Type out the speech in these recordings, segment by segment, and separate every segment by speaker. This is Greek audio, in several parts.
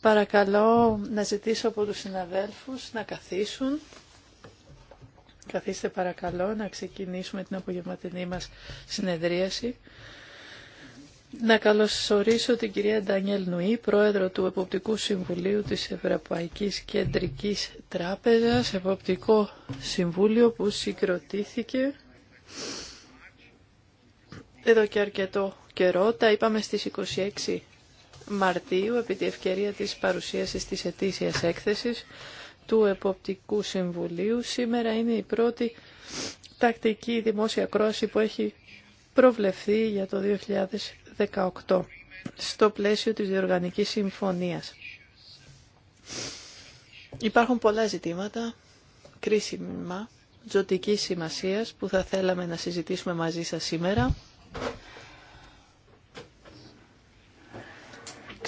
Speaker 1: Παρακαλώ να ζητήσω από τους συναδέλφους να καθίσουν. Καθίστε παρακαλώ να ξεκινήσουμε την απογευματινή μας συνεδρίαση. Να καλωσορίσω την κυρία Ντανιέλ Νουή, πρόεδρο του Εποπτικού Συμβουλίου της Ευρωπαϊκής Κεντρικής Τράπεζας, Εποπτικό Συμβούλιο που συγκροτήθηκε εδώ και αρκετό καιρό. Τα είπαμε στις 26 Μαρτίου επί τη ευκαιρία της παρουσίασης της ετήσιας έκθεσης του Εποπτικού Συμβουλίου. Σήμερα είναι η πρώτη τακτική δημόσια κρόση που έχει προβλεφθεί για το 2018 στο πλαίσιο της Διοργανικής Συμφωνίας. Υπάρχουν πολλά ζητήματα κρίσιμα ζωτικής σημασίας που θα θέλαμε να συζητήσουμε μαζί σας σήμερα.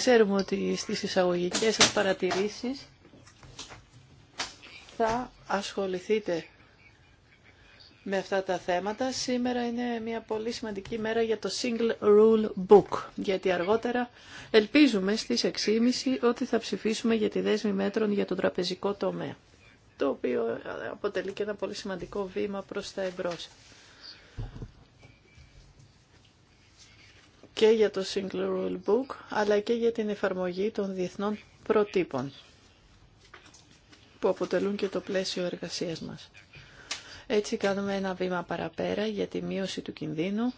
Speaker 1: Ξέρουμε ότι στις εισαγωγικές σας παρατηρήσεις θα ασχοληθείτε με αυτά τα θέματα. Σήμερα είναι μια πολύ σημαντική μέρα για το Single Rule Book, γιατί αργότερα ελπίζουμε στις 6.30 ότι θα ψηφίσουμε για τη δέσμη μέτρων για τον τραπεζικό τομέα, το οποίο αποτελεί και ένα πολύ σημαντικό βήμα προς τα εμπρός. και για το Single Rule Book, αλλά και για την εφαρμογή των διεθνών προτύπων που αποτελούν και το πλαίσιο εργασίας μας. Έτσι κάνουμε ένα βήμα παραπέρα για τη μείωση του κινδύνου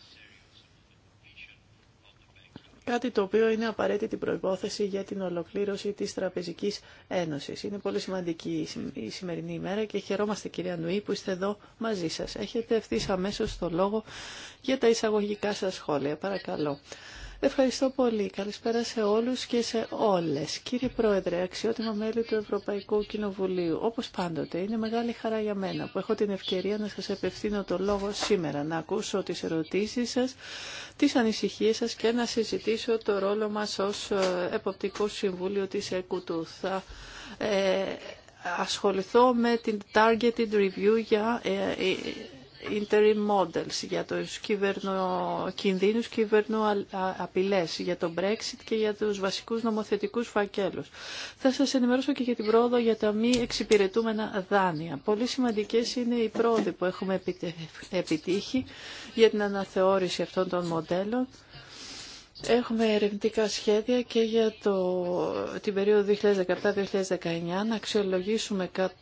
Speaker 1: κάτι το οποίο είναι απαραίτητη προϋπόθεση για την ολοκλήρωση της Τραπεζικής Ένωσης. Είναι πολύ σημαντική η σημερινή ημέρα και χαιρόμαστε κυρία Νουή που είστε εδώ μαζί σας. Έχετε ευθύ αμέσω το λόγο για τα εισαγωγικά σας σχόλια. Παρακαλώ. Ευχαριστώ πολύ. Καλησπέρα σε όλους και σε όλες. Κύριε Πρόεδρε, αξιότιμα μέλη του Ευρωπαϊκού Κοινοβουλίου, όπως πάντοτε, είναι μεγάλη χαρά για μένα που έχω την ευκαιρία να σας επευθύνω το λόγο σήμερα, να ακούσω τις ερωτήσεις σας, τις ανησυχίες σας και να συζητήσω το ρόλο μας ως ε, Εποπτικό Συμβούλιο τη ΕΚΟΥΤΟΥ. Θα ε, ασχοληθώ με την Targeted Review για... ε, ε interim models για τους κινδύνους κυβερνοαπειλές, για το Brexit και για τους βασικούς νομοθετικούς φακέλους. Θα σας ενημερώσω και για την πρόοδο για τα μη εξυπηρετούμενα δάνεια. Πολύ σημαντικές είναι οι πρόοδοι που έχουμε επιτύχει για την αναθεώρηση αυτών των μοντέλων. Έχουμε ερευνητικά σχέδια και για το, την περίοδο 2017-2019 να αξιολογήσουμε κατά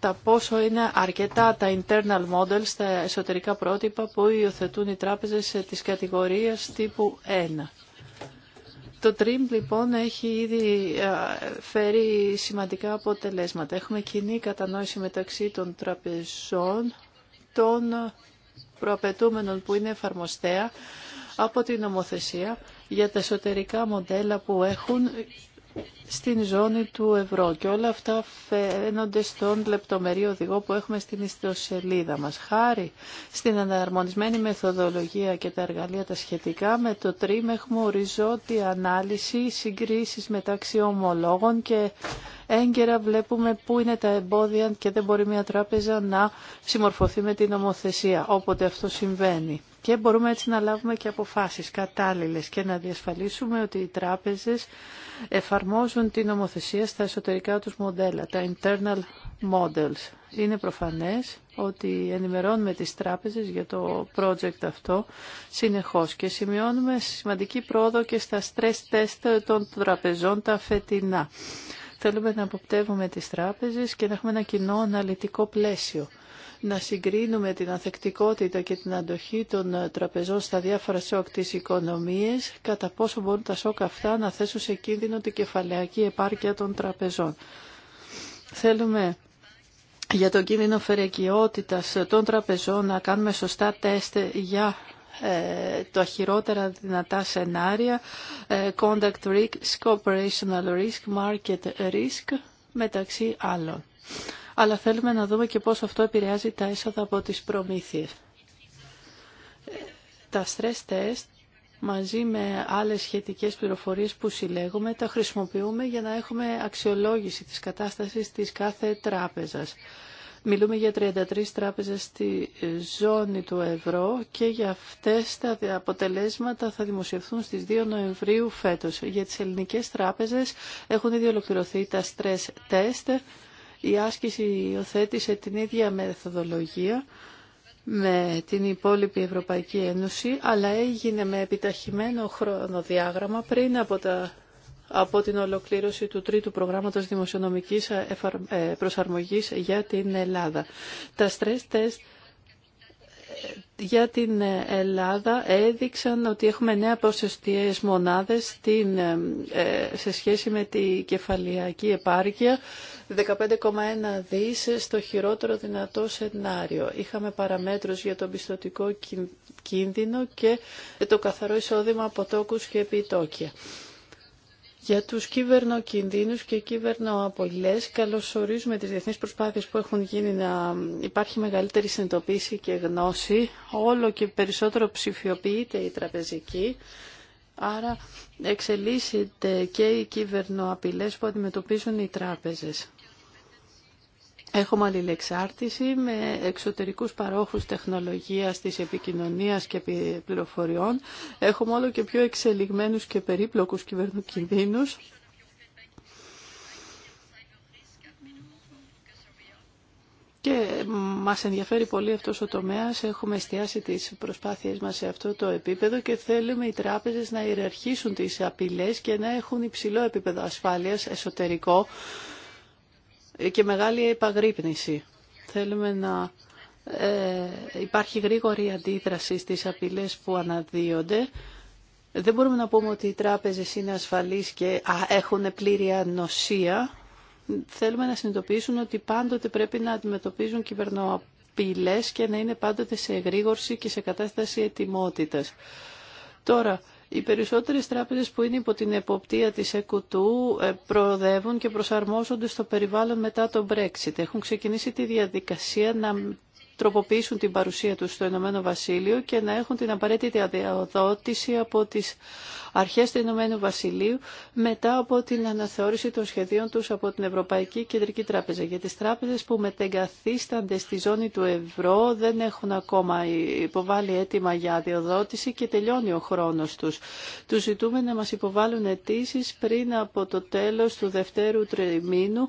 Speaker 1: τα πόσο είναι αρκετά τα internal models, τα εσωτερικά πρότυπα που υιοθετούν οι τράπεζες της κατηγορίες τύπου 1. Το TRIM λοιπόν έχει ήδη φέρει σημαντικά αποτελέσματα. Έχουμε κοινή κατανόηση μεταξύ των τραπεζών, των προαπαιτούμενων που είναι εφαρμοστέα από την νομοθεσία για τα εσωτερικά μοντέλα που έχουν στην ζώνη του ευρώ και όλα αυτά φαίνονται στον λεπτομερή οδηγό που έχουμε στην ιστοσελίδα μας. Χάρη στην αναρμονισμένη μεθοδολογία και τα εργαλεία τα σχετικά με το τρίμ έχουμε οριζόντια ανάλυση συγκρίσεις μεταξύ ομολόγων και έγκαιρα βλέπουμε πού είναι τα εμπόδια και δεν μπορεί μια τράπεζα να συμμορφωθεί με την νομοθεσία όποτε αυτό συμβαίνει και μπορούμε έτσι να λάβουμε και αποφάσεις κατάλληλες και να διασφαλίσουμε ότι οι τράπεζες εφαρμόζουν την νομοθεσία στα εσωτερικά τους μοντέλα, τα internal models. Είναι προφανές ότι ενημερώνουμε τις τράπεζες για το project αυτό συνεχώς και σημειώνουμε σημαντική πρόοδο και στα stress test των τραπεζών τα φετινά. Θέλουμε να αποπτεύουμε τις τράπεζες και να έχουμε ένα κοινό αναλυτικό πλαίσιο να συγκρίνουμε την ανθεκτικότητα και την αντοχή των τραπεζών στα διάφορα σοκ της οικονομίας, κατά πόσο μπορούν τα σοκ αυτά να θέσουν σε κίνδυνο την κεφαλαιακή επάρκεια των τραπεζών. Θέλουμε για τον κίνδυνο φερεκιότητας των τραπεζών να κάνουμε σωστά τεστ για ε, τα χειρότερα δυνατά σενάρια, ε, conduct risk, operational risk, market risk, μεταξύ άλλων αλλά θέλουμε να δούμε και πώς αυτό επηρεάζει τα έσοδα από τις προμήθειες. Τα stress test μαζί με άλλες σχετικές πληροφορίες που συλλέγουμε, τα χρησιμοποιούμε για να έχουμε αξιολόγηση της κατάστασης της κάθε τράπεζας. Μιλούμε για 33 τράπεζες στη ζώνη του ευρώ και για αυτές τα αποτελέσματα θα δημοσιευθούν στις 2 Νοεμβρίου φέτος. Για τις ελληνικές τράπεζες έχουν ήδη ολοκληρωθεί τα stress test η άσκηση υιοθέτησε την ίδια μεθοδολογία με την υπόλοιπη Ευρωπαϊκή Ένωση, αλλά έγινε με επιταχυμένο χρονοδιάγραμμα πριν από, την ολοκλήρωση του τρίτου προγράμματος δημοσιονομικής ε, ε, προσαρμογής για την Ελλάδα. Τα stress test για την Ελλάδα έδειξαν ότι έχουμε νέα ποσοστιαίες μονάδες στην, ε, ε, σε σχέση με τη κεφαλιακή επάρκεια 15,1 δις στο χειρότερο δυνατό σενάριο. Είχαμε παραμέτρους για τον πιστοτικό κίνδυνο και το καθαρό εισόδημα από τόκους και επιτόκια. Για τους κυβερνοκινδύνους και κυβερνοαπολές καλωσορίζουμε τις διεθνείς προσπάθειες που έχουν γίνει να υπάρχει μεγαλύτερη συνειδητοποίηση και γνώση. Όλο και περισσότερο ψηφιοποιείται η τραπεζική. Άρα εξελίσσεται και οι κυβερνοαπειλές που αντιμετωπίζουν οι τράπεζες. Έχουμε αλληλεξάρτηση με εξωτερικούς παρόχους τεχνολογίας της επικοινωνίας και πληροφοριών. Έχουμε όλο και πιο εξελιγμένους και περίπλοκους κυβερνοκινδύνους. Και μας ενδιαφέρει πολύ αυτός ο τομέας. Έχουμε εστιάσει τις προσπάθειες μας σε αυτό το επίπεδο και θέλουμε οι τράπεζες να ιεραρχήσουν τις απειλές και να έχουν υψηλό επίπεδο ασφάλειας εσωτερικό και μεγάλη επαγρύπνηση. Θέλουμε να ε, υπάρχει γρήγορη αντίδραση στις απειλές που αναδύονται. Δεν μπορούμε να πούμε ότι οι τράπεζες είναι ασφαλείς και α, έχουν πλήρη ανοσία. Θέλουμε να συνειδητοποιήσουν ότι πάντοτε πρέπει να αντιμετωπίζουν κυβερνοαπειλές και να είναι πάντοτε σε εγρήγορση και σε κατάσταση ετοιμότητας. Τώρα, οι περισσότερες τράπεζες που είναι υπό την εποπτεία της ΕΚΟΤΟΥ ε, προοδεύουν και προσαρμόζονται στο περιβάλλον μετά το Brexit. Έχουν ξεκινήσει τη διαδικασία να τροποποιήσουν την παρουσία τους στο Ηνωμένο Βασίλειο και να έχουν την απαραίτητη αδειοδότηση από τις αρχές του Ηνωμένου Βασιλείου μετά από την αναθεώρηση των σχεδίων τους από την Ευρωπαϊκή Κεντρική Τράπεζα. Για τις τράπεζες που μετεγκαθίστανται στη ζώνη του ευρώ δεν έχουν ακόμα υποβάλει αίτημα για αδειοδότηση και τελειώνει ο χρόνος τους. Τους ζητούμε να μας υποβάλουν αιτήσει πριν από το τέλος του δευτέρου τριμήνου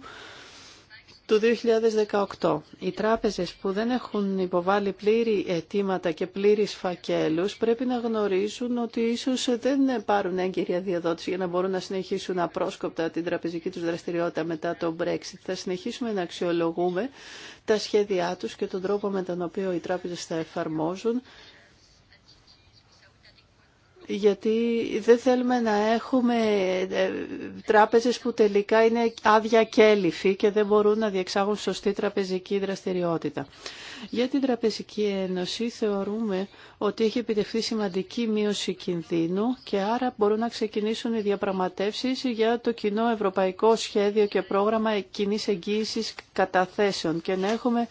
Speaker 1: του 2018. Οι τράπεζες που δεν έχουν υποβάλει πλήρη αιτήματα και πλήρης φακέλους πρέπει να γνωρίζουν ότι ίσως δεν πάρουν έγκυρη διαδότηση για να μπορούν να συνεχίσουν απρόσκοπτα την τραπεζική τους δραστηριότητα μετά το Brexit. Θα συνεχίσουμε να αξιολογούμε τα σχέδιά τους και τον τρόπο με τον οποίο οι τράπεζες θα εφαρμόζουν γιατί δεν θέλουμε να έχουμε ε, τράπεζες που τελικά είναι άδεια και δεν μπορούν να διεξάγουν σωστή τραπεζική δραστηριότητα. Για την Τραπεζική Ένωση θεωρούμε ότι έχει επιτευχθεί σημαντική μείωση κινδύνου και άρα μπορούν να ξεκινήσουν οι διαπραγματεύσεις για το κοινό ευρωπαϊκό σχέδιο και πρόγραμμα κοινή εγγύησης καταθέσεων και να έχουμε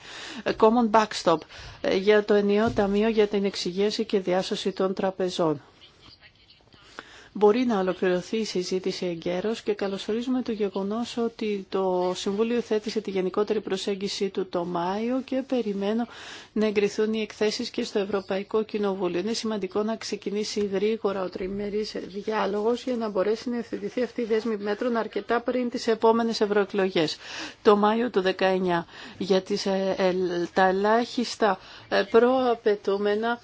Speaker 1: common backstop ε, για το ενιαίο ταμείο για την εξυγίαση και διάσωση των τραπεζών μπορεί να ολοκληρωθεί η συζήτηση εγκαίρως και καλωσορίζουμε το γεγονός ότι το Συμβούλιο θέτησε τη γενικότερη προσέγγιση του το Μάιο και περιμένω να εγκριθούν οι εκθέσεις και στο Ευρωπαϊκό Κοινοβούλιο. Είναι σημαντικό να ξεκινήσει γρήγορα ο τριμερής διάλογος για να μπορέσει να ευθετηθεί αυτή η δέσμη μέτρων αρκετά πριν τις επόμενες ευρωεκλογέ. Το Μάιο του 19 για τις, ε, ε, τα ελάχιστα ε, προαπαιτούμενα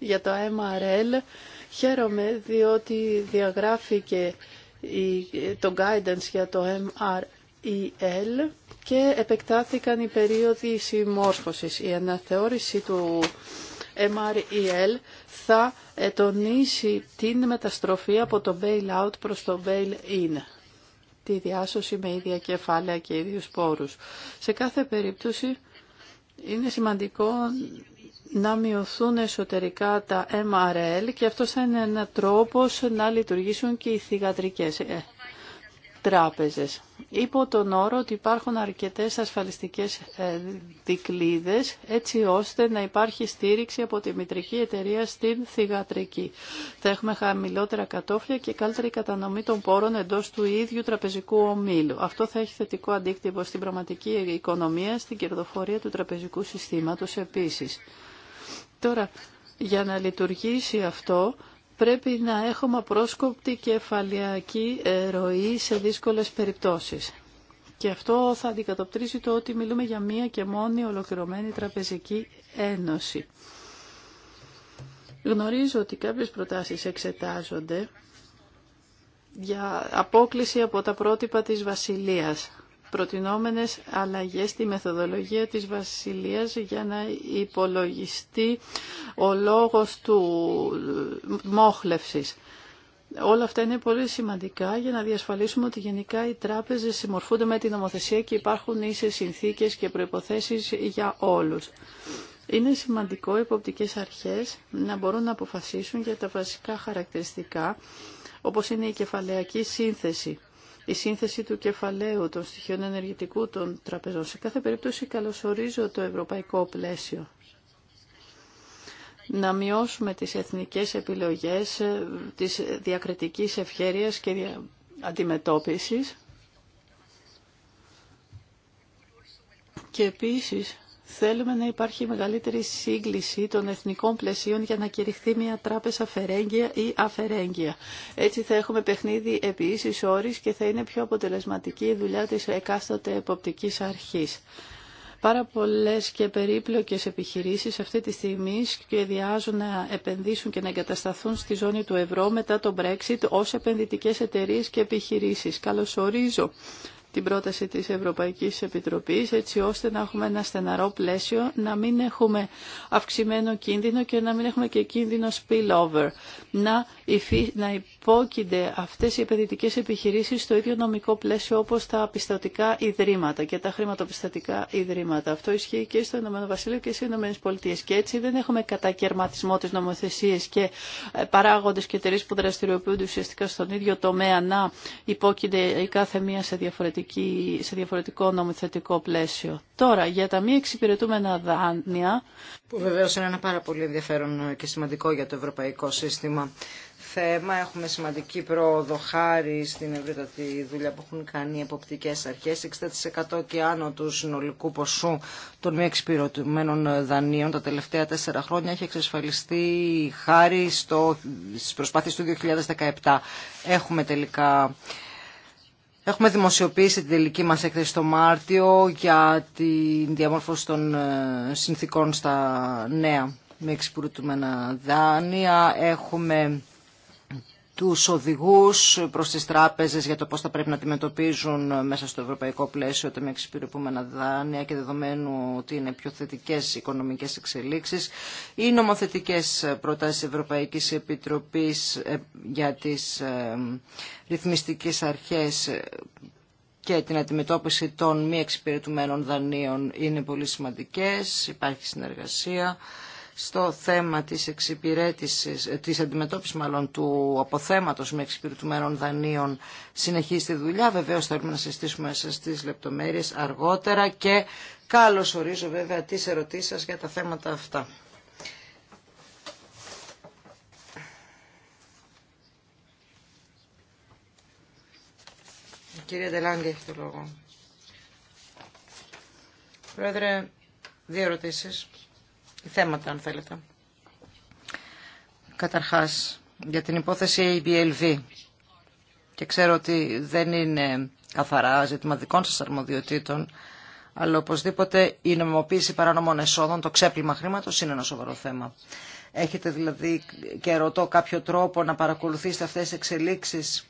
Speaker 1: για το MRL. Χαίρομαι διότι διαγράφηκε το guidance για το MREL και επεκτάθηκαν οι περίοδοι συμμόρφωσης. Η αναθεώρηση του MREL θα ετονίσει την μεταστροφή από το bail-out προς το bail-in τη διάσωση με ίδια κεφάλαια και ίδιους πόρους. Σε κάθε περίπτωση είναι σημαντικό να μειωθούν εσωτερικά τα MRL και αυτό θα είναι ένα τρόπος να λειτουργήσουν και οι θυγατρικές ε, τράπεζες. Υπό τον όρο ότι υπάρχουν αρκετές ασφαλιστικές ε, δικλίδες έτσι ώστε να υπάρχει στήριξη από τη μητρική εταιρεία στην θηγατρική. Θα έχουμε χαμηλότερα κατόφλια και καλύτερη κατανομή των πόρων εντός του ίδιου τραπεζικού ομίλου. Αυτό θα έχει θετικό αντίκτυπο στην πραγματική οικονομία, στην κερδοφορία του τραπεζικού συστήματος επίσης. Τώρα, για να λειτουργήσει αυτό, πρέπει να έχουμε απρόσκοπτη κεφαλιακή ροή σε δύσκολες περιπτώσεις. Και αυτό θα αντικατοπτρίζει το ότι μιλούμε για μία και μόνη ολοκληρωμένη τραπεζική ένωση. Γνωρίζω ότι κάποιες προτάσεις εξετάζονται για απόκληση από τα πρότυπα της Βασιλείας προτινόμενες αλλαγές στη μεθοδολογία της Βασιλείας για να υπολογιστεί ο λόγος του μόχλευσης. Όλα αυτά είναι πολύ σημαντικά για να διασφαλίσουμε ότι γενικά οι τράπεζες συμμορφούνται με την νομοθεσία και υπάρχουν ίσες συνθήκες και προϋποθέσεις για όλους. Είναι σημαντικό οι υποπτικές αρχές να μπορούν να αποφασίσουν για τα βασικά χαρακτηριστικά, όπως είναι η κεφαλαιακή σύνθεση η σύνθεση του κεφαλαίου, των στοιχείων ενεργητικού των τραπεζών. Σε κάθε περίπτωση καλωσορίζω το ευρωπαϊκό πλαίσιο. Να μειώσουμε τις εθνικές επιλογές ε, της διακριτικής ευχέρειας και αντιμετώπισης. Και επίσης Θέλουμε να υπάρχει μεγαλύτερη σύγκληση των εθνικών πλαισίων για να κηρυχθεί μια τράπεζα φερέγγια ή αφερέγγια. Έτσι θα έχουμε παιχνίδι επίσης όρης και θα είναι πιο αποτελεσματική η δουλειά της εκάστοτε εποπτικής αρχής. Πάρα πολλέ και περίπλοκε επιχειρήσει αυτή τη στιγμή σχεδιάζουν να επενδύσουν και να εγκατασταθούν στη ζώνη του ευρώ μετά το Brexit ω επενδυτικέ εταιρείε και επιχειρήσει. Καλωσορίζω την πρόταση της Ευρωπαϊκής Επιτροπής έτσι ώστε να έχουμε ένα στεναρό πλαίσιο, να μην έχουμε αυξημένο κίνδυνο και να μην έχουμε και κίνδυνο spillover. Να, να υπόκεινται αυτές οι επενδυτικές επιχειρήσεις στο ίδιο νομικό πλαίσιο όπως τα πιστατικά ιδρύματα και τα χρηματοπιστατικά ιδρύματα. Αυτό ισχύει και στο Ηνωμένο Βασίλειο και στις Ηνωμένες Πολιτείες. Και έτσι δεν έχουμε κατακαιρματισμό της νομοθεσίας και ε, παράγοντες και εταιρείε που δραστηριοποιούνται ουσιαστικά στον ίδιο τομέα να υπόκεινται η κάθε μία σε, σε διαφορετικό νομοθετικό πλαίσιο. Τώρα, για τα μη εξυπηρετούμενα δάνεια... Που βεβαίω
Speaker 2: είναι ένα πάρα πολύ ενδιαφέρον και σημαντικό για το ευρωπαϊκό σύστημα θέμα. Έχουμε σημαντική πρόοδο χάρη στην ευρύτατη δουλειά που έχουν κάνει οι εποπτικέ αρχές. 60% και άνω του συνολικού ποσού των μη εξυπηρετημένων δανείων τα τελευταία τέσσερα χρόνια έχει εξασφαλιστεί χάρη στο, στις του 2017. Έχουμε τελικά... Έχουμε δημοσιοποιήσει την τελική μας έκθεση το Μάρτιο για τη διαμόρφωση των ε, συνθήκων στα νέα με εξυπηρετούμενα δάνεια. Έχουμε τους οδηγούς προς τις τράπεζες για το πώς θα πρέπει να αντιμετωπίζουν μέσα στο ευρωπαϊκό πλαίσιο τα μη εξυπηρετούμενα δάνεια και δεδομένου ότι είναι πιο θετικές οικονομικές εξελίξεις. Οι νομοθετικές προτάσεις Ευρωπαϊκής Επιτροπής ε, για τις ε, ρυθμιστικές αρχές και την αντιμετώπιση των μη εξυπηρετουμένων δανείων είναι πολύ σημαντικές, υπάρχει συνεργασία στο θέμα της εξυπηρέτησης, της αντιμετώπισης μάλλον του αποθέματος με εξυπηρετουμένων δανείων συνεχίζει τη δουλειά. Βεβαίως θέλουμε να συστήσουμε σε στις λεπτομέρειες αργότερα και καλώς ορίζω βέβαια τις ερωτήσεις σας για τα θέματα αυτά. Κύριε Ντελάνγκη, έχει το λόγο. Πρόεδρε, δύο ερωτήσεις θέματα, αν θέλετε. Καταρχάς, για την υπόθεση ABLV. Και ξέρω ότι δεν είναι καθαρά ζήτημα δικών σας αρμοδιοτήτων, αλλά οπωσδήποτε η νομιμοποίηση παρανομών εσόδων, το ξέπλυμα χρήματος είναι ένα σοβαρό θέμα. Έχετε δηλαδή και ρωτώ κάποιο τρόπο να παρακολουθήσετε αυτές τις εξελίξεις,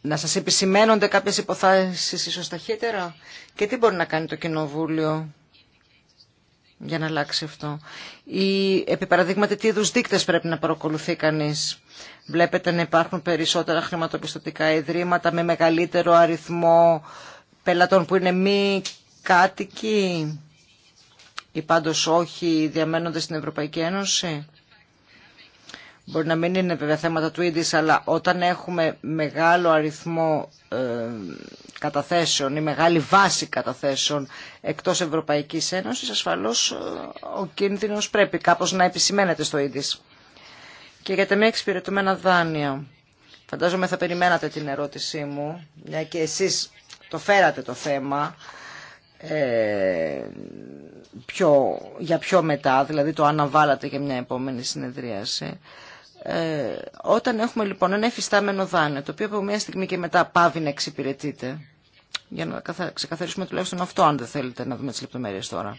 Speaker 2: να σας επισημένονται κάποιες υποθέσεις ίσως ταχύτερα και τι μπορεί να κάνει το Κοινοβούλιο για να αλλάξει αυτό. Ή, επί παραδείγματι, τι είδου δείκτε πρέπει να παρακολουθεί κανεί. Βλέπετε να υπάρχουν περισσότερα χρηματοπιστωτικά ιδρύματα με μεγαλύτερο αριθμό πελατών που είναι μη κάτοικοι ή πάντως όχι διαμένονται στην Ευρωπαϊκή Ένωση. Μπορεί να μην είναι βέβαια θέματα του ίδιου, αλλά όταν έχουμε μεγάλο αριθμό ε, καταθέσεων ή μεγάλη βάση καταθέσεων εκτός Ευρωπαϊκής Ένωσης, ασφαλώς ε, ο κίνδυνος πρέπει κάπως να επισημαίνεται στο ίδις. Και για τα μη εξυπηρετούμενα δάνεια. Φαντάζομαι θα περιμένατε την ερώτησή μου, μια και εσείς το φέρατε το θέμα ε, πιο, για πιο μετά, δηλαδή το αναβάλατε για μια επόμενη συνεδρίαση. Ε, όταν έχουμε λοιπόν ένα εφιστάμενο δάνειο, το οποίο από μια στιγμή και μετά πάβει να εξυπηρετείται, για να ξεκαθαρίσουμε τουλάχιστον αυτό, αν δεν θέλετε να δούμε τις λεπτομέρειες τώρα,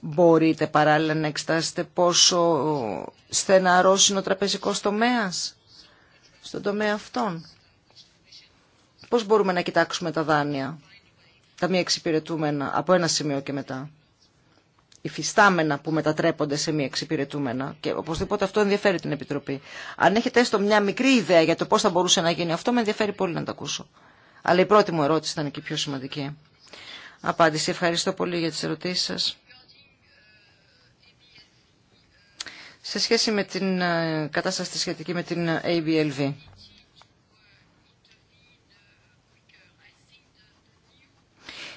Speaker 2: μπορείτε παράλληλα να εξετάσετε πόσο στεναρός είναι ο τραπεζικός τομέας στον τομέα αυτών Πώς μπορούμε να κοιτάξουμε τα δάνεια, τα μη εξυπηρετούμενα, από ένα σημείο και μετά υφιστάμενα που μετατρέπονται σε μη εξυπηρετούμενα. Και οπωσδήποτε αυτό ενδιαφέρει την Επιτροπή. Αν έχετε έστω μια μικρή ιδέα για το πώς θα μπορούσε να γίνει αυτό, με ενδιαφέρει πολύ να το ακούσω. Αλλά η πρώτη μου ερώτηση ήταν και η πιο σημαντική. Απάντηση. Ευχαριστώ πολύ για τις ερωτήσεις σας. Σε σχέση με την ε, κατάσταση σχετική με την ε, ABLV.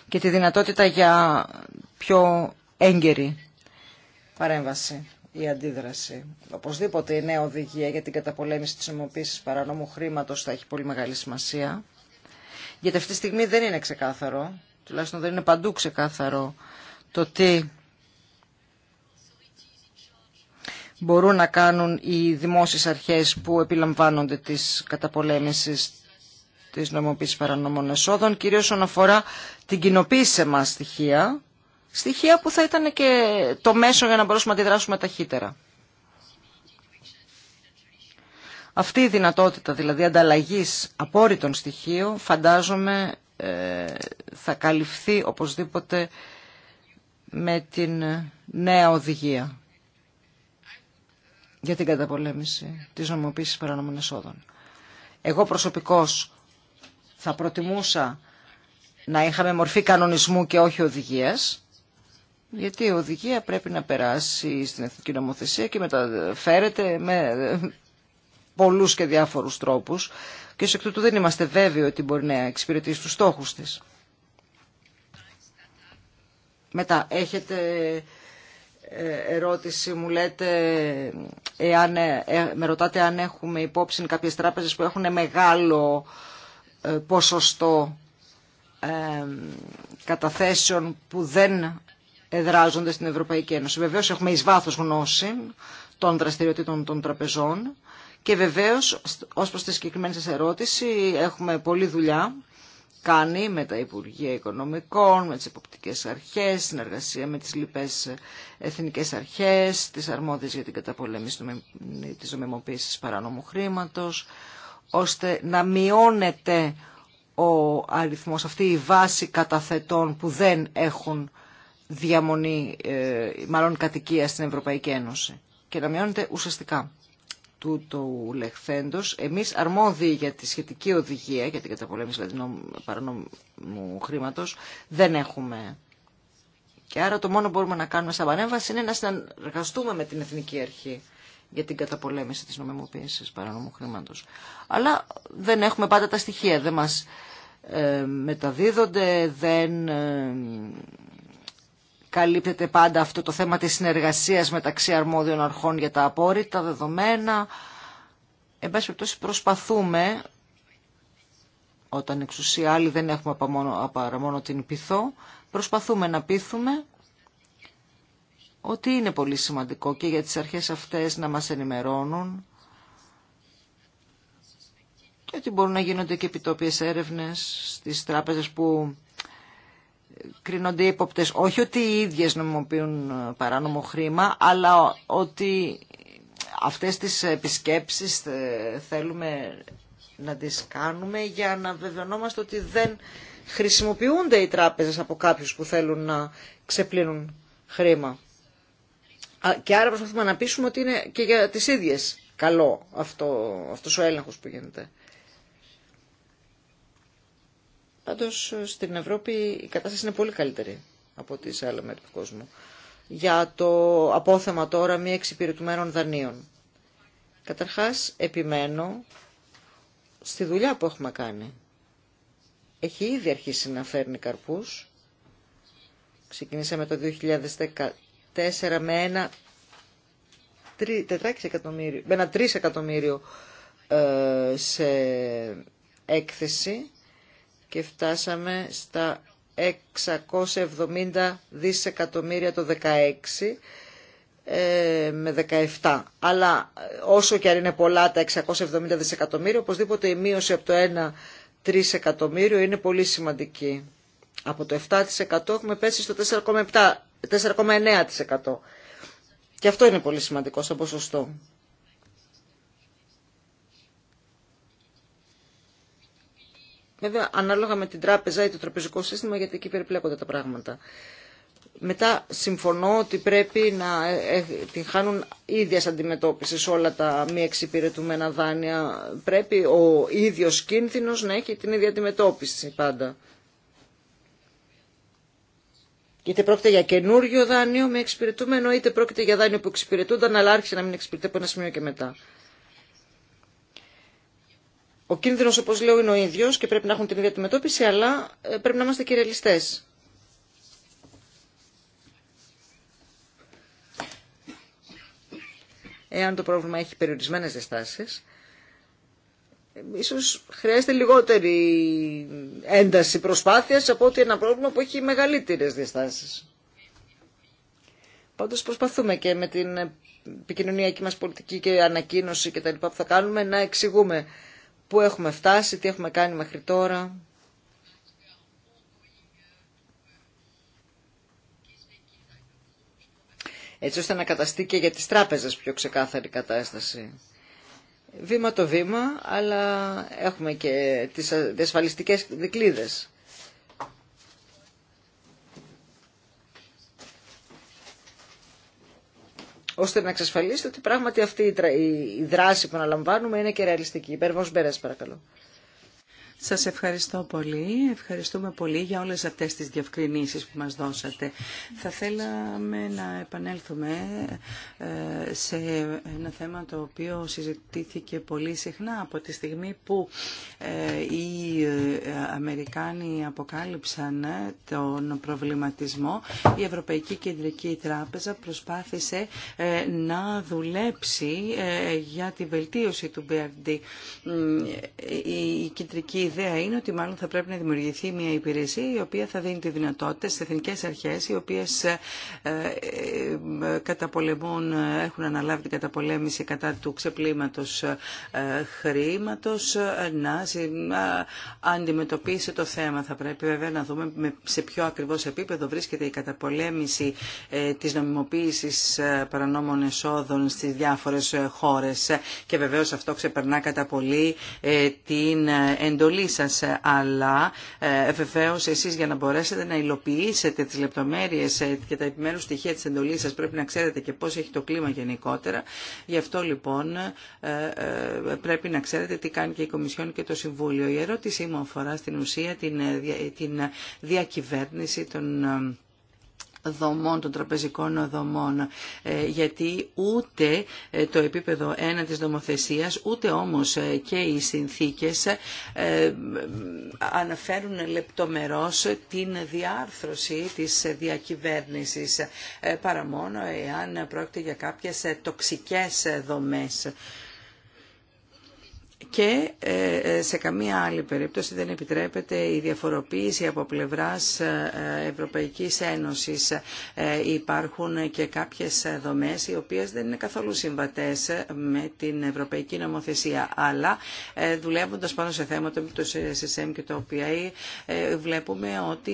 Speaker 2: και τη δυνατότητα για πιο έγκαιρη παρέμβαση η αντίδραση. Οπωσδήποτε η νέα οδηγία για την καταπολέμηση της νομοποίησης παρανόμου χρήματος θα έχει πολύ μεγάλη σημασία. Γιατί αυτή τη στιγμή δεν είναι ξεκάθαρο, τουλάχιστον δεν είναι παντού ξεκάθαρο, το τι μπορούν να κάνουν οι δημόσιες αρχές που επιλαμβάνονται της καταπολέμησης της νομοποίησης παρανομών εσόδων, κυρίως όσον αφορά την κοινοποίηση σε στοιχεία, στοιχεία που θα ήταν και το μέσο για να μπορούσαμε να αντιδράσουμε ταχύτερα. Αυτή η δυνατότητα, δηλαδή ανταλλαγής απόρριτων στοιχείων, φαντάζομαι ε, θα καλυφθεί οπωσδήποτε με την νέα οδηγία για την καταπολέμηση της νομοποίησης παρανομών εσόδων. Εγώ προσωπικώς θα προτιμούσα να είχαμε μορφή κανονισμού και όχι οδηγίας, γιατί η οδηγία πρέπει να περάσει στην εθνική νομοθεσία και μεταφέρεται με πολλούς και διάφορους τρόπους και σε εκ τούτου δεν είμαστε βέβαιοι ότι μπορεί να εξυπηρετήσει τους στόχους της. Μετά, έχετε ε, ερώτηση, μου λέτε, εάν, ε, ε, με ρωτάτε αν έχουμε υπόψη κάποιες τράπεζες που έχουν μεγάλο ποσοστό καταθέσεων που δεν εδράζονται στην Ευρωπαϊκή Ένωση. Βεβαίως έχουμε ει βάθο γνώση των δραστηριοτήτων των τραπεζών και βεβαίως ω προ τη συγκεκριμένη σα ερώτηση έχουμε πολλή δουλειά κάνει με τα Υπουργεία Οικονομικών, με τις εποπτικές αρχές, συνεργασία με τις λοιπές εθνικές αρχές, τις αρμόδιες για την καταπολέμηση τη νομιμοποίησης παράνομου χρήματος, ώστε να μειώνεται ο αριθμός αυτή η βάση καταθετών που δεν έχουν διαμονή, ε, μάλλον κατοικία στην Ευρωπαϊκή Ένωση και να μειώνεται ουσιαστικά του λεχθέντο. λεχθέντος. Εμείς αρμόδιοι για τη σχετική οδηγία, για την καταπολέμηση δηλαδή παρανόμου χρήματος, δεν έχουμε. Και άρα το μόνο που μπορούμε να κάνουμε σαν πανέμβαση είναι να συνεργαστούμε με την Εθνική Αρχή για την καταπολέμηση της νομιμοποίησης παρανόμου χρήματος. Αλλά δεν έχουμε πάντα τα στοιχεία, δεν μας ε, μεταδίδονται, δεν... Ε, καλύπτεται πάντα αυτό το θέμα της συνεργασίας μεταξύ αρμόδιων αρχών για τα απόρριτα δεδομένα. Εν πάση περιπτώσει προσπαθούμε, όταν εξουσία άλλοι δεν έχουμε παρά μόνο την πειθό, προσπαθούμε να πείθουμε ότι είναι πολύ σημαντικό και για τις αρχές αυτές να μας ενημερώνουν και ότι μπορούν να γίνονται και επιτόπιες έρευνες στις τράπεζες που κρίνονται υποπτέ, Όχι ότι οι ίδιες νομιμοποιούν ε, παράνομο χρήμα, αλλά ότι αυτές τις επισκέψεις ε, θέλουμε να τις κάνουμε για να βεβαιωνόμαστε ότι δεν χρησιμοποιούνται οι τράπεζες από κάποιους που θέλουν να ξεπλύνουν χρήμα. Και άρα προσπαθούμε να πείσουμε ότι είναι και για τις ίδιες καλό αυτό, αυτός ο έλεγχος που γίνεται. Πάντως στην Ευρώπη η κατάσταση είναι πολύ καλύτερη από τις σε άλλα μέρη του κόσμου. Για το απόθεμα τώρα μη εξυπηρετουμένων δανείων. Καταρχάς επιμένω στη δουλειά που έχουμε κάνει. Έχει ήδη αρχίσει να φέρνει καρπούς. Ξεκινήσαμε το 2014 με ένα με ένα 3 εκατομμύριο ε, σε έκθεση και φτάσαμε στα 670 δισεκατομμύρια το 16 ε, με 17. Αλλά ε, όσο και αν είναι πολλά τα 670 δισεκατομμύρια, οπωσδήποτε η μείωση από το 1 τρισεκατομμύριο είναι πολύ σημαντική. Από το 7% έχουμε πέσει στο 4,9%. Και αυτό είναι πολύ σημαντικό σαν ποσοστό. Βέβαια, ανάλογα με την τράπεζα ή το τραπεζικό σύστημα, γιατί εκεί περιπλέκονται τα πράγματα. Μετά συμφωνώ ότι πρέπει να ε, ε, την χάνουν ίδια αντιμετώπιση όλα τα μη εξυπηρετούμενα δάνεια. Πρέπει ο ίδιος κίνδυνο να έχει την ίδια αντιμετώπιση πάντα. Είτε πρόκειται για καινούργιο δάνειο με εξυπηρετούμενο, είτε πρόκειται για δάνειο που εξυπηρετούνταν, αλλά άρχισε να μην εξυπηρετεί από ένα σημείο και μετά. Ο κίνδυνο, όπω λέω, είναι ο ίδιο και πρέπει να έχουν την ίδια αντιμετώπιση, αλλά ε, πρέπει να είμαστε και Εάν το πρόβλημα έχει περιορισμένε διαστάσει, ίσω χρειάζεται λιγότερη ένταση προσπάθειας από ότι ένα πρόβλημα που έχει μεγαλύτερε διαστάσει. Πάντως προσπαθούμε και με την επικοινωνιακή μας πολιτική και ανακοίνωση και τα λοιπά που θα κάνουμε να εξηγούμε πού έχουμε φτάσει, τι έχουμε κάνει μέχρι τώρα. έτσι ώστε να καταστεί και για τις τράπεζες πιο ξεκάθαρη κατάσταση. Βήμα το βήμα, αλλά έχουμε και τις ασφαλιστικές δικλίδες. ώστε να εξασφαλίσετε ότι πράγματι αυτή η δράση που αναλαμβάνουμε είναι και ρεαλιστική. Υπέρ Μπέρα, παρακαλώ.
Speaker 3: Σας ευχαριστώ πολύ. Ευχαριστούμε πολύ για όλες αυτές τις διευκρινήσεις που μας δώσατε. Θα θέλαμε να επανέλθουμε ε, σε ένα θέμα το οποίο συζητήθηκε πολύ συχνά από τη στιγμή που ε, οι ε, Αμερικάνοι αποκάλυψαν τον προβληματισμό. Η Ευρωπαϊκή Κεντρική Τράπεζα προσπάθησε να δουλέψει για τη βελτίωση του BRD. Η Κεντρική ιδέα είναι ότι μάλλον θα πρέπει να δημιουργηθεί μια υπηρεσία η οποία θα δίνει τη δυνατότητα στι εθνικέ αρχές οι οποίες ε, ε, ε, καταπολεμούν, έχουν αναλάβει την καταπολέμηση κατά του ξεπλήματος χρήματος να αντιμετωπίσει το θέμα. Θα πρέπει βέβαια να δούμε σε ποιο ακριβώς επίπεδο βρίσκεται η καταπολέμηση της νομιμοποίηση παρανόμων εσόδων στις διάφορες χώρε. και βεβαίω αυτό ξεπερνά κατά πολύ την εντολή αλλά ε, βεβαίως εσείς για να μπορέσετε να υλοποιήσετε τις λεπτομέρειες ε, και τα επιμέρους στοιχεία της εντολής σας πρέπει να ξέρετε και πώς έχει το κλίμα γενικότερα. Γι' αυτό λοιπόν ε, πρέπει να ξέρετε τι κάνει και η Κομισιόν και το Συμβούλιο. Η ερώτησή μου αφορά στην ουσία την, την διακυβέρνηση των δομών, των τραπεζικών δομών, ε, γιατί ούτε ε, το επίπεδο ένα της δομοθεσίας ούτε όμως ε, και οι συνθήκες αναφέρουν λεπτομερώς την διάρθρωση της διακυβέρνησης, παρά μόνο εάν πρόκειται για κάποιες τοξικές δομές και ε, ε, σε καμία άλλη περίπτωση δεν επιτρέπεται η διαφοροποίηση από πλευράς ε, Ευρωπαϊκής Ένωσης. Υπάρχουν και κάποιες δομές οι οποίες δεν είναι καθόλου συμβατές με την Ευρωπαϊκή Νομοθεσία, αλλά δουλεύοντας πάνω σε θέματα με το SSM και το OPA βλέπουμε ότι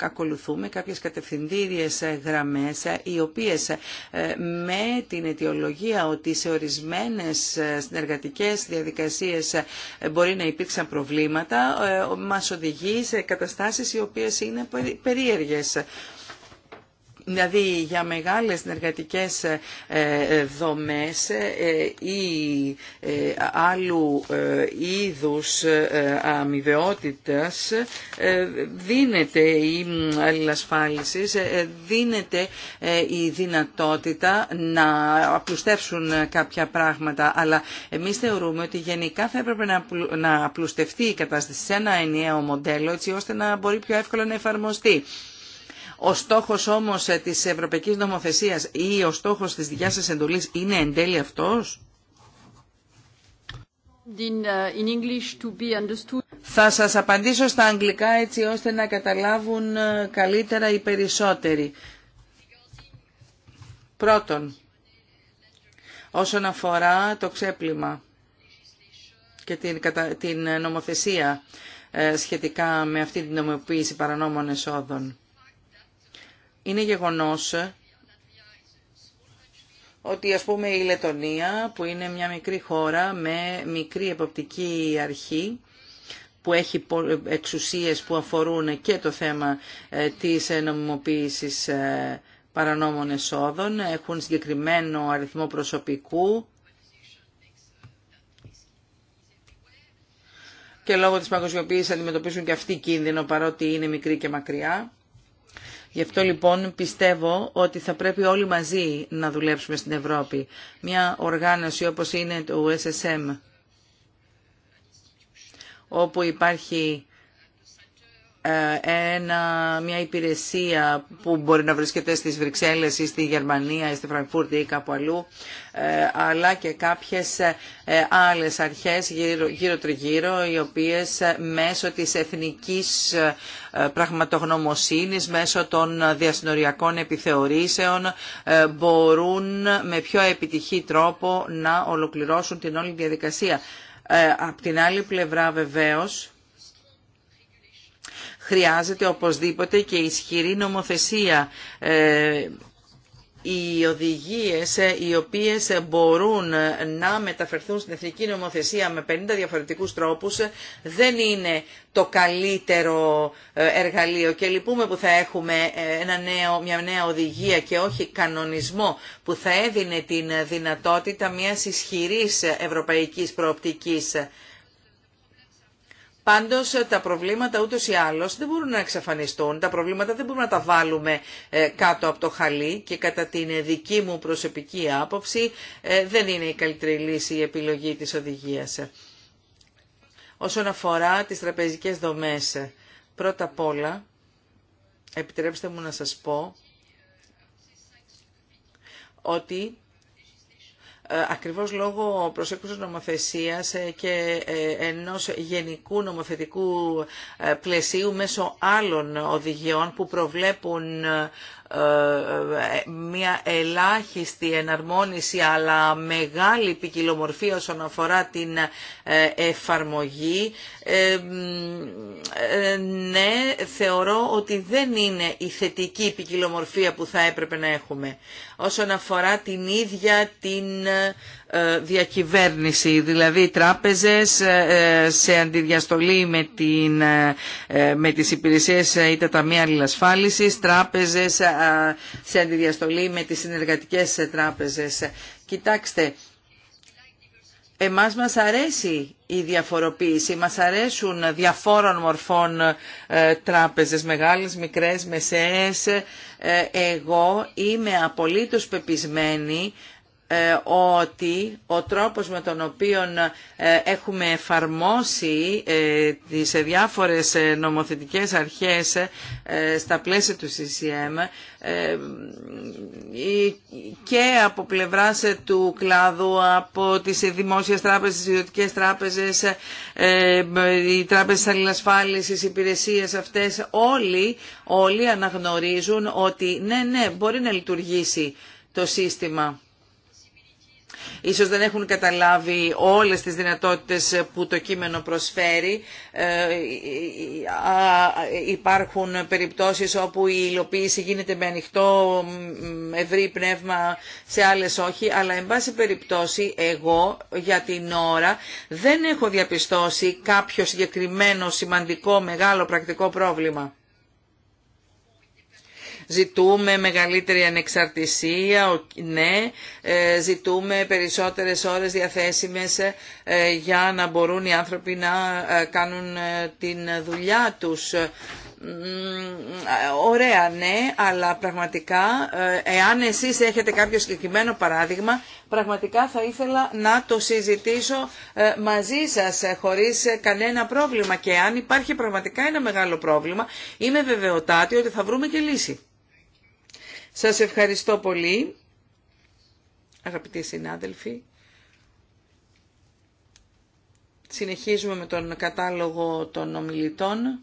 Speaker 3: ακολουθούμε κάποιες κατευθυντήριες γραμμές οι οποίες με την αιτιολογία ότι σε ορισμένες συνεργατικές διαδικασίες ε, μπορεί να υπήρξαν προβλήματα, ε, μας οδηγεί σε καταστάσεις οι οποίες είναι περίεργες. Δηλαδή για μεγάλες συνεργατικές ε, ε, δομές ε, ή άλλου είδους αμοιβαιότητας δίνεται η αλληλασφάλισης, δίνεται η δυνατότητα να απλουστεύσουν κάποια πράγματα. Αλλά εμείς θεωρούμε ότι γενικά θα έπρεπε να απλουστευτεί η κατάσταση σε ένα ενιαίο μοντέλο, έτσι ώστε να μπορεί πιο εύκολα να εφαρμοστεί. Ο στόχος όμως ε, της Ευρωπαϊκής Νομοθεσίας ή ο στόχος της δικιάς σας εντολής είναι εν τέλει αυτός.
Speaker 1: Ε,
Speaker 3: Θα σας απαντήσω στα αγγλικά έτσι ώστε να καταλάβουν ε, καλύτερα οι περισσότεροι. Πρώτον, όσον αφορά το ξέπλυμα και την, την νομοθεσία σχετικά με αυτή την νομοποίηση παρανόμων εσόδων είναι γεγονός ότι ας πούμε η Λετωνία που είναι μια μικρή χώρα με μικρή εποπτική αρχή που έχει εξουσίες που αφορούν και το θέμα ε, της ε, νομιμοποίησης ε, παρανόμων εσόδων, έχουν συγκεκριμένο αριθμό προσωπικού και λόγω της παγκοσμιοποίησης αντιμετωπίζουν και αυτή κίνδυνο παρότι είναι μικρή και μακριά. Γι' αυτό λοιπόν πιστεύω ότι θα πρέπει όλοι μαζί να δουλέψουμε στην Ευρώπη. Μια οργάνωση όπως είναι το SSM, όπου υπάρχει ε, μια υπηρεσία που μπορεί να βρίσκεται στις Βρυξέλλες ή στη Γερμανία ή στη Φραγκφούρτη ή κάπου αλλού ε, αλλά και κάποιες ε, άλλες αρχές γύρω, γύρω τριγύρω οι οποίες μέσω της εθνικής πραγματογνωμοσύνης μέσω των διασυνοριακών επιθεωρήσεων μπορούν με πιο επιτυχή τρόπο να ολοκληρώσουν την όλη διαδικασία. Απ' την άλλη πλευρά βεβαίως Χρειάζεται οπωσδήποτε και ισχυρή νομοθεσία ε, οι οδηγίες ε, οι οποίες μπορούν να μεταφερθούν στην εθνική νομοθεσία με 50 διαφορετικούς τρόπους ε, δεν είναι το καλύτερο εργαλείο και λυπούμε που θα έχουμε ένα νέο, μια νέα οδηγία και όχι κανονισμό που θα έδινε την δυνατότητα μιας ισχυρής ευρωπαϊκής προοπτικής. Πάντω τα προβλήματα ούτω ή άλλως δεν μπορούν να εξαφανιστούν, τα προβλήματα δεν μπορούμε να τα βάλουμε ε, κάτω από το χαλί και κατά την ε, δική μου προσωπική άποψη ε, δεν είναι η καλύτερη λύση η επιλογή της οδηγίας. Όσον αφορά τις τραπεζικές δομές, πρώτα απ' όλα επιτρέψτε μου να σας πω ότι ε, ακριβώς λόγω προσέκουσης νομοθεσίας ε, και ε, ενός γενικού νομοθετικού πλαισίου μέσω άλλων οδηγιών που προβλέπουν μια ελάχιστη εναρμόνιση αλλά μεγάλη ποικιλομορφία όσον αφορά την ε, εφαρμογή ε, ε, ναι θεωρώ ότι δεν είναι η θετική ποικιλομορφία που θα έπρεπε να έχουμε όσον αφορά την ίδια την ε, διακυβέρνηση, δηλαδή τράπεζες ε, σε αντιδιαστολή με, την, ε, με τις υπηρεσίες ή τα ταμεία αλληλασφάλισης, τράπεζες σε αντιδιαστολή με τις συνεργατικές τράπεζες. Κοιτάξτε, εμάς μας αρέσει η διαφοροποίηση, μας αρέσουν διαφόρων μορφών τράπεζες, μεγάλες, μικρές, μεσαίες. εγώ είμαι απολύτως πεπισμένη ε, ότι ο τρόπος με τον οποίο ε, έχουμε εφαρμόσει ε, τις διάφορες νομοθετικές αρχές στα πλαίσια του CCM και από πλευράς του κλάδου, από τις δημόσιες τράπεζες, τις ιδιωτικές τράπεζες, οι τράπεζες αλληλασφάλισης, οι υπηρεσίες αυτές, όλοι, όλοι αναγνωρίζουν ότι ναι, ναι, μπορεί να λειτουργήσει το σύστημα Ίσως δεν έχουν καταλάβει όλες τις δυνατότητες που το κείμενο προσφέρει. Ε, υπάρχουν περιπτώσεις όπου η υλοποίηση γίνεται με ανοιχτό ευρύ πνεύμα, σε άλλες όχι, αλλά εν πάση περιπτώσει εγώ για την ώρα δεν έχω διαπιστώσει κάποιο συγκεκριμένο σημαντικό μεγάλο πρακτικό πρόβλημα. Ζητούμε μεγαλύτερη ανεξαρτησία, ναι, ε, ζητούμε περισσότερες ώρες διαθέσιμες ε, για να μπορούν οι άνθρωποι να ε, κάνουν την δουλειά τους. Ωραία, ναι, αλλά πραγματικά, εάν εσείς έχετε κάποιο συγκεκριμένο παράδειγμα, πραγματικά θα ήθελα να το συζητήσω μαζί σας χωρίς κανένα πρόβλημα. Και αν υπάρχει πραγματικά ένα μεγάλο πρόβλημα, είμαι βεβαιωτάτη ότι θα βρούμε και λύση. Σας ευχαριστώ πολύ, αγαπητοί συνάδελφοι. Συνεχίζουμε με τον κατάλογο των ομιλητών.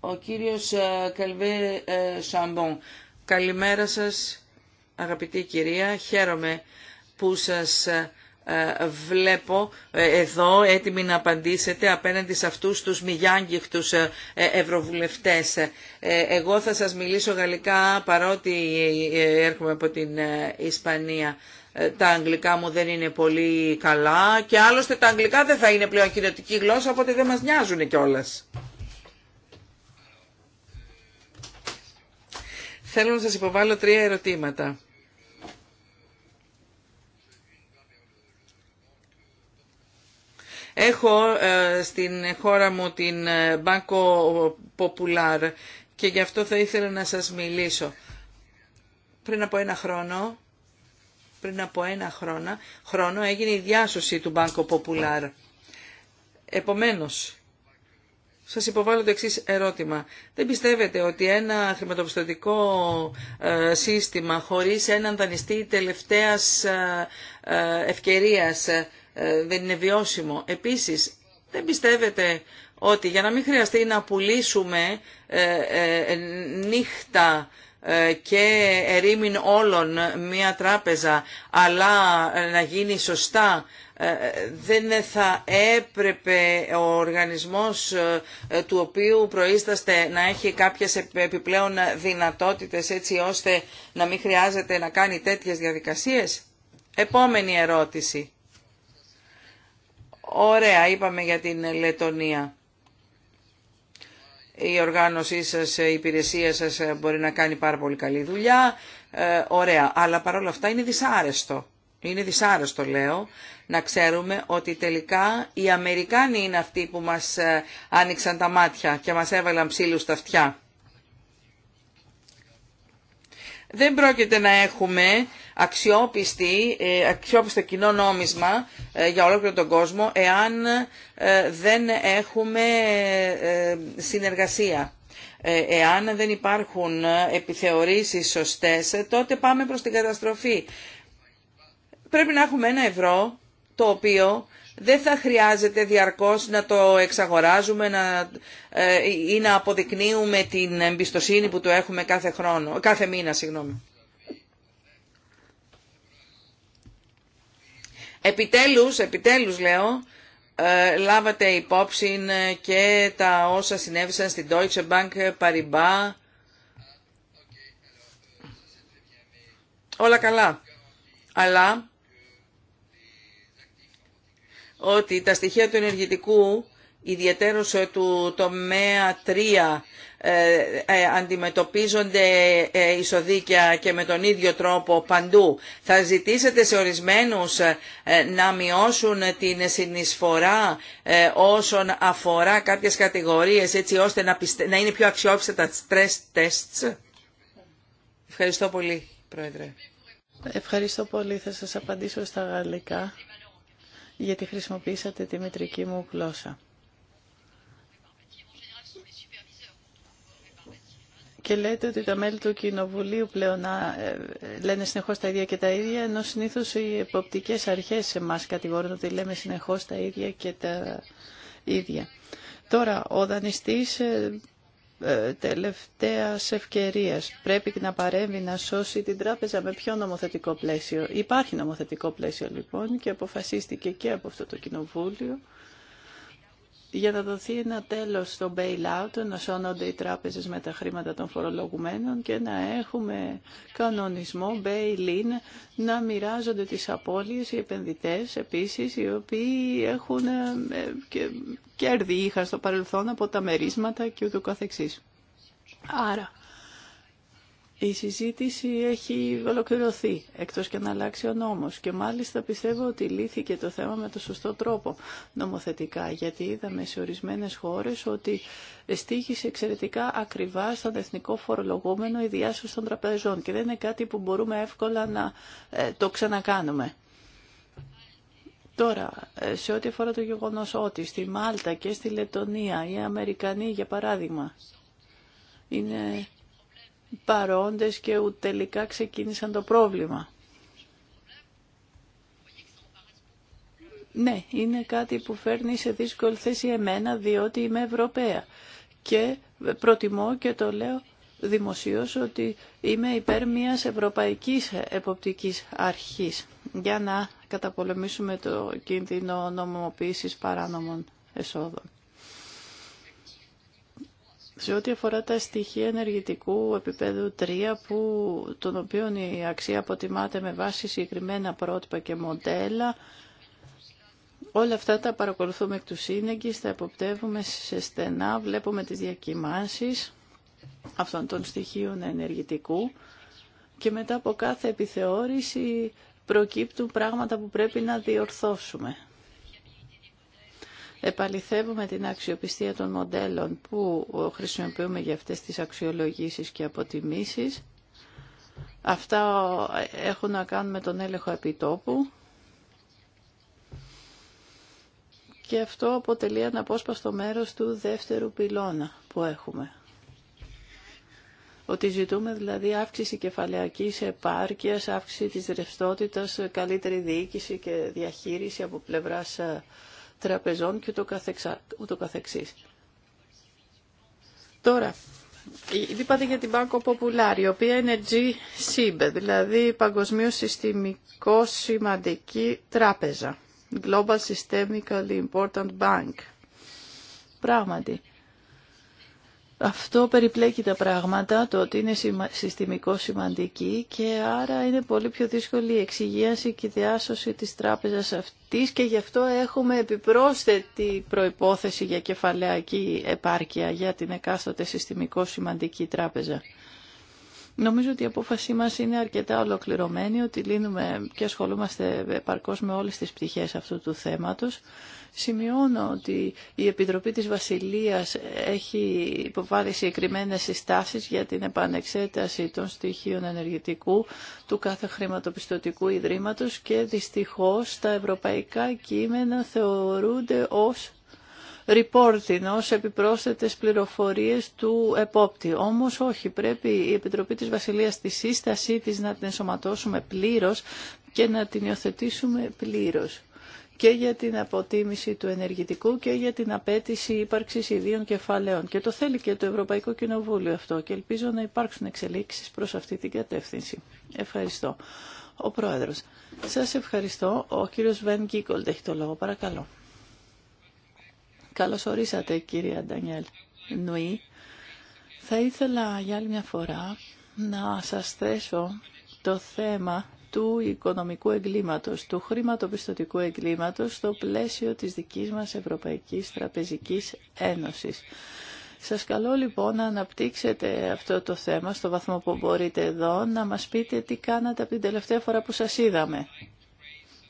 Speaker 3: Ο κύριος Καλβέ ε, Σαμπον. Ε, Καλημέρα σας, αγαπητή κυρία. Χαίρομαι που σας ε, ε, βλέπω ε, εδώ έτοιμοι να απαντήσετε απέναντι σε αυτούς τους μη ε, ευρωβουλευτές. Εγώ θα σας μιλήσω γαλλικά παρότι έρχομαι από την Ισπανία. Τα αγγλικά μου δεν είναι πολύ καλά και άλλωστε τα αγγλικά δεν θα είναι πλέον κοινωτική γλώσσα οπότε δεν μας νοιάζουν κιόλας. Θέλω να σας υποβάλω τρία ερωτήματα. Έχω ε, στην χώρα μου την ε, Banco Popular και γι' αυτό θα ήθελα να σας μιλήσω. Πριν από ένα χρόνο, πριν από ένα χρόνο, χρόνο έγινε η διάσωση του Banco Popular. Επομένως, σας υποβάλλω το εξής ερώτημα. Δεν πιστεύετε ότι ένα χρηματοπιστωτικό ε, σύστημα χωρίς έναν δανειστή τελευταίας ευκαιρίας ε, δεν είναι βιώσιμο. Επίσης, δεν πιστεύετε ότι για να μην χρειαστεί να πουλήσουμε ε, ε, νύχτα και ερήμην όλων μια τράπεζα, αλλά να γίνει σωστά, δεν θα έπρεπε ο οργανισμός του οποίου προείσταστε να έχει κάποιες επιπλέον δυνατότητες έτσι ώστε να μην χρειάζεται να κάνει τέτοιες διαδικασίες. Επόμενη ερώτηση. Ωραία, είπαμε για την Λετωνία. Η οργάνωσή σας, η υπηρεσία σας μπορεί να κάνει πάρα πολύ καλή δουλειά. Ε, ωραία, αλλά παρόλα αυτά είναι δυσάρεστο. Είναι δυσάρεστο λέω να ξέρουμε ότι τελικά οι Αμερικάνοι είναι αυτοί που μας ε, άνοιξαν τα μάτια και μας έβαλαν ψήλους στα αυτιά. δεν πρόκειται να έχουμε αξιόπιστη, ε, αξιόπιστο κοινό νόμισμα ε, για ολόκληρο τον κόσμο εάν ε, δεν έχουμε συνεργασία. Εάν δεν υπάρχουν επιθεωρήσεις σωστές, τότε πάμε προς την καταστροφή. Πρέπει να έχουμε ένα ευρώ το οποίο δεν θα χρειάζεται διαρκώς να το εξαγοράζουμε να, ε, ή να αποδεικνύουμε την εμπιστοσύνη που το έχουμε κάθε, χρόνο, κάθε μήνα. Συγγνώμη. Επιτέλους, επιτέλους λέω, ε, λάβατε υπόψη ε, και τα όσα συνέβησαν στην Deutsche Bank Paribas. Όλα καλά. Αλλά ότι τα στοιχεία του ενεργητικού, ιδιαίτερως ε, του τομέα 3, ε, ε, αντιμετωπίζονται ισοδίκια και με τον ίδιο τρόπο παντού. Θα ζητήσετε σε ορισμένους να μειώσουν την συνεισφορά όσον αφορά κάποιες κατηγορίες έτσι ώστε να, είναι πιο αξιόπιστα τα stress tests. Ευχαριστώ πολύ, Πρόεδρε.
Speaker 1: Ευχαριστώ πολύ. Θα σας απαντήσω στα γαλλικά γιατί χρησιμοποίησατε τη μητρική μου γλώσσα. Και λέτε ότι τα μέλη του Κοινοβουλίου πλέον ε, λένε συνεχώ τα ίδια και τα ίδια, ενώ συνήθω οι εποπτικέ αρχέ σε εμάς κατηγορούν ότι λέμε συνεχώ τα ίδια και τα ίδια. Τώρα, ο δανειστής ε, ε, τελευταία ευκαιρία Πρέπει να παρέμβει να σώσει την τράπεζα με πιο νομοθετικό πλαίσιο. Υπάρχει νομοθετικό πλαίσιο λοιπόν και αποφασίστηκε και από αυτό το κοινοβούλιο για να δοθεί ένα τέλος στο bailout, να σώνονται οι τράπεζες με τα χρήματα των φορολογουμένων και να έχουμε κανονισμό bail-in, να μοιράζονται τις απώλειες οι επενδυτές επίσης, οι οποίοι έχουν ε, ε, κέρδη είχαν στο παρελθόν από τα μερίσματα και ούτω καθεξής. Άρα, η συζήτηση έχει ολοκληρωθεί, εκτός και να αλλάξει ο νόμος. Και μάλιστα πιστεύω ότι λύθηκε το θέμα με το σωστό τρόπο νομοθετικά, γιατί είδαμε σε ορισμένες χώρες ότι στήχησε εξαιρετικά ακριβά στον εθνικό φορολογούμενο η διάσωση των τραπεζών και δεν είναι κάτι που μπορούμε εύκολα να ε, το ξανακάνουμε. Τώρα, ε, σε ό,τι αφορά το γεγονός ότι στη Μάλτα και στη Λετωνία οι Αμερικανοί, για παράδειγμα, είναι παρόντες και ούτε τελικά ξεκίνησαν το πρόβλημα. Ναι, είναι κάτι που φέρνει σε δύσκολη θέση εμένα διότι είμαι Ευρωπαία και προτιμώ και το λέω δημοσίως ότι είμαι υπέρ μιας ευρωπαϊκής εποπτικής αρχής για να καταπολεμήσουμε το κίνδυνο νομοποίησης παράνομων εσόδων σε ό,τι αφορά τα στοιχεία ενεργητικού επίπεδου 3, που, των οποίων η αξία αποτιμάται με βάση συγκεκριμένα πρότυπα και μοντέλα, όλα αυτά τα παρακολουθούμε εκ του τα εποπτεύουμε σε στενά, βλέπουμε τις διακοιμάνσεις αυτών των στοιχείων ενεργητικού και μετά από κάθε επιθεώρηση προκύπτουν πράγματα που πρέπει να διορθώσουμε επαληθεύουμε την αξιοπιστία των μοντέλων που χρησιμοποιούμε για αυτές τις αξιολογήσεις και αποτιμήσεις. Αυτά έχουν να κάνουν με τον έλεγχο επιτόπου και αυτό αποτελεί ένα απόσπαστο μέρος του δεύτερου πυλώνα που έχουμε. Ότι ζητούμε δηλαδή αύξηση κεφαλαιακής επάρκειας, αύξηση της ρευστότητας, καλύτερη διοίκηση και διαχείριση από πλευράς ε, τραπεζών και ούτω καθεξής. Τώρα, είπατε για την Banco Popular, η οποία είναι G-SIB, δηλαδή Παγκοσμίω Συστημικό Σημαντική Τράπεζα. Global Systemically Important Bank. Πράγματι, αυτό περιπλέκει τα πράγματα, το ότι είναι συστημικό σημαντική και άρα είναι πολύ πιο δύσκολη η εξηγίαση και η διάσωση της τράπεζας αυτής και γι' αυτό έχουμε επιπρόσθετη προϋπόθεση για κεφαλαιακή επάρκεια για την εκάστοτε συστημικό σημαντική τράπεζα. Νομίζω ότι η απόφασή μας είναι αρκετά ολοκληρωμένη, ότι λύνουμε και ασχολούμαστε επαρκώς με όλες τις πτυχές αυτού του θέματος Σημειώνω ότι η Επιτροπή της Βασιλείας έχει υποβάλει συγκεκριμένε συστάσεις για την επανεξέταση των στοιχείων ενεργητικού του κάθε χρηματοπιστωτικού ιδρύματος και δυστυχώς τα ευρωπαϊκά κείμενα θεωρούνται ως reporting, ως επιπρόσθετες πληροφορίες του επόπτη. Όμως όχι, πρέπει η Επιτροπή της Βασιλείας τη σύστασή της να την ενσωματώσουμε πλήρως και να την υιοθετήσουμε πλήρως και για την αποτίμηση του ενεργητικού και για την απέτηση ύπαρξη ιδίων κεφαλαίων. Και το θέλει και το Ευρωπαϊκό Κοινοβούλιο αυτό και ελπίζω να υπάρξουν εξελίξεις προς αυτή την κατεύθυνση. Ευχαριστώ. Ο Πρόεδρος. Σας ευχαριστώ. Ο κύριος Βεν Γκίκολντ έχει το λόγο. Παρακαλώ. Καλώς ορίσατε κυρία Ντανιέλ Νουή. Θα ήθελα για άλλη μια φορά να σας θέσω το θέμα του οικονομικού εγκλήματος, του χρηματοπιστωτικού εγκλήματος στο πλαίσιο της δικής μας Ευρωπαϊκής Τραπεζικής Ένωσης. Σας καλώ λοιπόν να αναπτύξετε αυτό το θέμα στο βαθμό που μπορείτε εδώ, να μας πείτε τι κάνατε από την τελευταία φορά που σας είδαμε.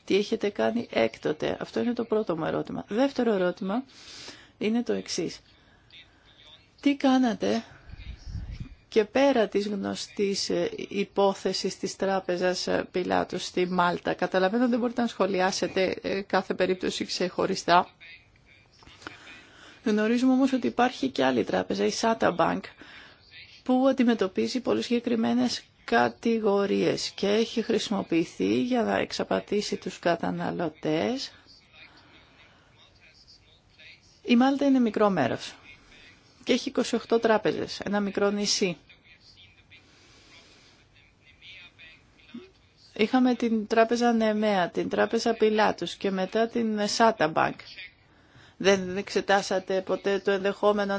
Speaker 1: Τι έχετε κάνει έκτοτε. Αυτό είναι το πρώτο μου ερώτημα. Δεύτερο ερώτημα είναι το εξής. Τι κάνατε και πέρα της γνωστής ε, υπόθεσης της τράπεζας ε, Πιλάτου στη Μάλτα. Καταλαβαίνω δεν μπορείτε να σχολιάσετε ε, κάθε περίπτωση ξεχωριστά. Γνωρίζουμε όμως ότι υπάρχει και άλλη τράπεζα, η Sata Bank, που αντιμετωπίζει πολύ συγκεκριμένε κατηγορίες και έχει χρησιμοποιηθεί για να εξαπατήσει τους καταναλωτές. Η Μάλτα είναι μικρό μέρος και έχει 28 τράπεζες, ένα μικρό νησί. Είχαμε την τράπεζα Νεμέα, την τράπεζα Πιλάτους και μετά την Σάτα Μπάνκ. Δεν εξετάσατε ποτέ το ενδεχόμενο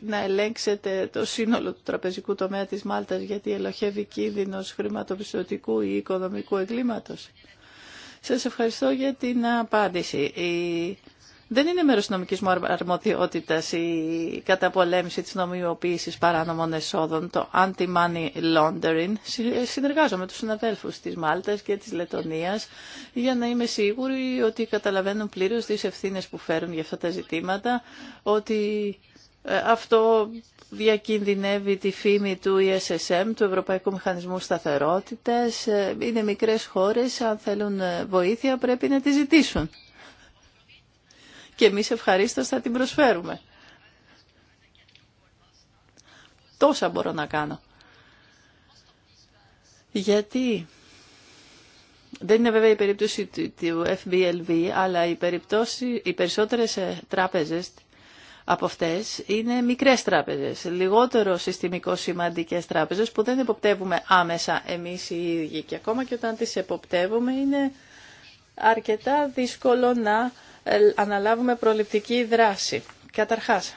Speaker 1: να ελέγξετε το σύνολο του τραπεζικού τομέα της Μάλτας γιατί ελοχεύει κίνδυνος χρηματοπιστωτικού ή οικονομικού εγκλήματος. Σας ευχαριστώ για την απάντηση. Δεν είναι μέρος της νομικής μου αρμοδιότητας η καταπολέμηση της νομιμοποίησης παράνομων εσόδων, το anti-money laundering. Συνεργάζομαι με τους συναδέλφους της Μάλτας και της Λετωνίας για να είμαι σίγουρη ότι καταλαβαίνουν πλήρως τις ευθύνες που φέρουν για αυτά τα ζητήματα, ότι ε, αυτό διακινδυνεύει τη φήμη του ESSM, του Ευρωπαϊκού Μηχανισμού Σταθερότητας. Ε, είναι μικρές χώρες, αν θέλουν ε, βοήθεια πρέπει να τη ζητήσουν και εμείς ευχαρίστως θα την προσφέρουμε. Τόσα μπορώ να κάνω. Γιατί δεν είναι βέβαια η περίπτωση του FBLV, αλλά οι, περισσότερε οι περισσότερες ε, τράπεζες από αυτές είναι μικρές τράπεζες, λιγότερο συστημικό σημαντικές τράπεζες που δεν εποπτεύουμε άμεσα εμείς οι ίδιοι και ακόμα και όταν τις εποπτεύουμε είναι αρκετά δύσκολο να ε, αναλάβουμε προληπτική δράση. Καταρχάς,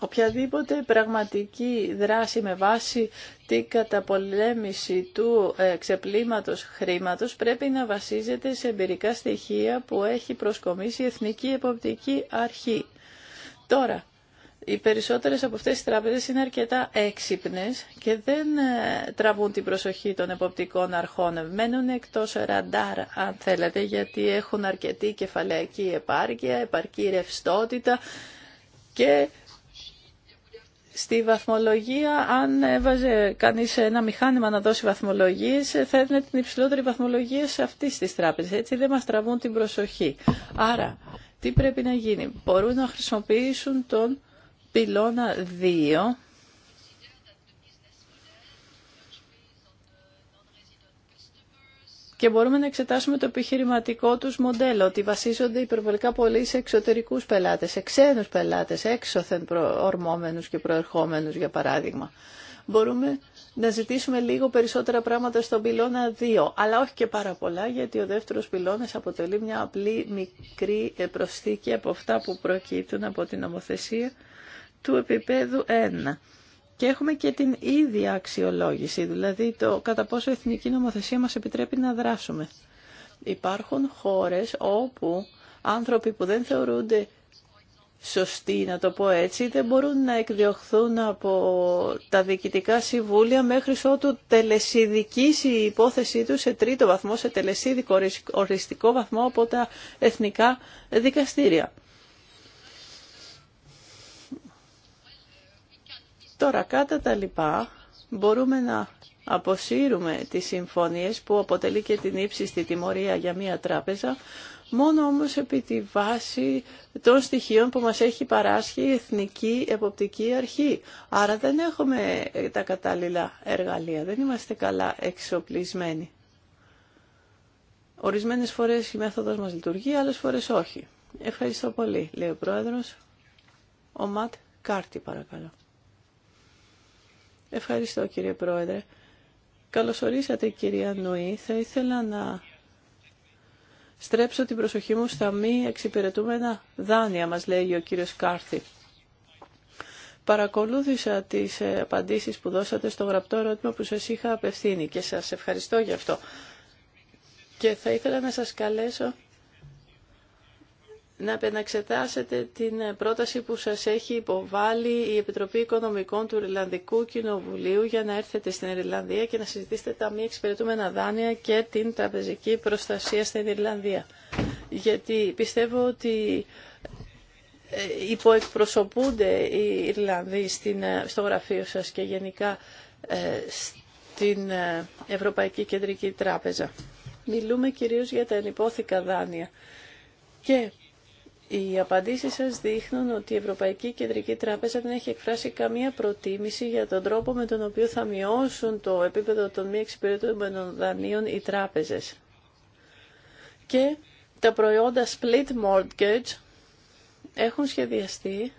Speaker 1: Οποιαδήποτε πραγματική δράση με βάση την καταπολέμηση του ε, ξεπλήματος χρήματος πρέπει να βασίζεται σε εμπειρικά στοιχεία που έχει προσκομίσει η Εθνική Εποπτική Αρχή. Τώρα, οι περισσότερες από αυτές τις τράπεζες είναι αρκετά έξυπνες και δεν ε, τραβούν την προσοχή των εποπτικών αρχών. Μένουν εκτός ραντάρ, αν θέλετε, γιατί έχουν αρκετή κεφαλαϊκή επάρκεια, επαρκή ρευστότητα και στη βαθμολογία, αν έβαζε κανείς ένα μηχάνημα να δώσει βαθμολογίες, θα έδινε την υψηλότερη βαθμολογία σε αυτή τη τράπεζα. Έτσι δεν μας τραβούν την προσοχή. Άρα, τι πρέπει να γίνει. Μπορούν να χρησιμοποιήσουν τον πυλώνα 2 και μπορούμε να εξετάσουμε το επιχειρηματικό τους μοντέλο, ότι βασίζονται υπερβολικά πολύ σε εξωτερικούς πελάτες, σε ξένους πελάτες, έξωθεν προορμόμενους και προερχόμενους για παράδειγμα. Μπορούμε να ζητήσουμε λίγο περισσότερα πράγματα στον πυλώνα 2, αλλά όχι και πάρα πολλά, γιατί ο δεύτερος πυλώνας αποτελεί μια απλή μικρή ε, προσθήκη από αυτά που προκύπτουν από την νομοθεσία του επίπεδου 1. Και έχουμε και την ίδια αξιολόγηση, δηλαδή το κατά πόσο η εθνική νομοθεσία μας επιτρέπει να δράσουμε. Υπάρχουν χώρες όπου άνθρωποι που δεν θεωρούνται σωστοί, να το πω έτσι, δεν μπορούν να εκδιωχθούν από τα διοικητικά συμβούλια μέχρι ότου τελεσίδικήσει η υπόθεσή τους σε τρίτο βαθμό, σε τελεσίδικο οριστικό βαθμό από τα εθνικά δικαστήρια. Τώρα, κατά τα λοιπά, μπορούμε να αποσύρουμε τις συμφωνίες που αποτελεί και την ύψιστη τιμωρία για μία τράπεζα, μόνο όμως επί τη βάση των στοιχείων που μας έχει παράσχει η Εθνική Εποπτική Αρχή. Άρα δεν έχουμε τα κατάλληλα εργαλεία, δεν είμαστε καλά εξοπλισμένοι. Ορισμένες φορές η μέθοδος μας λειτουργεί, άλλες φορές όχι. Ευχαριστώ πολύ, λέει ο Πρόεδρος. Ο Ματ Κάρτη, παρακαλώ. Ευχαριστώ κύριε Πρόεδρε. Καλωσορίσατε κυρία Νουή. Θα ήθελα να στρέψω την προσοχή μου στα μη εξυπηρετούμενα δάνεια, μας λέει ο κύριος Κάρθη. Παρακολούθησα τις ε, απαντήσεις που δώσατε στο γραπτό ερώτημα που σας είχα απευθύνει και σας ευχαριστώ γι' αυτό. Και θα ήθελα να σας καλέσω να επαναξετάσετε την πρόταση που σας έχει υποβάλει η Επιτροπή Οικονομικών του Ιρλανδικού Κοινοβουλίου για να έρθετε στην Ιρλανδία και να συζητήσετε τα μη εξυπηρετούμενα δάνεια και την τραπεζική προστασία στην Ιρλανδία. Γιατί πιστεύω ότι ε, υποεκπροσωπούνται οι Ιρλανδοί ε, στο γραφείο σας και γενικά ε, στην Ευρωπαϊκή Κεντρική Τράπεζα. Μιλούμε κυρίως για τα ενυπόθηκα δάνεια. Και οι απαντήσεις σας δείχνουν ότι η Ευρωπαϊκή Κεντρική Τράπεζα δεν έχει εκφράσει καμία προτίμηση για τον τρόπο με τον οποίο θα μειώσουν το επίπεδο των μη εξυπηρετούμενων δανείων οι τράπεζες. Και τα προϊόντα split mortgage έχουν σχεδιαστεί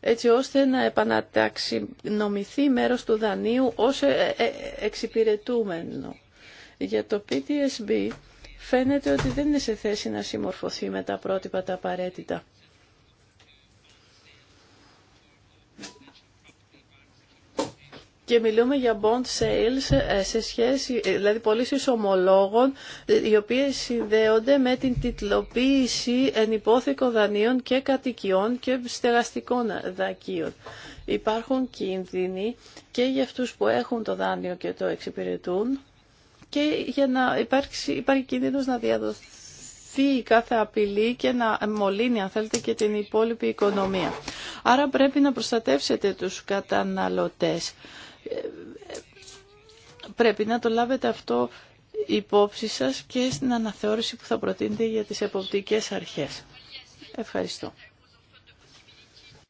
Speaker 1: έτσι ώστε να επαναταξινομηθεί μέρος του δανείου ως ε, ε, ε, εξυπηρετούμενο. Για το PTSB φαίνεται ότι δεν είναι σε θέση να συμμορφωθεί με τα πρότυπα τα απαραίτητα. Και μιλούμε για bond sales ε, σε σχέση, ε, δηλαδή πωλήσει ομολόγων, ε, οι οποίες συνδέονται με την τιτλοποίηση ενυπόθηκων δανείων και κατοικιών και στεγαστικών δακείων. Υπάρχουν κίνδυνοι και για αυτούς που έχουν το δάνειο και το εξυπηρετούν, και για να υπάρξει, υπάρχει κίνδυνος να διαδοθεί κάθε απειλή και να μολύνει αν θέλετε και την υπόλοιπη οικονομία. Άρα πρέπει να προστατεύσετε τους καταναλωτές. Πρέπει να το λάβετε αυτό υπόψη σας και στην αναθεώρηση που θα προτείνετε για τις εποπτικές αρχές. Ευχαριστώ.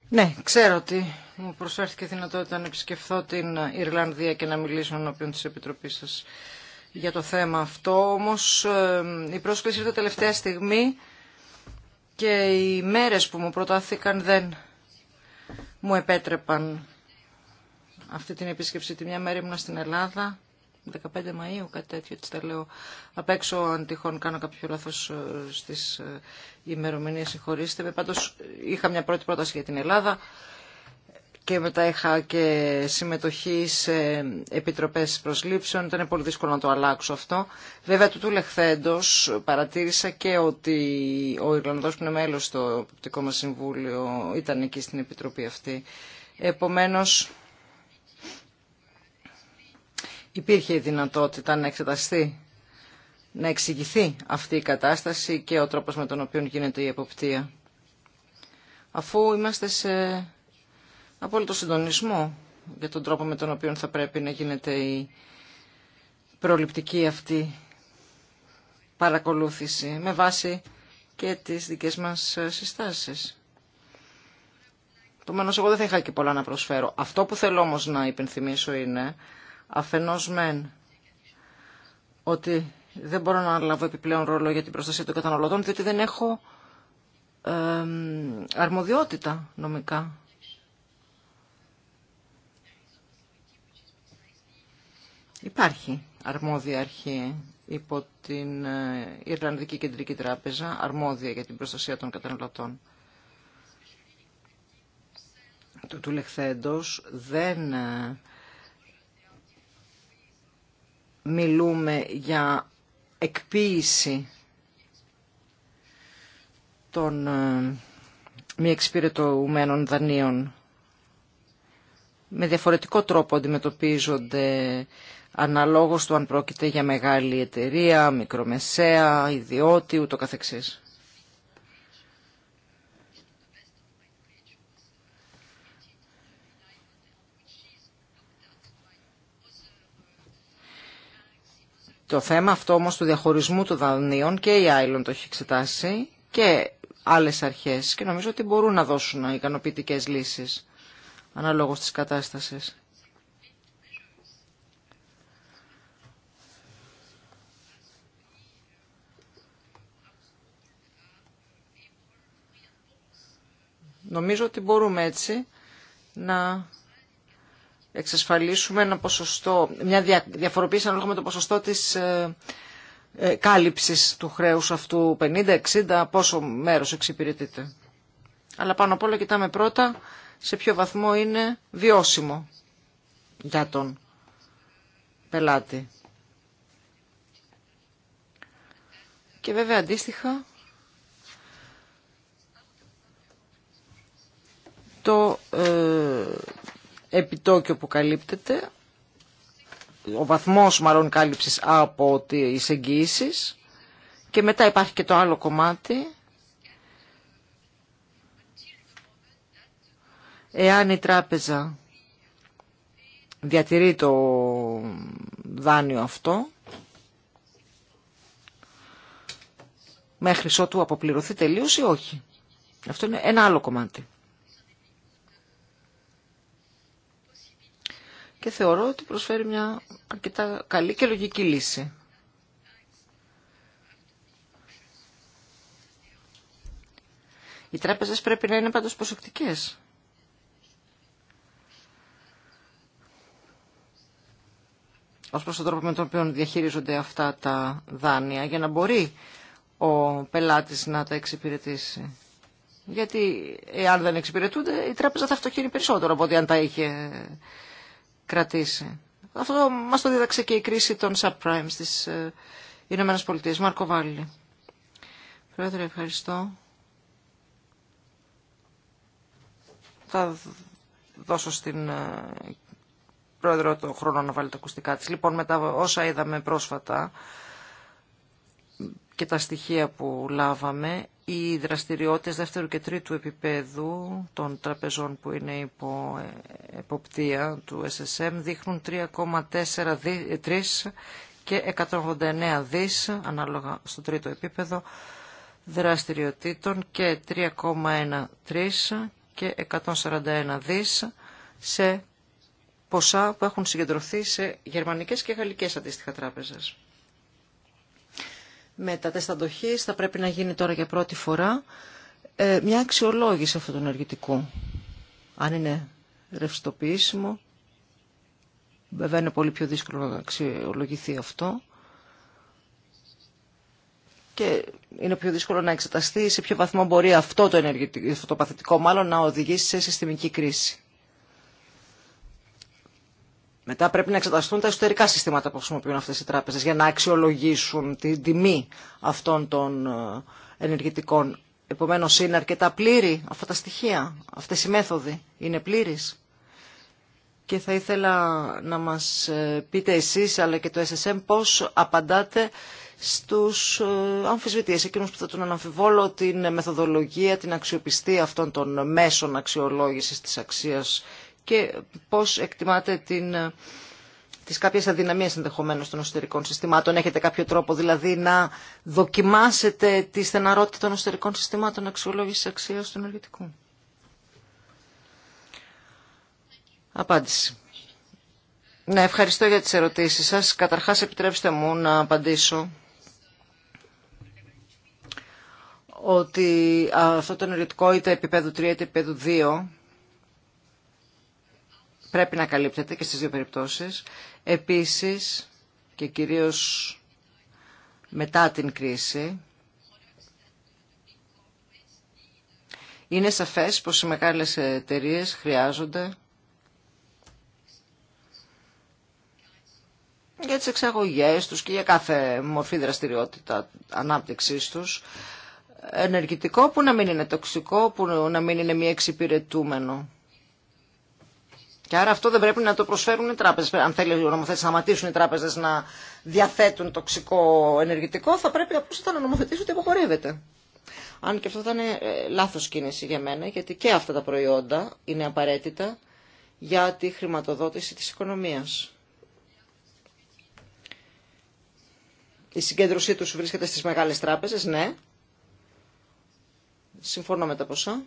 Speaker 2: Ναι, ξέρω ότι μου προσφέρθηκε δυνατότητα να επισκεφθώ την Ιρλανδία και να μιλήσω ενώπιον της Επιτροπής σας για το θέμα αυτό, όμως ε, η πρόσκληση ήρθε τελευταία στιγμή και οι μέρες που μου προτάθηκαν δεν μου επέτρεπαν αυτή την επίσκεψη. Τη μια μέρα ήμουν στην Ελλάδα, 15 Μαΐου, κάτι τέτοιο, έτσι τα λέω απ' έξω, αν τυχόν κάνω κάποιο λάθος ε, στις ε, ημερομηνίες, συγχωρήστε με. Πάντως είχα μια πρώτη πρόταση για την Ελλάδα, και μετά είχα και συμμετοχή σε επιτροπές προσλήψεων. Ήταν πολύ δύσκολο να το αλλάξω αυτό. Βέβαια, του τουλεχθέντος παρατήρησα και ότι ο Ιρλανδός που είναι μέλος στο Ποπτικό μας Συμβούλιο ήταν εκεί στην επιτροπή αυτή. Επομένως, υπήρχε η δυνατότητα να εξεταστεί να εξηγηθεί αυτή η κατάσταση και ο τρόπος με τον οποίο γίνεται η εποπτεία. Αφού είμαστε σε απόλυτο συντονισμό για τον τρόπο με τον οποίο θα πρέπει να γίνεται η προληπτική αυτή παρακολούθηση με βάση και τις δικές μας συστάσεις. Επομένω, εγώ δεν θα είχα και πολλά να προσφέρω. Αυτό που θέλω όμως να υπενθυμίσω είναι αφενός μεν ότι δεν μπορώ να λάβω επιπλέον ρόλο για την προστασία των καταναλωτών διότι δεν έχω αρμοδιότητα νομικά Υπάρχει αρμόδια αρχή υπό την ε, Ιρλανδική Κεντρική Τράπεζα, αρμόδια για την προστασία των καταναλωτών. Το του λεχθέντος δεν ε, μιλούμε για εκποίηση των ε, μη εξυπηρετωμένων δανείων. Με διαφορετικό τρόπο αντιμετωπίζονται αναλόγως του αν πρόκειται για μεγάλη εταιρεία, μικρομεσαία, ιδιώτη, ούτω καθεξής. Το θέμα αυτό όμως του διαχωρισμού των δανείων και η Άιλον το έχει εξετάσει και άλλες αρχές και νομίζω ότι μπορούν να δώσουν ικανοποιητικές λύσεις αναλόγως της κατάστασης. Νομίζω ότι μπορούμε έτσι να εξασφαλίσουμε ένα ποσοστό, μια διαφοροποίηση ανάλογα με το ποσοστό της ε, ε, κάλυψης του χρέους αυτού 50-60, πόσο μέρος εξυπηρετείται. Αλλά πάνω απ' όλα κοιτάμε πρώτα σε ποιο βαθμό είναι βιώσιμο για τον πελάτη. Και βέβαια αντίστοιχα το ε, επιτόκιο που καλύπτεται, ο βαθμός μαρών κάλυψης από τις εγγυήσεις και μετά υπάρχει και το άλλο κομμάτι εάν η τράπεζα διατηρεί το δάνειο αυτό μέχρι ότου αποπληρωθεί τελείως ή όχι. Αυτό είναι ένα άλλο κομμάτι. και θεωρώ ότι προσφέρει μια αρκετά καλή και λογική λύση. Οι τράπεζες πρέπει να είναι πάντως προσεκτικές. ως προς τον τρόπο με τον οποίο διαχειρίζονται αυτά τα δάνεια για να μπορεί ο πελάτης να τα εξυπηρετήσει. Γιατί εάν δεν εξυπηρετούνται η τράπεζα θα φτωχύνει περισσότερο από ό,τι αν τα είχε κρατήσει. Αυτό μας το δίδαξε και η κρίση των subprimes της ε, Ηνωμένες Πολιτείες. Μάρκο Βάλλη. Πρόεδρε, ευχαριστώ. Θα δώσω στην ε, πρόεδρο το χρόνο να βάλει τα ακουστικά της. Λοιπόν, μετά όσα είδαμε πρόσφατα και τα στοιχεία που λάβαμε, οι δραστηριότητες δεύτερου και τρίτου επίπεδου των τραπεζών που είναι υπό ε, εποπτεία του SSM δείχνουν 3,43 και 189 δις ανάλογα στο τρίτο επίπεδο δραστηριοτήτων και 3,13 και 141 δις σε ποσά που έχουν συγκεντρωθεί σε γερμανικές και γαλλικές αντίστοιχα τράπεζες με τα τεστ αντοχής θα πρέπει να γίνει τώρα για πρώτη φορά ε, μια αξιολόγηση αυτού του ενεργητικού. Αν είναι ρευστοποιήσιμο, βέβαια είναι πολύ πιο δύσκολο να αξιολογηθεί αυτό και είναι πιο δύσκολο να εξεταστεί σε ποιο βαθμό μπορεί αυτό το, ενεργητικό, αυτό το παθητικό μάλλον να οδηγήσει σε συστημική κρίση. Μετά πρέπει να εξεταστούν τα εσωτερικά συστήματα που χρησιμοποιούν αυτές οι τράπεζες για να αξιολογήσουν την τιμή αυτών των ε, ενεργητικών. Επομένως είναι αρκετά πλήρη αυτά τα στοιχεία, αυτές οι μέθοδοι είναι πλήρης. Και θα ήθελα να μας ε, πείτε εσείς αλλά και το SSM πώς απαντάτε στους ε, αμφισβητείες, εκείνους που θα τον αναμφιβόλω την μεθοδολογία, την αξιοπιστία αυτών των μέσων αξιολόγησης της αξίας και πώς εκτιμάτε την, ε, τις κάποιες αδυναμίες ενδεχομένως των εσωτερικών συστημάτων. Έχετε κάποιο τρόπο δηλαδή να δοκιμάσετε τη στεναρότητα των εσωτερικών συστημάτων αξιολόγησης αξία του ενεργητικού. Απάντηση. Ναι, ευχαριστώ για τις ερωτήσεις σας. Καταρχάς επιτρέψτε μου να απαντήσω ότι αυτό το ενεργητικό είτε επίπεδο 3 είτε επίπεδο 2 πρέπει να καλύπτεται και στις δύο περιπτώσεις. Επίσης και κυρίως μετά την κρίση είναι σαφές πως οι μεγάλες εταιρείε χρειάζονται για τις εξαγωγές τους και για κάθε μορφή δραστηριότητα ανάπτυξής τους ενεργητικό που να μην είναι τοξικό, που να μην είναι μη εξυπηρετούμενο. Και άρα αυτό δεν πρέπει να το προσφέρουν οι τράπεζε. Αν θέλει ο νομοθέτη να σταματήσουν οι τράπεζε να διαθέτουν τοξικό ενεργητικό, θα πρέπει απλώ να νομοθετήσουν ότι απαγορεύεται. Αν και αυτό ήταν ε, λάθο κίνηση για μένα, γιατί και αυτά τα προϊόντα είναι απαραίτητα για τη χρηματοδότηση της οικονομία. Η συγκέντρωσή τους βρίσκεται στις μεγάλες τράπεζες, ναι. Συμφωνώ με τα ποσά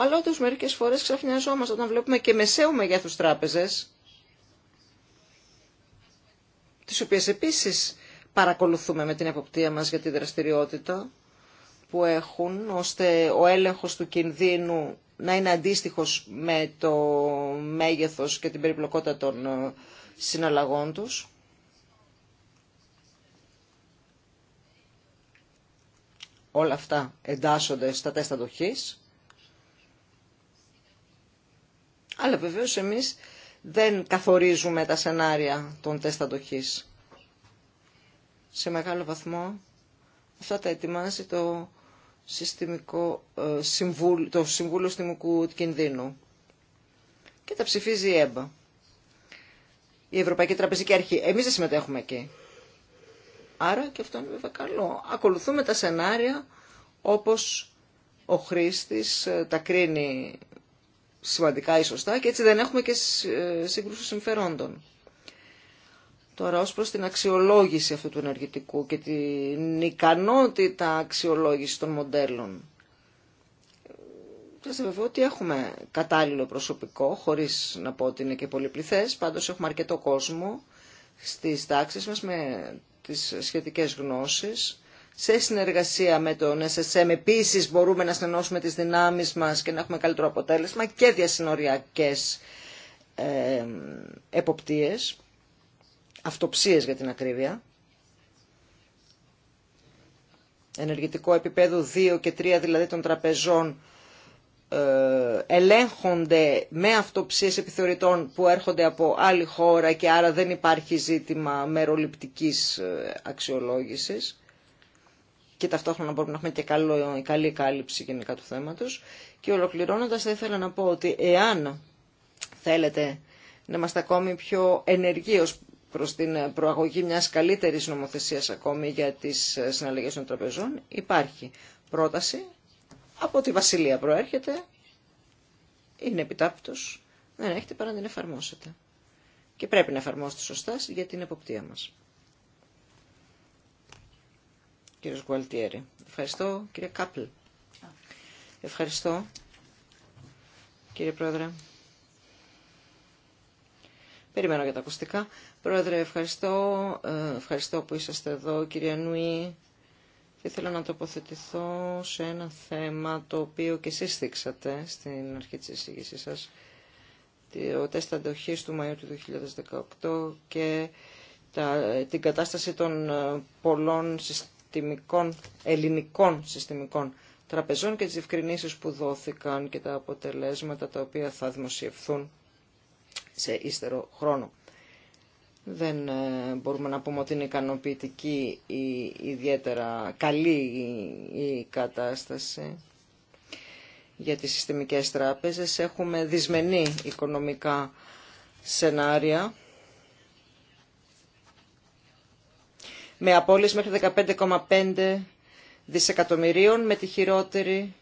Speaker 2: αλλά όντω μερικές φορές ξαφνιαζόμαστε όταν βλέπουμε και μεσαίου μεγέθου τράπεζε. Τι οποίε επίση παρακολουθούμε με την εποπτεία μας για τη δραστηριότητα που έχουν, ώστε ο έλεγχος του κινδύνου να είναι αντίστοιχος με το μέγεθος και την περιπλοκότητα των ε, συναλλαγών τους. Όλα αυτά εντάσσονται στα τεστ αντοχής Αλλά βεβαίως εμείς δεν καθορίζουμε τα σενάρια των τεστ αντοχής. Σε μεγάλο βαθμό αυτά τα ετοιμάζει το, συστημικό, ε, το Συμβούλιο Συστημικού Κινδύνου και τα ψηφίζει η ΕΜΠΑ. Η Ευρωπαϊκή Τραπεζική Αρχή. Εμείς δεν συμμετέχουμε εκεί. Άρα και αυτό είναι βέβαια καλό. Ακολουθούμε τα σενάρια όπως ο χρήστης ε, τα κρίνει σημαντικά ή σωστά και έτσι δεν έχουμε και ε, σύγκρουση συμφερόντων. Τώρα ως προς την αξιολόγηση αυτού του ενεργητικού και την ικανότητα αξιολόγηση των μοντέλων. Σας βεβαιώ ότι έχουμε κατάλληλο προσωπικό, χωρίς να πω ότι είναι και πολυπληθές, πάντως έχουμε αρκετό κόσμο στις τάξεις μας με τις σχετικές γνώσεις σε συνεργασία με τον SSM επίσης μπορούμε να στενώσουμε τις δυνάμεις μας και να έχουμε καλύτερο αποτέλεσμα και διασυνοριακές ε, εποπτείες, αυτοψίες για την ακρίβεια. Ενεργητικό επίπεδο 2 και 3 δηλαδή των τραπεζών ε, ελέγχονται με αυτοψίες επιθεωρητών που έρχονται από άλλη χώρα και άρα δεν υπάρχει ζήτημα μεροληπτικής ε, αξιολόγησης και ταυτόχρονα μπορούμε να έχουμε και καλή κάλυψη γενικά του θέματος. Και ολοκληρώνοντας θα ήθελα να πω ότι εάν θέλετε να είμαστε ακόμη πιο ενεργοί ως προς την προαγωγή μιας καλύτερης νομοθεσίας ακόμη για τις συναλλαγές των τραπεζών, υπάρχει πρόταση από τη Βασιλεία προέρχεται, είναι επιτάπητος, δεν έχετε παρά να την εφαρμόσετε. Και πρέπει να εφαρμόσετε σωστά για την εποπτεία μας κύριος Γουαλτιέρη. Ευχαριστώ, κύριε Κάπλ. Ευχαριστώ, κύριε Πρόεδρε. Περιμένω για τα ακουστικά. Πρόεδρε, ευχαριστώ. Ε, ευχαριστώ που είσαστε εδώ, κύριε Νουή. Θα ήθελα να τοποθετηθώ σε ένα θέμα το οποίο και εσείς θίξατε στην αρχή της εισήγησής σας. Ο τεστ αντοχής του Μαΐου του 2018 και την κατάσταση των ε, πολλών συστημικών, ελληνικών συστημικών τραπεζών και τις ευκρινήσεις που δόθηκαν και τα αποτελέσματα τα οποία θα δημοσιευθούν σε ύστερο χρόνο. Δεν ε, μπορούμε να πούμε ότι είναι ικανοποιητική ή ιδιαίτερα καλή η κατάσταση για τις συστημικές τράπεζες. Έχουμε δυσμενή οικονομικά σενάρια με απόλυση μέχρι 15,5 δισεκατομμυρίων με τη χειρότερη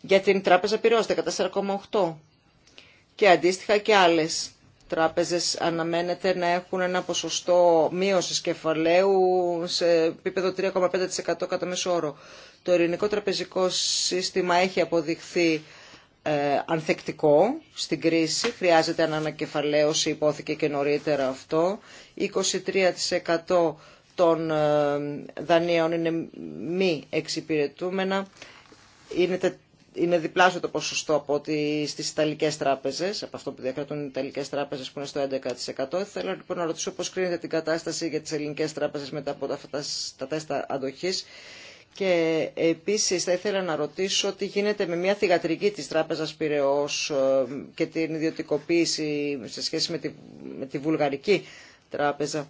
Speaker 2: για την τράπεζα πυρός 14,8 και αντίστοιχα και άλλες τράπεζες αναμένεται να έχουν ένα ποσοστό μείωσης κεφαλαίου σε επίπεδο 3,5% κατά μέσο όρο. Το ελληνικό τραπεζικό σύστημα έχει αποδειχθεί ε, ανθεκτικό στην κρίση, χρειάζεται ανακεφαλαίωση, υπόθηκε και νωρίτερα αυτό. 23% των ε, δανείων είναι μη εξυπηρετούμενα, είναι, είναι διπλάσιο το ποσοστό από ότι στις Ιταλικές τράπεζες, από αυτό που διακρατούν οι Ιταλικές τράπεζες που είναι στο 11%. Θέλω λοιπόν να ρωτήσω πώς κρίνεται την κατάσταση για τις ελληνικές τράπεζες μετά από τα, τα τέστα αντοχής και επίσης θα ήθελα να ρωτήσω τι γίνεται με μια θηγατρική της Τράπεζας Πυραιός ε, και την ιδιωτικοποίηση σε σχέση με τη, με τη Βουλγαρική Τράπεζα.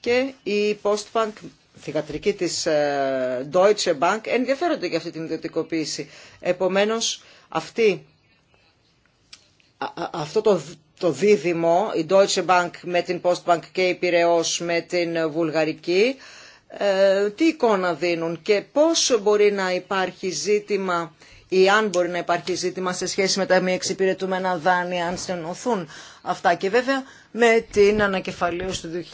Speaker 2: Και η Postbank, θηγατρική της ε, Deutsche Bank, ενδιαφέρονται για αυτή την ιδιωτικοποίηση. Επομένως, αυτή, αυτό το, το δίδυμο, η Deutsche Bank με την Postbank και η Πυραιός με την Βουλγαρική, ε, τι εικόνα δίνουν και πώς μπορεί να υπάρχει ζήτημα ή αν μπορεί να υπάρχει ζήτημα σε σχέση με τα μη εξυπηρετούμενα δάνεια, αν στενωθούν αυτά. Και βέβαια με την ανακεφαλίωση του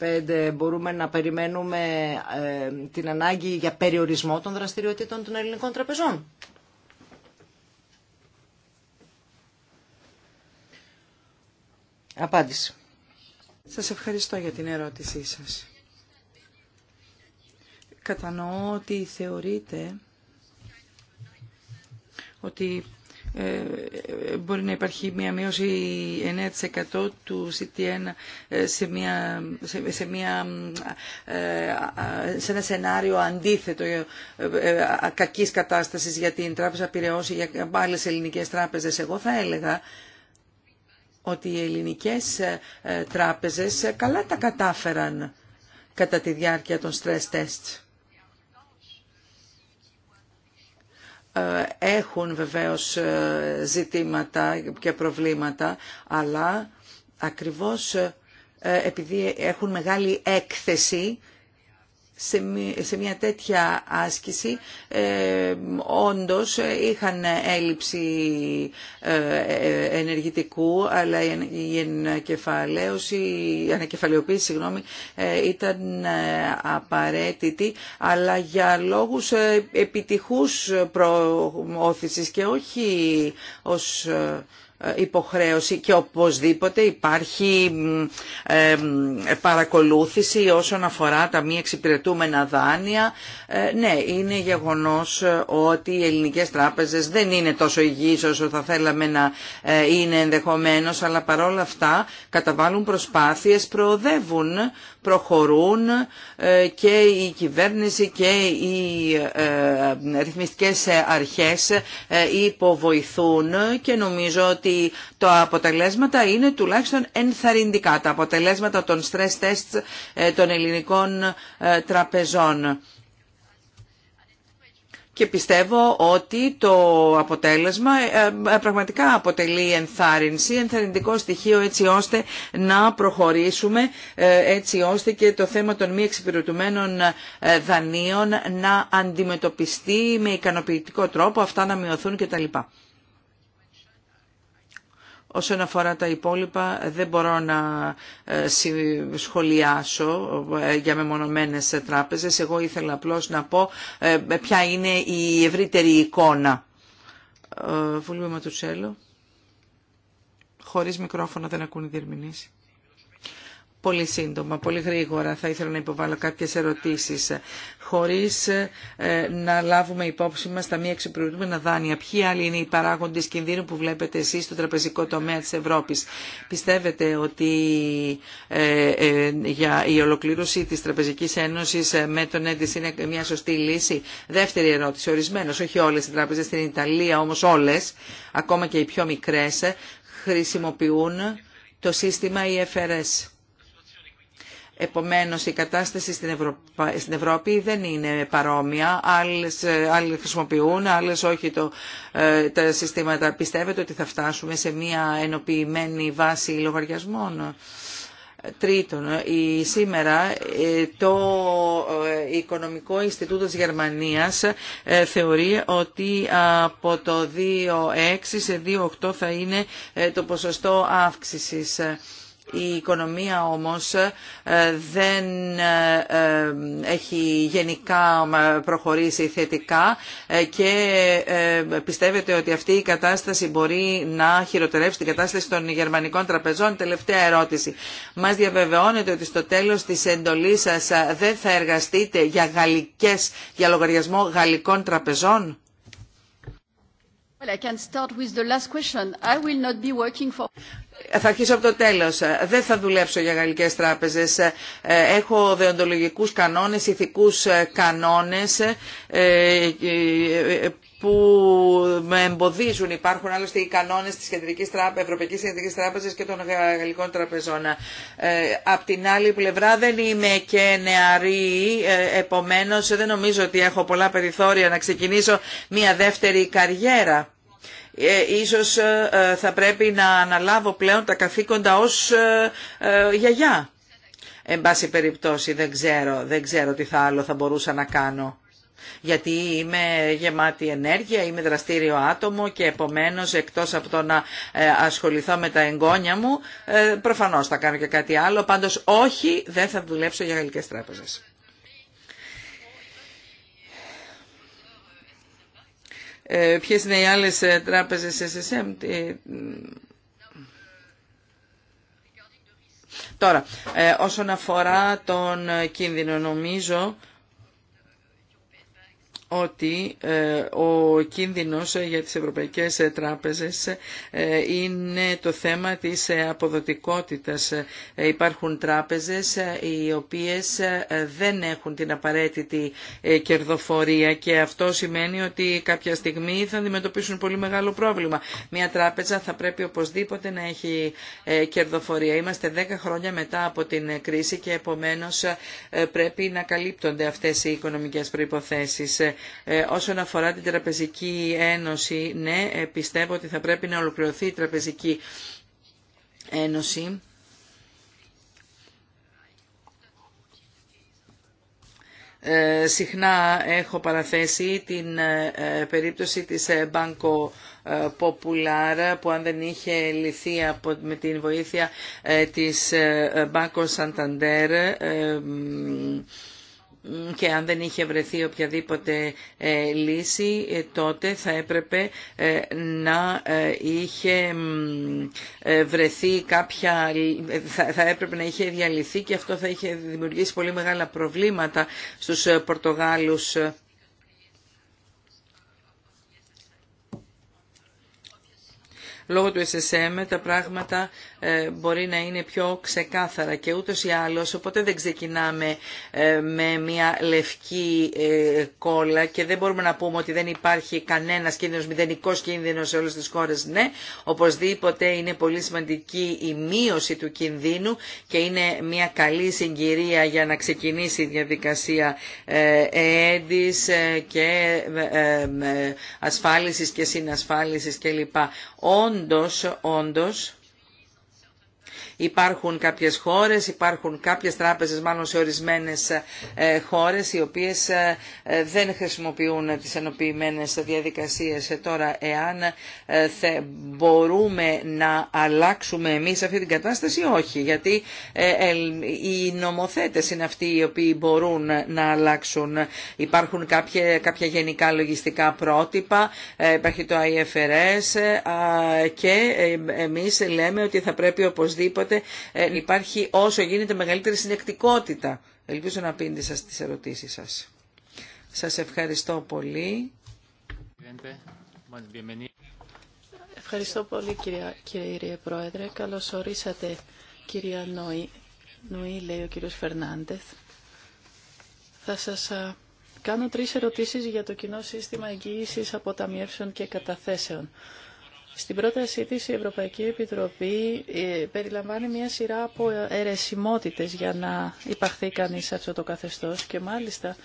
Speaker 2: 2015 μπορούμε να περιμένουμε ε, την ανάγκη για περιορισμό των δραστηριοτήτων των ελληνικών τραπεζών. Απάντηση.
Speaker 3: Σας ευχαριστώ για την ερώτησή σας. Κατανοώ ότι θεωρείτε ότι ε, μπορεί να υπάρχει μια μείωση 9% του CTN σε, μια, σε, μια, ε, σε ένα σενάριο αντίθετο ε, κακής κατάστασης για την Τράπεζα πηρεώσει για άλλες ελληνικές τράπεζες. Εγώ θα έλεγα ότι οι ελληνικές τράπεζες καλά τα κατάφεραν κατά τη διάρκεια των stress tests. Ε, έχουν βεβαίως ε, ζητήματα και προβλήματα, αλλά ακριβώς ε, επειδή έχουν μεγάλη έκθεση σε μια τέτοια άσκηση ε, όντως είχαν έλλειψη ε, ενεργητικού αλλά η ανακεφαλαίωση, η ανακεφαλαιοποίηση συγγνώμη, ε, ήταν ε, απαραίτητη αλλά για λόγους επιτυχούς προώθησης και όχι ως υποχρέωση και οπωσδήποτε υπάρχει ε, παρακολούθηση όσον αφορά τα μη εξυπηρετούμενα δάνεια. Ε, ναι, είναι γεγονός ε, ότι οι ελληνικές τράπεζες δεν είναι τόσο υγιείς όσο θα θέλαμε να είναι ενδεχομένως, αλλά παρόλα αυτά καταβάλουν προσπάθειες, προοδεύουν προχωρούν ε, και η κυβέρνηση και οι ε, ρυθμιστικές αρχές ε, υποβοηθούν και νομίζω ότι τα αποτελέσματα είναι τουλάχιστον ενθαρρυντικά, τα αποτελέσματα των stress tests των ελληνικών τραπεζών και πιστεύω ότι το αποτέλεσμα ε, ε, ε, πραγματικά αποτελεί ενθάρρυνση, ενθαρρυντικό στοιχείο έτσι ώστε να προχωρήσουμε, έτσι ώστε και το θέμα των μη εξυπηρετουμένων δανείων να αντιμετωπιστεί με ικανοποιητικό τρόπο, αυτά να μειωθούν κτλ. Όσον αφορά τα υπόλοιπα δεν μπορώ να ε, σχολιάσω ε, για μεμονωμένες ε, τράπεζες. Εγώ ήθελα απλώς να πω ποια είναι η ευρύτερη εικόνα. του Ματουτσέλο. Χωρίς μικρόφωνο δεν ακούνε οι πολύ σύντομα, πολύ γρήγορα θα ήθελα να υποβάλω κάποιες ερωτήσεις ε, χωρίς ε, να λάβουμε υπόψη μας τα μη εξυπηρετούμενα δάνεια. Ποιοι άλλοι είναι οι παράγοντες κινδύνου που βλέπετε εσείς στο τραπεζικό τομέα της Ευρώπης. Πιστεύετε ότι ε, για η ολοκλήρωση της Τραπεζικής Ένωσης με τον έντις είναι μια σωστή λύση. Δεύτερη ερώτηση. ορισμένος, όχι όλες οι τράπεζες στην Ιταλία, όμως όλες, ακόμα και οι πιο μικρές, χρησιμοποιούν το σύστημα IFRS. Επομένως η κατάσταση στην, Ευρώπη δεν είναι παρόμοια. Άλλες, ε, χρησιμοποιούν, άλλες όχι ε, τα συστήματα. Πιστεύετε ότι θα φτάσουμε σε μια ενοποιημένη βάση λογαριασμών. Τρίτον, η, σήμερα ε, το Οικονομικό Ινστιτούτο της Γερμανίας θεωρεί ότι από το 2,6 σε 2,8 θα είναι το ποσοστό αύξησης. Η οικονομία όμως ε, δεν ε, ε, έχει γενικά προχωρήσει θετικά και πιστεύετε ότι αυτή η κατάσταση μπορεί να χειροτερεύσει την κατάσταση των γερμανικών τραπεζών. Τελευταία ερώτηση. Μας διαβεβαιώνετε ότι στο τέλος της εντολής σας δεν θα εργαστείτε για, γαλλικές, για λογαριασμό γαλλικών τραπεζών. Θα αρχίσω από το τέλος. Δεν θα δουλέψω για γαλλικές τράπεζες. Έχω δεοντολογικούς κανόνες, ηθικούς κανόνες ε, ε, που με εμποδίζουν. Υπάρχουν άλλωστε οι κανόνε τη Ευρωπαϊκή Κεντρική Τράπεζα και των Γαλλικών Τραπεζών. Ε, απ' την άλλη πλευρά δεν είμαι και νεαρή, ε, επομένω δεν νομίζω ότι έχω πολλά περιθώρια να ξεκινήσω μια δεύτερη καριέρα. Ε, ίσως ε, ε, θα πρέπει να αναλάβω πλέον τα καθήκοντα ως ε, γιαγιά. Εν πάση περιπτώσει δεν ξέρω, τι άλλο θα μπορούσα να κάνω γιατί είμαι γεμάτη ενέργεια, είμαι δραστήριο άτομο και επομένως εκτός από το να ε, ασχοληθώ με τα εγγόνια μου, ε, προφανώς θα κάνω και κάτι άλλο, πάντως όχι δεν θα δουλέψω για γαλλικές τράπεζες. Ε, ποιες είναι οι άλλες ε, τράπεζες SSM, Τώρα, όσον αφορά τον κίνδυνο, νομίζω ότι ε, ο κίνδυνος για τις ευρωπαϊκές ε, τράπεζες ε, είναι το θέμα της αποδοτικότητας. Υπάρχουν τράπεζες οι οποίες δεν έχουν την απαραίτητη κερδοφορία και αυτό σημαίνει ότι κάποια στιγμή θα αντιμετωπίσουν πολύ μεγάλο πρόβλημα. Μια τράπεζα θα πρέπει οπωσδήποτε να έχει κερδοφορία. Είμαστε 10 χρόνια μετά από την κρίση και επομένως πρέπει να καλύπτονται αυτές οι οικονομικές προϋποθέσεις. Ε, όσον αφορά την Τραπεζική Ένωση, ναι, ε, πιστεύω ότι θα πρέπει να ολοκληρωθεί η Τραπεζική Ένωση. Ε, συχνά έχω παραθέσει την περίπτωση της Banco Popular που αν δεν είχε λυθεί με την βοήθεια της Banco Santander και αν δεν είχε βρεθεί οποιαδήποτε ε, λύση ε, τότε θα έπρεπε ε, να είχε βρεθεί κάποια θα έπρεπε να είχε διαλυθεί και αυτό θα είχε δημιουργήσει πολύ μεγάλα προβλήματα στους Πορτογάλους λόγω του SSM τα πράγματα ε, μπορεί να είναι πιο ξεκάθαρα και ούτως ή άλλως οπότε δεν ξεκινάμε ε, με μια λευκή ε, κόλλα και δεν μπορούμε να πούμε ότι δεν υπάρχει κανένας κίνδυνος, μηδενικός κίνδυνος σε όλες τις χώρες. Ναι, οπωσδήποτε είναι πολύ σημαντική η μείωση του κινδύνου και είναι μια καλή συγκυρία για να ξεκινήσει η διαδικασία έντης και ασφάλισης και συνασφάλισης κλπ όντως, όντως Υπάρχουν κάποιες χώρες, υπάρχουν κάποιες τράπεζες μάλλον σε ορισμένες ε, χώρες οι οποίες ε, ε, δεν χρησιμοποιούν τις ενοποιημένες διαδικασίες. Τώρα εάν μπορούμε να αλλάξουμε εμείς αυτή την κατάσταση, όχι. Γιατί οι νομοθέτες είναι αυτοί οι οποίοι μπορούν να αλλάξουν. Υπάρχουν κάποια, κάποια γενικά λογιστικά πρότυπα, υπάρχει το IFRS και εμείς λέμε ότι θα πρέπει οπωσδήποτε Οπότε ε, υπάρχει όσο γίνεται μεγαλύτερη συνεκτικότητα. Ελπίζω να σας στις ερωτήσεις σας. Σας ευχαριστώ
Speaker 1: πολύ. Ευχαριστώ πολύ κυρία, κύριε Πρόεδρε. Καλώς ορίσατε κυρία Νόη. Νουή, λέει ο κύριος Φερνάντεθ. Θα σας κάνω τρεις ερωτήσεις για το κοινό σύστημα εγγύησης αποταμιεύσεων και καταθέσεων. Στην πρότασή της η Ευρωπαϊκή Επιτροπή ε, περιλαμβάνει μια σειρά από αιρεσιμότητες για να υπαχθεί κανείς σε αυτό το καθεστώς και μάλιστα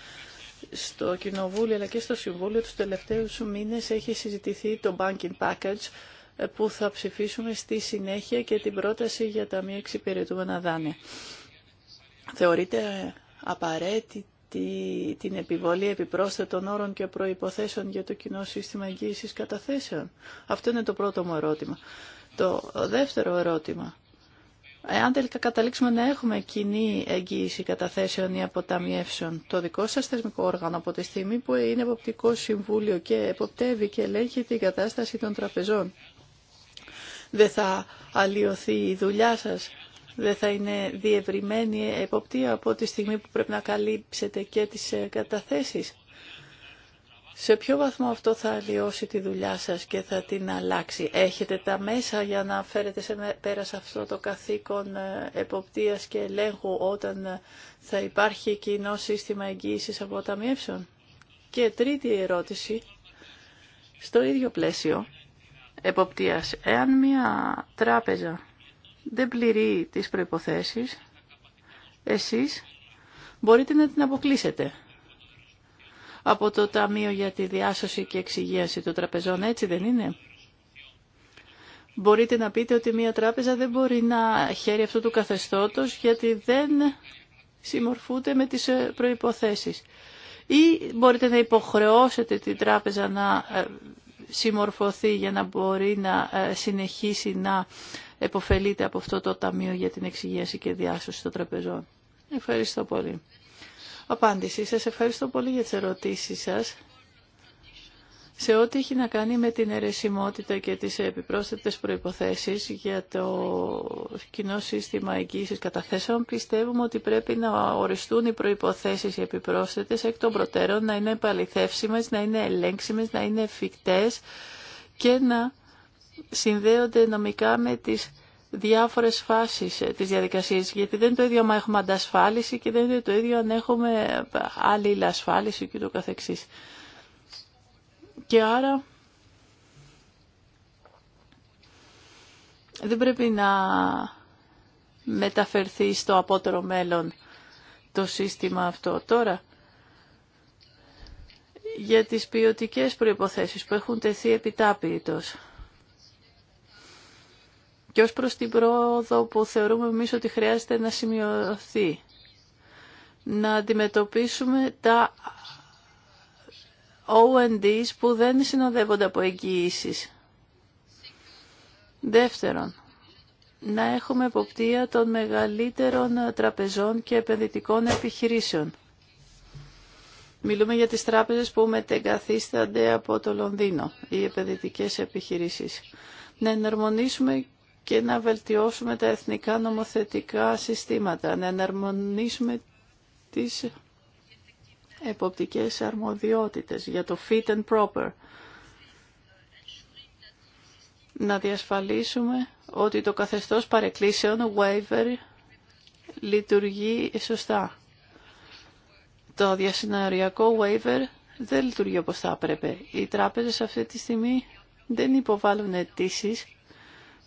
Speaker 1: στο Κοινοβούλιο αλλά και στο Συμβούλιο τους τελευταίους μήνες έχει συζητηθεί το Banking Package ε, που θα ψηφίσουμε στη συνέχεια και την πρόταση για τα μη εξυπηρετούμενα δάνεια. Θεωρείται απαραίτητη την επιβολή επιπρόσθετων όρων και προϋποθέσεων για το κοινό σύστημα εγγύησης καταθέσεων. Αυτό είναι το πρώτο μου ερώτημα. Το δεύτερο ερώτημα. Εάν τελικά καταλήξουμε να έχουμε κοινή εγγύηση καταθέσεων ή αποταμιεύσεων, το δικό σας θεσμικό όργανο από τη στιγμή που είναι εποπτικό συμβούλιο και εποπτεύει και ελέγχει την κατάσταση των τραπεζών, δεν θα αλλοιωθεί η δουλειά σας δεν θα είναι διευρυμένη εποπτεία από τη στιγμή που πρέπει να καλύψετε και τις ε, καταθέσεις. Σε ποιο βαθμό αυτό θα αλλοιώσει τη δουλειά σας και θα την αλλάξει. Έχετε τα μέσα για να φέρετε σε πέρα σε αυτό το καθήκον ε, εποπτείας και ελέγχου όταν ε, θα υπάρχει κοινό σύστημα εγγύησης από Και τρίτη ερώτηση, στο ίδιο πλαίσιο εποπτείας. Εάν μια τράπεζα δεν πληρεί τις προϋποθέσεις, εσείς μπορείτε να την αποκλείσετε από το Ταμείο για τη Διάσωση και Εξυγίαση των Τραπεζών, έτσι δεν είναι. Μπορείτε να πείτε ότι μια τράπεζα δεν μπορεί να χαίρει αυτού του καθεστώτος γιατί δεν συμμορφούνται με τις ε, προϋποθέσεις. Ή μπορείτε να υποχρεώσετε την τράπεζα να ε, συμμορφωθεί για να μπορεί να ε, συνεχίσει να εποφελείται από αυτό το Ταμείο για την Εξυγίαση και Διάσωση των Τραπεζών. Ευχαριστώ πολύ. Απάντηση. Σας ευχαριστώ πολύ για τις ερωτήσεις σας. Σε ό,τι έχει να κάνει με την αιρεσιμότητα και τις επιπρόσθετες προϋποθέσεις για το κοινό σύστημα εγγύησης καταθέσεων, πιστεύουμε ότι πρέπει να οριστούν οι προϋποθέσεις οι επιπρόσθετες εκ των προτέρων, να είναι επαληθεύσιμες, να είναι ελέγξιμες, να είναι εφικτές και να συνδέονται νομικά με τις διάφορες φάσεις ε, της διαδικασίας, γιατί δεν είναι το ίδιο αν έχουμε αντασφάλιση και δεν είναι το ίδιο αν έχουμε άλλη ασφάλιση και το καθεξής. Και άρα δεν πρέπει να μεταφερθεί στο απότερο μέλλον το σύστημα αυτό. Τώρα, για τις ποιοτικές προϋποθέσεις που έχουν τεθεί επιτάπητος και ως προς την πρόοδο που θεωρούμε εμείς ότι χρειάζεται να σημειωθεί. Να αντιμετωπίσουμε τα ONDs που δεν συνοδεύονται από εγγύησει. Δεύτερον, να έχουμε εποπτεία των μεγαλύτερων τραπεζών και επενδυτικών επιχειρήσεων. Μιλούμε για τις τράπεζες που μετεγκαθίστανται από το Λονδίνο, οι επενδυτικές επιχειρήσεις. Να εναρμονίσουμε και να βελτιώσουμε τα εθνικά νομοθετικά συστήματα, να εναρμονίσουμε τις εποπτικές αρμοδιότητες για το fit and proper. Να διασφαλίσουμε ότι το καθεστώς παρεκκλήσεων, waiver, λειτουργεί σωστά. Το διασυναριακό waiver δεν λειτουργεί όπως θα έπρεπε. Οι τράπεζες αυτή τη στιγμή δεν υποβάλλουν αιτήσει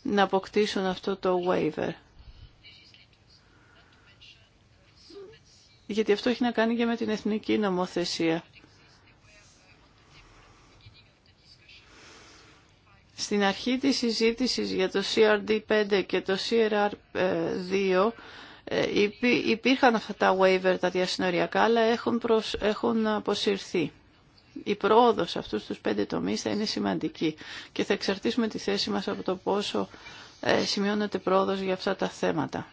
Speaker 1: να αποκτήσουν αυτό το waiver. Γιατί αυτό έχει να κάνει και με την εθνική νομοθεσία. Στην αρχή της συζήτησης για το CRD5 και το CRR2 ε, υπήρχαν αυτά τα waiver τα διασυνοριακά, αλλά έχουν, έχουν αποσυρθεί η πρόοδος αυτούς τους πέντε τομείς θα είναι σημαντική και θα εξαρτήσουμε τη θέση μας από το πόσο ε, σημειώνεται πρόοδος για αυτά τα θέματα.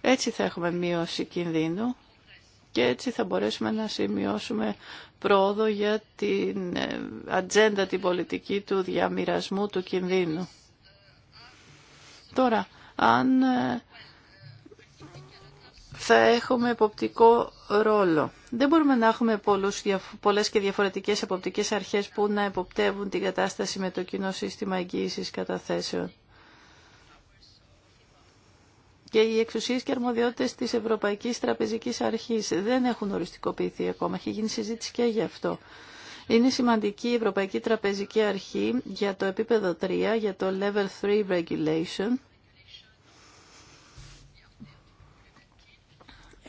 Speaker 1: Έτσι θα έχουμε μείωση κινδύνου και έτσι θα μπορέσουμε να σημειώσουμε πρόοδο για την ε, ατζέντα την πολιτική του διαμοιρασμού του κινδύνου. Τώρα, αν ε, θα έχουμε εποπτικό ρόλο. Δεν μπορούμε να έχουμε πολλούς, πολλές και διαφορετικές εποπτικές αρχές που να εποπτεύουν την κατάσταση με το κοινό σύστημα εγγύησης καταθέσεων. Και οι εξουσίες και αρμοδιότητες της Ευρωπαϊκής Τραπεζικής Αρχής δεν έχουν οριστικοποιηθεί ακόμα. Έχει γίνει συζήτηση και γι' αυτό. Είναι σημαντική η Ευρωπαϊκή Τραπεζική Αρχή για το επίπεδο 3, για το Level 3 Regulation,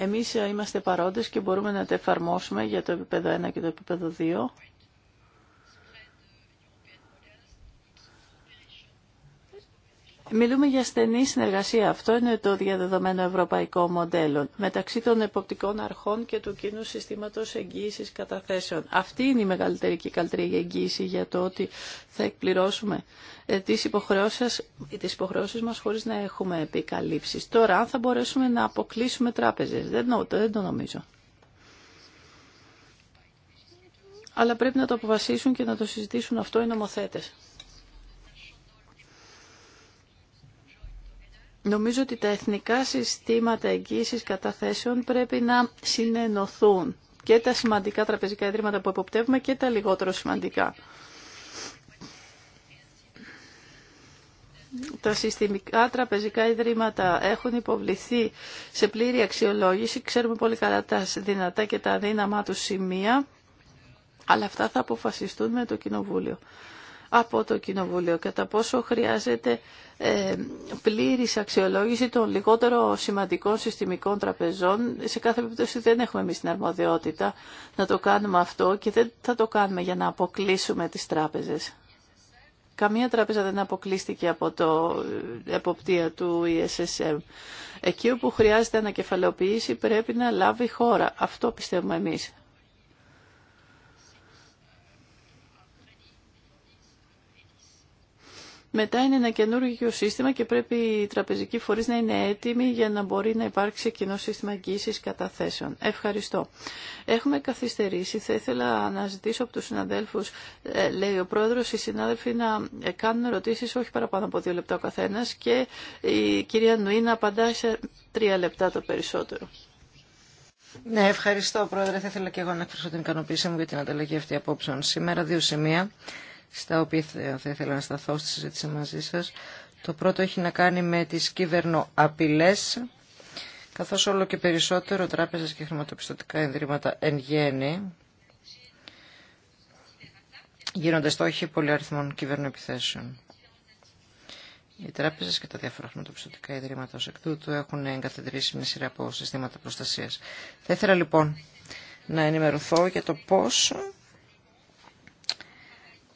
Speaker 1: Εμείς ε, είμαστε παρόντες και μπορούμε να τα εφαρμόσουμε για το επίπεδο 1 και το επίπεδο 2. Μιλούμε για στενή συνεργασία. Αυτό είναι το διαδεδομένο ευρωπαϊκό μοντέλο μεταξύ των εποπτικών αρχών και του κοινού συστήματος εγγύησης καταθέσεων. Αυτή είναι η μεγαλύτερη και καλύτερη εγγύηση για το ότι θα εκπληρώσουμε ε, τις υποχρεώσεις, τις υποχρεώσεις μας χωρίς να έχουμε επικαλύψεις. Τώρα, αν θα μπορέσουμε να αποκλείσουμε τράπεζες, δεν, το νομίζω. Αλλά πρέπει να το αποφασίσουν και να το συζητήσουν αυτό οι νομοθέτες. Νομίζω ότι τα εθνικά συστήματα εγγύησης καταθέσεων πρέπει να συνενωθούν και τα σημαντικά τραπεζικά ιδρύματα που εποπτεύουμε και τα λιγότερο σημαντικά. τα συστημικά τραπεζικά ιδρύματα έχουν υποβληθεί σε πλήρη αξιολόγηση. Ξέρουμε πολύ καλά τα δυνατά και τα αδύναμά του σημεία, αλλά αυτά θα αποφασιστούν με το Κοινοβούλιο. Από το Κοινοβούλιο, κατά πόσο χρειάζεται ε, πλήρης αξιολόγηση των λιγότερο σημαντικών συστημικών τραπεζών. Σε κάθε περίπτωση δεν έχουμε εμείς την αρμοδιότητα να το κάνουμε αυτό και δεν θα το κάνουμε για να αποκλείσουμε τις τράπεζες. Καμία τράπεζα δεν αποκλείστηκε από το ε, εποπτεία του ESSM. Εκεί όπου χρειάζεται ανακεφαλαιοποίηση πρέπει να λάβει χώρα. Αυτό πιστεύουμε εμείς. Μετά είναι ένα καινούργιο σύστημα και πρέπει οι τραπεζικοί φορείς να είναι έτοιμοι για να μπορεί να υπάρξει κοινό σύστημα εγγύησης καταθέσεων. Ευχαριστώ. Έχουμε καθυστερήσει. Θα ήθελα να ζητήσω από τους συναδέλφους, ε, λέει ο πρόεδρος, οι συνάδελφοι να ε, κάνουν ερωτήσεις όχι παραπάνω από δύο λεπτά ο καθένας και η κυρία Νουή να απαντάει σε τρία λεπτά το περισσότερο.
Speaker 2: Ναι, ευχαριστώ πρόεδρε. Θα ήθελα και εγώ να εκφράσω την ικανοποίησή μου για την ανταλλαγή αυτή απόψεων σήμερα. Δύο σημεία στα οποία θα ήθελα να σταθώ στη συζήτηση μαζί σας. Το πρώτο έχει να κάνει με τις κυβερνοαπειλές, καθώς όλο και περισσότερο τράπεζες και χρηματοπιστωτικά ιδρύματα εν γέννη γίνονται στόχοι πολυαριθμών κυβερνοεπιθέσεων. Οι τράπεζε και τα διάφορα χρηματοπιστωτικά ιδρύματα ω εκ τούτου έχουν εγκαθιδρύσει μια σειρά από συστήματα προστασία. Θα ήθελα λοιπόν να ενημερωθώ για το πώς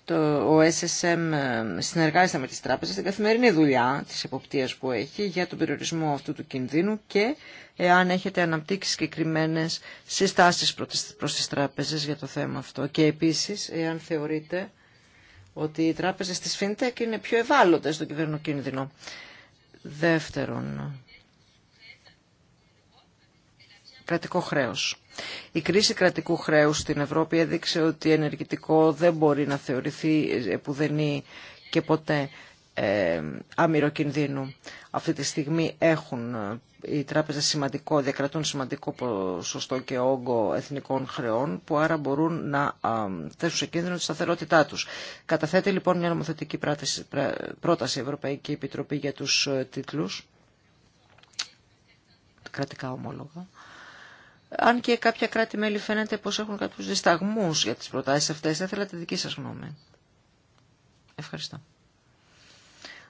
Speaker 2: το SSM ε, συνεργάζεται με τις τράπεζες στην καθημερινή δουλειά της εποπτείας που έχει για τον περιορισμό αυτού του κινδύνου και εάν έχετε αναπτύξει συγκεκριμένε συστάσεις προς τις τράπεζες για το θέμα αυτό. Και επίσης, εάν θεωρείτε ότι οι τράπεζες της FinTech είναι πιο ευάλωτες στο κίνδυνο. Δεύτερον, κρατικό χρέος. Η κρίση κρατικού χρέους στην Ευρώπη έδειξε ότι ενεργητικό δεν μπορεί να θεωρηθεί επουδενή και ποτέ ε, άμυρο κινδύνου. Αυτή τη στιγμή έχουν ε, οι τράπεζες σημαντικό, διακρατούν σημαντικό ποσοστό και όγκο εθνικών χρεών που άρα μπορούν να θέσουν σε κίνδυνο τη σταθερότητά τους. Καταθέτει λοιπόν μια νομοθετική πρόταση η Ευρωπαϊκή Επιτροπή για τους ε, τίτλους, κρατικά ομόλογα, αν και κάποια κράτη-μέλη φαίνεται πως έχουν κάποιους δισταγμούς για τις προτάσεις αυτές, θα ήθελα τη δική σας γνώμη. Ευχαριστώ.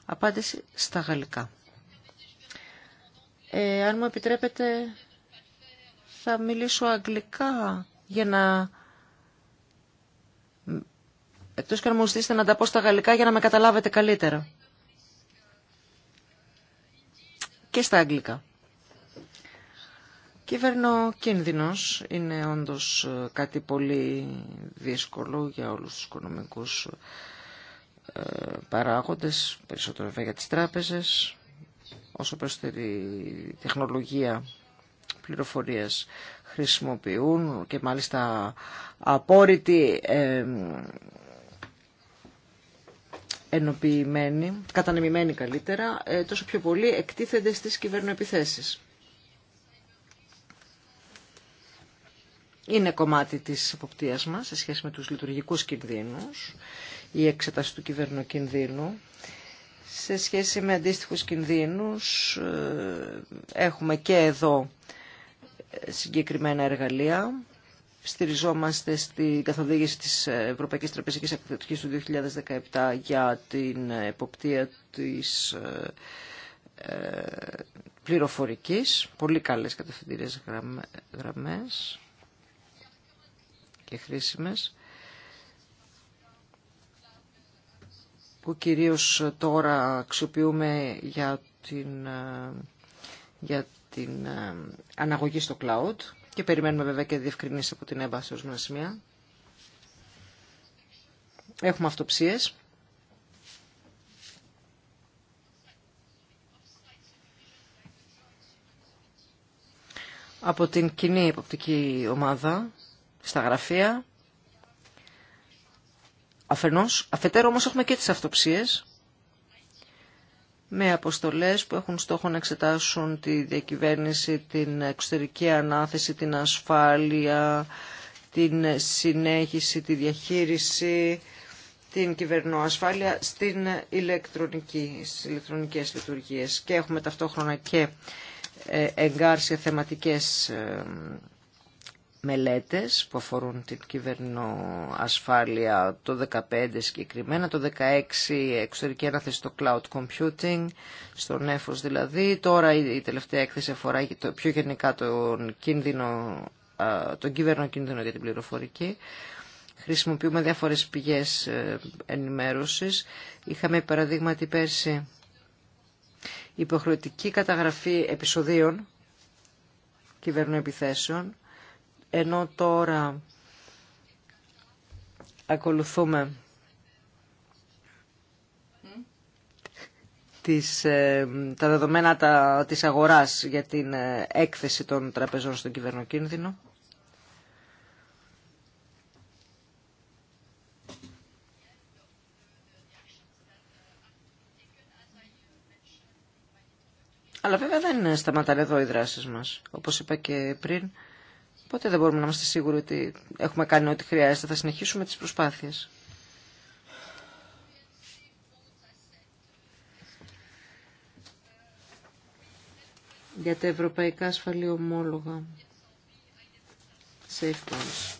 Speaker 2: Απάντηση στα γαλλικά. Ε, αν μου επιτρέπετε, θα μιλήσω αγγλικά για να... Εκτός και να μου ζητήσετε να τα πω στα γαλλικά για να με καταλάβετε καλύτερα. Και στα αγγλικά κίνδυνος είναι όντως ε, κάτι πολύ δύσκολο για όλους τους οικονομικούς ε, παράγοντες, περισσότερο βέβαια για τις τράπεζες, όσο περισσότερη τεχνολογία πληροφορίας χρησιμοποιούν και μάλιστα απόρριτη ε, ενοποιημένη, κατανεμημένη καλύτερα, ε, τόσο πιο πολύ εκτίθενται στις κυβερνοεπιθέσεις. είναι κομμάτι της εποπτείας μας σε σχέση με τους λειτουργικούς κινδύνους ή εξετάση του κυβερνού κινδύνου. Σε σχέση με αντίστοιχους κινδύνους ε, έχουμε και εδώ ε, συγκεκριμένα εργαλεία. Στηριζόμαστε στην καθοδήγηση της Ευρωπαϊκής Τραπεζικής Ακτιωτικής του 2017 για την εποπτεία της ε, πληροφορικής. Πολύ καλές κατευθυντήριες γραμμές και χρήσιμες που κυρίως τώρα αξιοποιούμε για την, ε, για την ε, αναγωγή στο cloud και περιμένουμε βέβαια και διευκρινήσεις από την έμπαση ως σημεία. Έχουμε αυτοψίες. Από την κοινή υποπτική ομάδα στα γραφεία. Αφενός, αφετέρου όμως έχουμε και τις αυτοψίες με αποστολές που έχουν στόχο να εξετάσουν τη διακυβέρνηση, την εξωτερική ανάθεση, την ασφάλεια, την συνέχιση, τη διαχείριση, την κυβερνοασφάλεια στην ηλεκτρονική, στις ηλεκτρονικές λειτουργίες. Και έχουμε ταυτόχρονα και ε, εγκάρσια θεματικές ε, μελέτες που αφορούν την κυβερνοασφάλεια το 2015 συγκεκριμένα, το 2016 εξωτερική ανάθεση στο cloud computing, στο νέφος δηλαδή. Τώρα η τελευταία έκθεση αφορά το, πιο γενικά τον, κίνδυνο, τον κυβερνό κίνδυνο για την πληροφορική. Χρησιμοποιούμε διάφορες πηγές ε, ενημέρωσης. Είχαμε παραδείγματι πέρσι υποχρεωτική καταγραφή επεισοδίων επιθέσεων ενώ τώρα ακολουθούμε τις, ε, τα δεδομένα τα, της αγοράς για την ε, έκθεση των τραπεζών στον κυβερνοκίνδυνο. Αλλά βέβαια δεν σταματάνε εδώ οι δράσεις μας. Όπως είπα και πριν, Ποτέ δεν μπορούμε να είμαστε σίγουροι ότι έχουμε κάνει ό,τι χρειάζεται. Θα συνεχίσουμε τις προσπάθειες. Για τα ευρωπαϊκά ασφαλή ομόλογα. Safe points.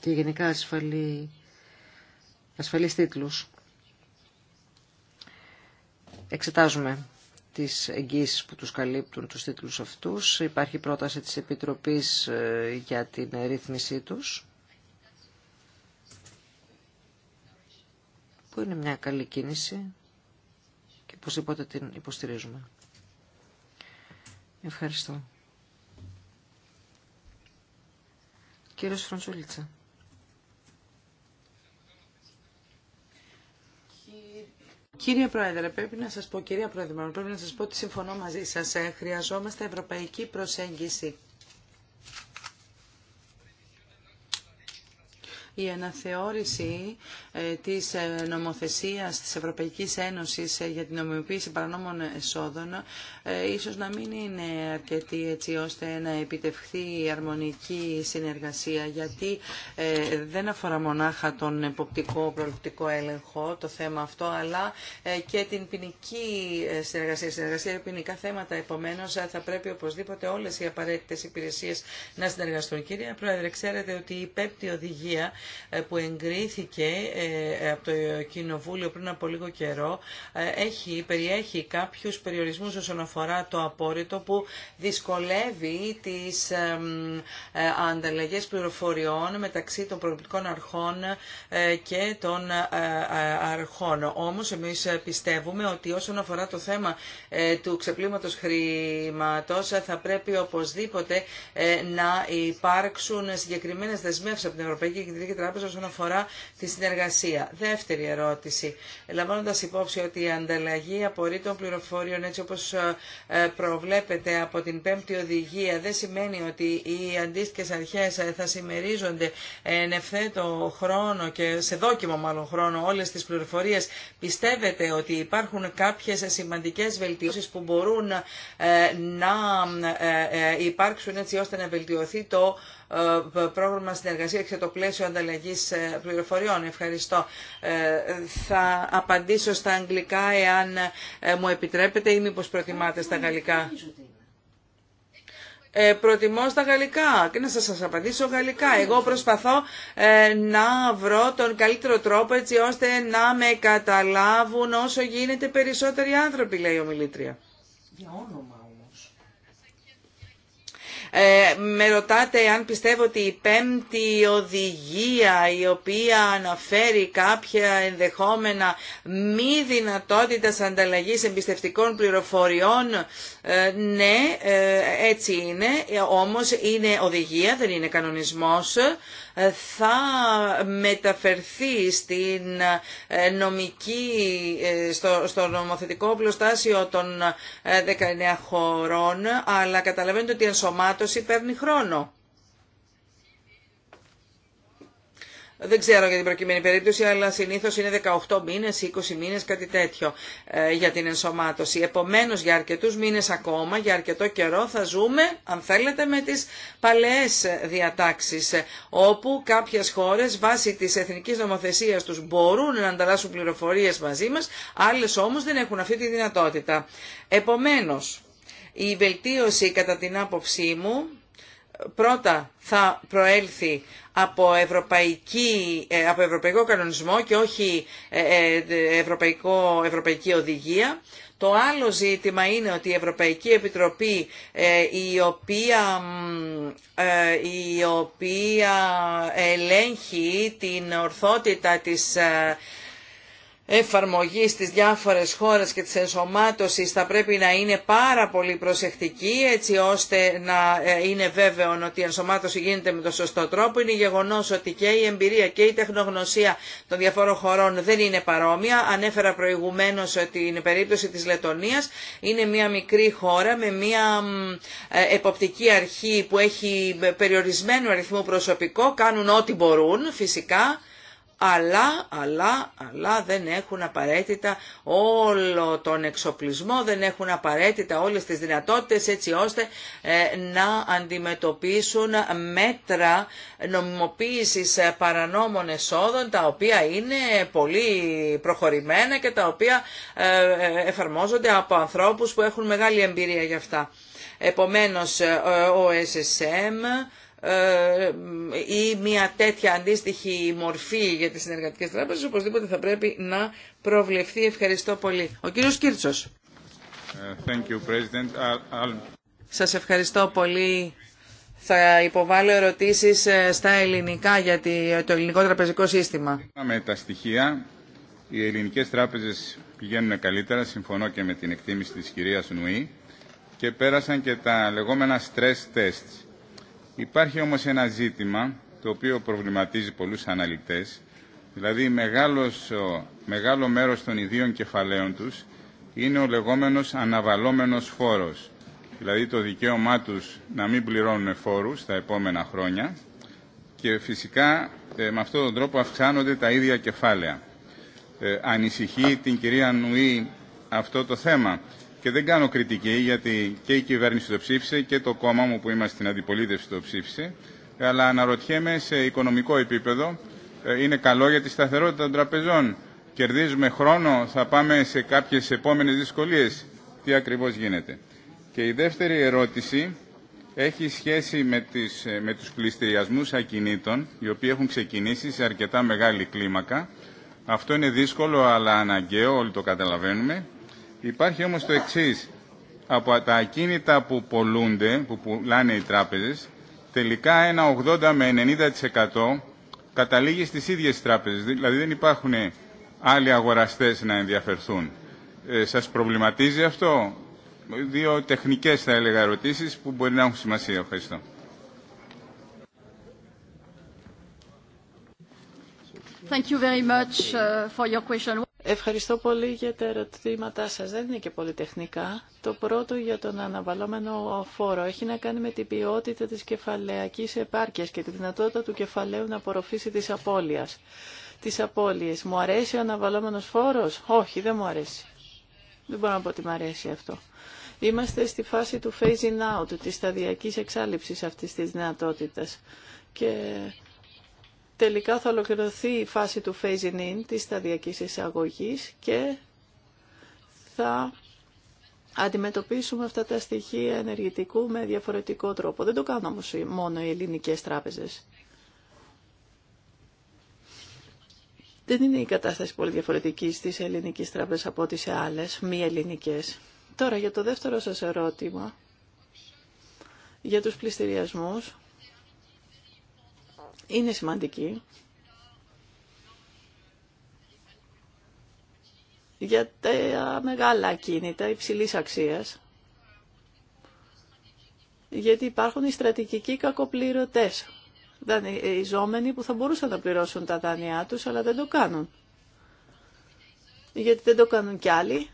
Speaker 2: Και γενικά ασφαλή, ασφαλείς τίτλους. Εξετάζουμε τις που τους καλύπτουν τους τίτλους αυτούς. Υπάρχει πρόταση της Επιτροπής ε, για την ρύθμισή τους, που είναι μια καλή κίνηση και οπωσδήποτε την υποστηρίζουμε. Ευχαριστώ. Κύριος Φροντζουλίτσα.
Speaker 3: Κύριε Πρόεδρε, πρέπει να σας πω, κυρία Πρόεδρε, πρέπει να σας πω ότι συμφωνώ μαζί σας. Ε, χρειαζόμαστε ευρωπαϊκή προσέγγιση η αναθεώρηση ε, της ε, νομοθεσίας της Ευρωπαϊκής Ένωσης ε, για την νομιμοποίηση παρανόμων εσόδων ίσως να μην είναι αρκετή έτσι ώστε να επιτευχθεί η αρμονική συνεργασία γιατί δεν αφορά μονάχα τον εποπτικό προληπτικό έλεγχο το θέμα αυτό αλλά και την ποινική συνεργασία, συνεργασία για ποινικά θέματα. Επομένως θα πρέπει οπωσδήποτε όλες οι απαραίτητες υπηρεσίες να συνεργαστούν. Κύριε Πρόεδρε, ξέρετε ότι η πέπτη οδηγία ε, που εγκρίθηκε ε, από το Κοινοβούλιο πριν από λίγο καιρό ε, έχει, περιέχει κάποιους περιορισμούς όσον αφορά το απόρριτο που δυσκολεύει τις ανταλλαγές πληροφοριών μεταξύ των προοπτικών αρχών και των αρχών. Όμως εμείς πιστεύουμε ότι όσον αφορά το θέμα του ξεπλήματος χρήματος θα πρέπει οπωσδήποτε να υπάρξουν συγκεκριμένες δεσμεύσεις από την Ευρωπαϊκή Κεντρική Τράπεζα όσον αφορά τη συνεργασία. Δεύτερη ερώτηση. Λαμβάνοντα υπόψη ότι η ανταλλαγή απορρίτων πληροφοριών έτσι όπω ε, ε, προβλέπεται από την πέμπτη οδηγία δεν σημαίνει ότι οι αντίστοιχε αρχέ ε, θα συμμερίζονται εν ευθέτω χρόνο και σε δόκιμο μάλλον χρόνο όλε τι πληροφορίε. Πιστεύετε ότι υπάρχουν κάποιε σημαντικέ βελτιώσει που μπορούν να υπάρξουν έτσι ώστε να βελτιωθεί το ε, πρόγραμμα συνεργασία και το πλαίσιο ανταλλαγή ε, πληροφοριών. Ευχαριστώ. Ε, θα απαντήσω στα αγγλικά εάν μου επιτρέπετε ή μήπω προτιμάτε στα γαλλικά. Ε, προτιμώ στα γαλλικά και να σας, απαντήσω γαλλικά. Εγώ προσπαθώ να βρω τον καλύτερο τρόπο έτσι ώστε να με καταλάβουν όσο γίνεται περισσότεροι άνθρωποι, λέει ο Μιλήτρια. Ε, με ρωτάτε αν πιστεύω ότι η πέμπτη οδηγία η οποία αναφέρει κάποια ενδεχόμενα μη δυνατότητα ανταλλαγής εμπιστευτικών πληροφοριών, ε, ναι, ε, έτσι είναι, όμως είναι οδηγία, δεν είναι κανονισμός θα μεταφερθεί στην ε, νομική, ε, στο, στο νομοθετικό πλωστάσιο των 19 ε, χωρών, αλλά καταλαβαίνετε ότι η ενσωμάτωση παίρνει χρόνο. Δεν ξέρω για την προκειμένη περίπτωση, αλλά συνήθως είναι 18 μήνες, 20 μήνες, κάτι τέτοιο ε, για την ενσωμάτωση. Επομένως, για αρκετούς μήνες ακόμα, για αρκετό καιρό, θα ζούμε, αν θέλετε, με τις παλαιές διατάξεις, ε, όπου κάποιες χώρες, βάσει της εθνικής νομοθεσίας τους, μπορούν να ανταλλάσσουν πληροφορίες μαζί μας, άλλες όμως δεν έχουν αυτή τη δυνατότητα. Επομένως, η βελτίωση, κατά την άποψή μου, πρώτα θα προέλθει από, ευρωπαϊκή, ε, από ευρωπαϊκό κανονισμό και όχι ε, ε, ευρωπαϊκό, ευρωπαϊκή οδηγία. Το άλλο ζήτημα είναι ότι η Ευρωπαϊκή Επιτροπή η οποία, η οποία ελέγχει την ορθότητα της εφαρμογή στι διάφορες χώρες και τη ενσωμάτωση θα πρέπει να είναι πάρα πολύ προσεκτική έτσι ώστε να ε, είναι βέβαιο ότι η ενσωμάτωση γίνεται με τον σωστό τρόπο. Είναι γεγονός ότι και η εμπειρία και η τεχνογνωσία των διαφόρων χωρών δεν είναι παρόμοια. Ανέφερα προηγουμένως ότι η περίπτωση της Λετωνία είναι μια μικρή χώρα με μια ε, εποπτική αρχή που έχει περιορισμένο αριθμό προσωπικό, κάνουν ό,τι μπορούν φυσικά αλλά, αλλά, αλλά δεν έχουν απαραίτητα όλο τον εξοπλισμό, δεν έχουν απαραίτητα όλες τις δυνατότητες έτσι ώστε ε, να αντιμετωπίσουν μέτρα νομιμοποίησης παρανόμων εσόδων τα οποία είναι πολύ προχωρημένα και τα οποία ε, ε, εφαρμόζονται από ανθρώπους που έχουν μεγάλη εμπειρία γι' αυτά. Επομένως, ο SSM ε, ή μια τέτοια αντίστοιχη μορφή για τις συνεργατικές τράπεζες οπωσδήποτε θα πρέπει να προβλεφθεί. Ευχαριστώ πολύ. Ο κύριος
Speaker 4: Κύρτσος. Ε, thank
Speaker 3: Σας ευχαριστώ πολύ. Θα υποβάλω ερωτήσεις ε, στα ελληνικά για το ελληνικό τραπεζικό σύστημα.
Speaker 4: Με τα στοιχεία, οι ελληνικές τράπεζες πηγαίνουν καλύτερα, συμφωνώ και με την εκτίμηση της κυρίας Νουή, και πέρασαν και τα λεγόμενα stress tests Υπάρχει όμως ένα ζήτημα το οποίο προβληματίζει πολλούς αναλυτές, δηλαδή μεγάλος, μεγάλο μέρος των ιδίων κεφαλαίων τους είναι ο λεγόμενος αναβαλόμενος φόρος, δηλαδή το δικαίωμά τους να μην πληρώνουν φόρους τα επόμενα χρόνια και φυσικά ε, με αυτόν τον τρόπο αυξάνονται τα ίδια κεφάλαια. Ε, ανησυχεί την κυρία Νουή αυτό το θέμα και δεν κάνω κριτική γιατί και η κυβέρνηση το ψήφισε και το κόμμα μου που είμαστε στην αντιπολίτευση το ψήφισε αλλά αναρωτιέμαι σε οικονομικό επίπεδο ε, είναι καλό για τη σταθερότητα των τραπεζών. Κερδίζουμε χρόνο, θα πάμε σε κάποιες επόμενες δυσκολίες. Τι ακριβώς γίνεται. Και η δεύτερη ερώτηση έχει σχέση με, τις, ε, με τους πληστηριασμούς ακινήτων, οι οποίοι έχουν ξεκινήσει σε αρκετά μεγάλη κλίμακα. Αυτό είναι δύσκολο αλλά αναγκαίο, όλοι το καταλαβαίνουμε. Υπάρχει όμως το εξή Από τα ακίνητα που πολλούνται, που πουλάνε οι τράπεζες, τελικά ένα 80 με 90% καταλήγει στις ίδιες τράπεζες. Δηλαδή δεν υπάρχουν άλλοι αγοραστές να ενδιαφερθούν. Ε, σας προβληματίζει αυτό. Δύο τεχνικές θα έλεγα ερωτήσεις που μπορεί να έχουν σημασία. Ευχαριστώ.
Speaker 1: Thank you very much uh, for your question. Ευχαριστώ πολύ για τα ερωτήματά σας. Δεν είναι και πολυτεχνικά. Το πρώτο για τον αναβαλλόμενο φόρο έχει να κάνει με την ποιότητα της κεφαλαιακής επάρκειας και τη δυνατότητα του κεφαλαίου να απορροφήσει τις απώλειας. Τις απώλειες. Μου αρέσει ο αναβαλλόμενος φόρος? Όχι, δεν μου αρέσει. Δεν μπορώ να πω ότι μου αρέσει αυτό. Είμαστε στη φάση του phasing out, της σταδιακής εξάλληψης αυτής της δυνατότητας. Και τελικά θα ολοκληρωθεί η φάση του phasing in της σταδιακής εισαγωγής και θα αντιμετωπίσουμε αυτά τα στοιχεία ενεργητικού με διαφορετικό τρόπο. Δεν το κάνουν όμως μόνο οι ελληνικές τράπεζες. Δεν είναι η κατάσταση πολύ διαφορετική στις ελληνικές τράπεζες από ό,τι σε άλλες μη ελληνικές. Τώρα για το δεύτερο σας ερώτημα, για τους πληστηριασμούς, είναι σημαντική για τα μεγάλα κίνητα υψηλή αξίας, γιατί υπάρχουν οι στρατηγικοί κακοπληρωτές, ζώμενοι που θα μπορούσαν να πληρώσουν τα δάνειά τους, αλλά δεν το κάνουν. Γιατί δεν το κάνουν κι άλλοι.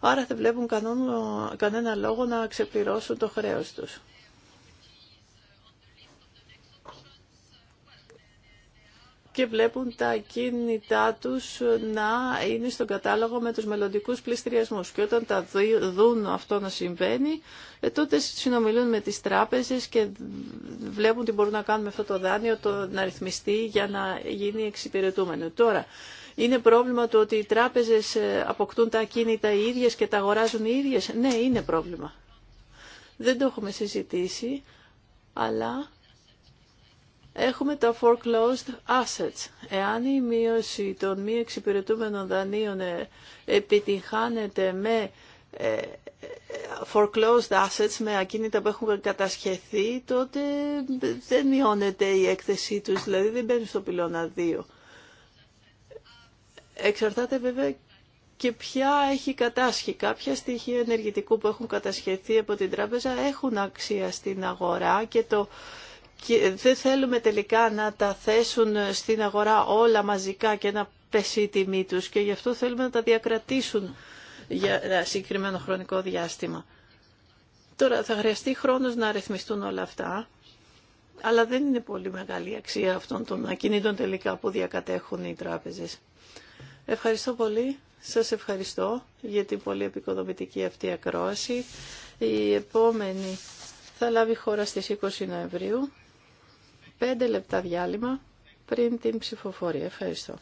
Speaker 1: Άρα δεν βλέπουν κανένα λόγο να ξεπληρώσουν το χρέος τους. και βλέπουν τα κίνητά τους να είναι στον κατάλογο με τους μελλοντικού πληστηριασμούς. Και όταν τα δουν αυτό να συμβαίνει, ε, τότε συνομιλούν με τις τράπεζες και βλέπουν τι μπορούν να κάνουν με αυτό το δάνειο, το να ρυθμιστεί για να γίνει εξυπηρετούμενο. Τώρα, είναι πρόβλημα το ότι οι τράπεζες ε, αποκτούν τα ακίνητα οι ίδιες και τα αγοράζουν οι ίδιες. Ναι, είναι πρόβλημα. Δεν το έχουμε συζητήσει, αλλά Έχουμε τα foreclosed assets. Εάν η μείωση των μη εξυπηρετούμενων δανείων ε, επιτυγχάνεται με ε, foreclosed assets, με ακίνητα που έχουν κατασχεθεί, τότε δεν μειώνεται η έκθεσή τους, δηλαδή δεν μπαίνει στο πυλώνα 2. Εξαρτάται βέβαια και ποια έχει κατάσχει. Κάποια στοιχεία ενεργητικού που έχουν κατασχεθεί από την τράπεζα έχουν αξία στην αγορά και το και δεν θέλουμε τελικά να τα θέσουν στην αγορά όλα μαζικά και να πέσει η τιμή τους και γι' αυτό θέλουμε να τα διακρατήσουν για ένα συγκεκριμένο χρονικό διάστημα. Τώρα θα χρειαστεί χρόνος να αριθμιστούν όλα αυτά, αλλά δεν είναι πολύ μεγάλη η αξία αυτών των ακινήτων τελικά που διακατέχουν οι τράπεζες. Ευχαριστώ πολύ. Σας ευχαριστώ για την πολύ επικοδομητική αυτή ακρόαση. Η επόμενη θα λάβει χώρα στις 20 Νοεμβρίου. Πέντε λεπτά διάλειμμα πριν την ψηφοφορία. Ευχαριστώ.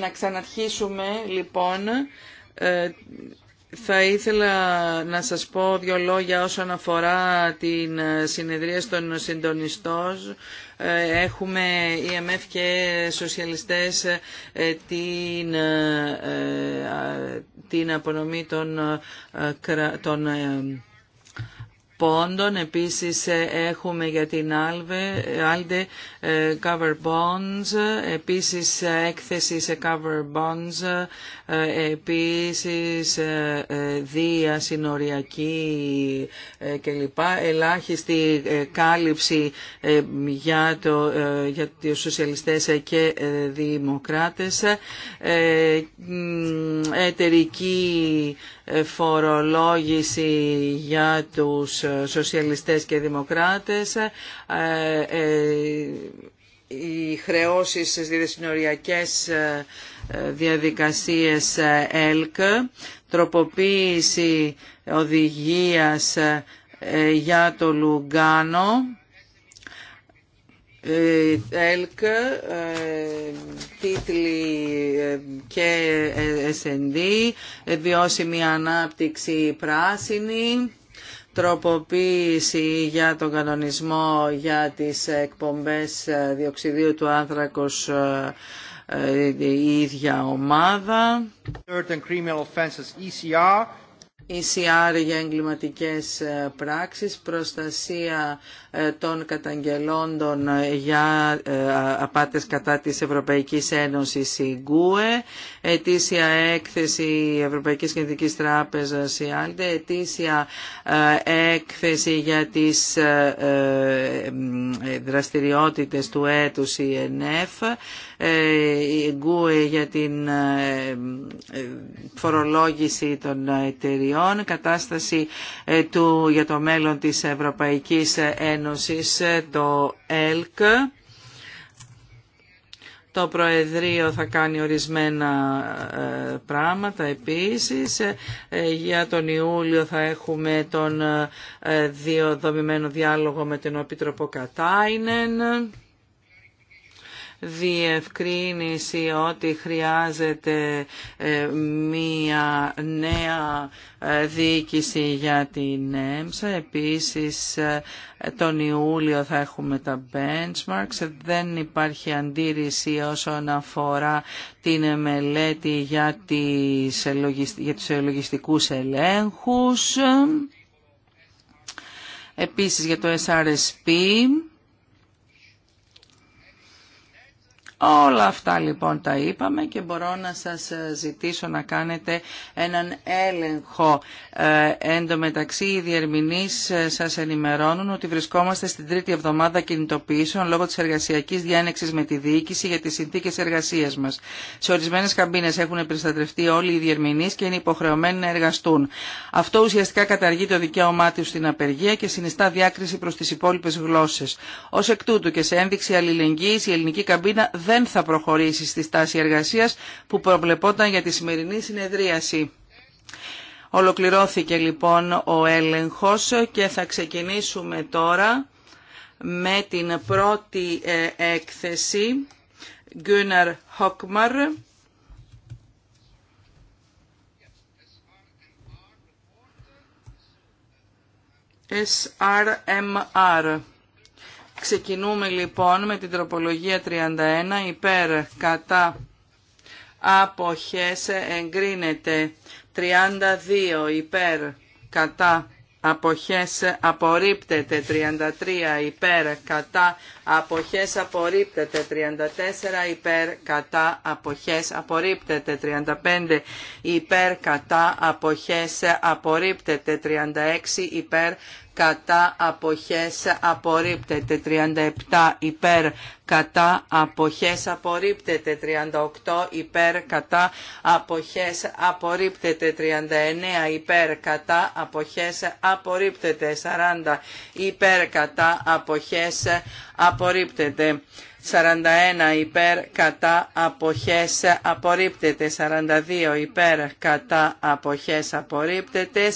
Speaker 3: Να ξαναρχίσουμε λοιπόν. Ε, θα ήθελα να σας πω δύο λόγια όσον αφορά την συνεδρία των συντονιστών. Ε, έχουμε EMF και σοσιαλιστές ε, την, την απονομή των, των πόντων. Επίσης ε, έχουμε για την ALDE ε, cover bonds, επίσης ε, έκθεση σε cover bonds, επίσης διασυνοριακή κλπ. Ελάχιστη κάλυψη για, το, για τους σοσιαλιστές και δημοκράτες. Εταιρική φορολόγηση για τους σοσιαλιστές και δημοκράτες, ε, ε, οι χρεώσεις στις διασυνοριακές ε, διαδικασίες ΕΛΚ, τροποποίηση οδηγίας για το Λουγκάνο, ε, ΕΛΚ, ε, τίτλοι ε, και S&D, βιώσιμη ανάπτυξη πράσινη, τροποποίηση για τον κανονισμό για τις εκπομπές διοξιδίου του άνθρακος η ίδια ομάδα. E ECR για εγκληματικές ε, πράξεις, προστασία ε, των καταγγελόντων για ε, απάτες κατά της Ευρωπαϊκής Ένωσης η ΓΚΟΕ, ετήσια έκθεση Ευρωπαϊκής Κεντρικής Τράπεζας η ΑΛΤΕ, ετήσια έκθεση για τις δραστηριότητες του έτους η ΕΝΕΦ, η ΓΚΟΕ για την φορολόγηση των εταιριών, κατάσταση ε, του, για το μέλλον της Ευρωπαϊκής Ένωσης, ε, το ΕΛΚ. Το Προεδρείο θα κάνει ορισμένα ε, πράγματα επίσης. Για τον Ιούλιο θα έχουμε τον διοδομημένο διάλογο με τον Επίτροπο Κατάινεν διευκρίνηση ότι χρειάζεται ε, μία νέα ε, διοίκηση για την ΕΜΣΑ. Επίσης, ε, τον Ιούλιο θα έχουμε τα benchmarks. Δεν υπάρχει αντίρρηση όσον αφορά την μελέτη για, τις, για τους λογιστικούς ελέγχους. Επίσης για το SRSP Όλα αυτά λοιπόν τα είπαμε και μπορώ να σας ε, ζητήσω να κάνετε έναν έλεγχο. Ε, εν τω μεταξύ οι διερμηνείς ε, σας ενημερώνουν ότι βρισκόμαστε στην τρίτη εβδομάδα κινητοποιήσεων λόγω της εργασιακής διάνεξης με τη διοίκηση για τις συνθήκες εργασίας μας. Σε ορισμένες καμπίνες έχουν επιστατρευτεί όλοι οι διερμηνείς και είναι υποχρεωμένοι να εργαστούν. Αυτό ουσιαστικά καταργεί το δικαίωμά του στην απεργία και συνιστά διάκριση προς τις υπόλοιπες γλώσσες. Ως εκ τούτου και σε ένδειξη αλληλεγγύης η ελληνική καμπίνα δεν θα προχωρήσει στη στάση εργασίας που προβλεπόταν για τη σημερινή συνεδρίαση. Ολοκληρώθηκε λοιπόν ο έλεγχος και θα ξεκινήσουμε τώρα με την πρώτη ε, έκθεση Γκούναρ Χόκμαρ, SRMR. Ξεκινούμε λοιπόν με την τροπολογία 31 υπέρ κατά αποχές εγκρίνεται 32 υπέρ κατά αποχές απορρίπτεται 33 υπέρ κατά αποχές απορρίπτεται 34 υπέρ κατά αποχές απορρίπτεται 35 υπέρ κατά αποχές απορρίπτεται 36 υπέρ κατά αποχές απορρίπτεται 37 υπέρ κατά αποχές απορρίπτεται 38 υπέρ κατά αποχές απορρίπτεται 39 υπέρ κατά αποχές απορρίπτεται 40 υπέρ κατά αποχές απορρίπτεται 41 υπέρ κατά αποχές απορρίπτεται 42 υπέρ κατά αποχές απορρίπτεται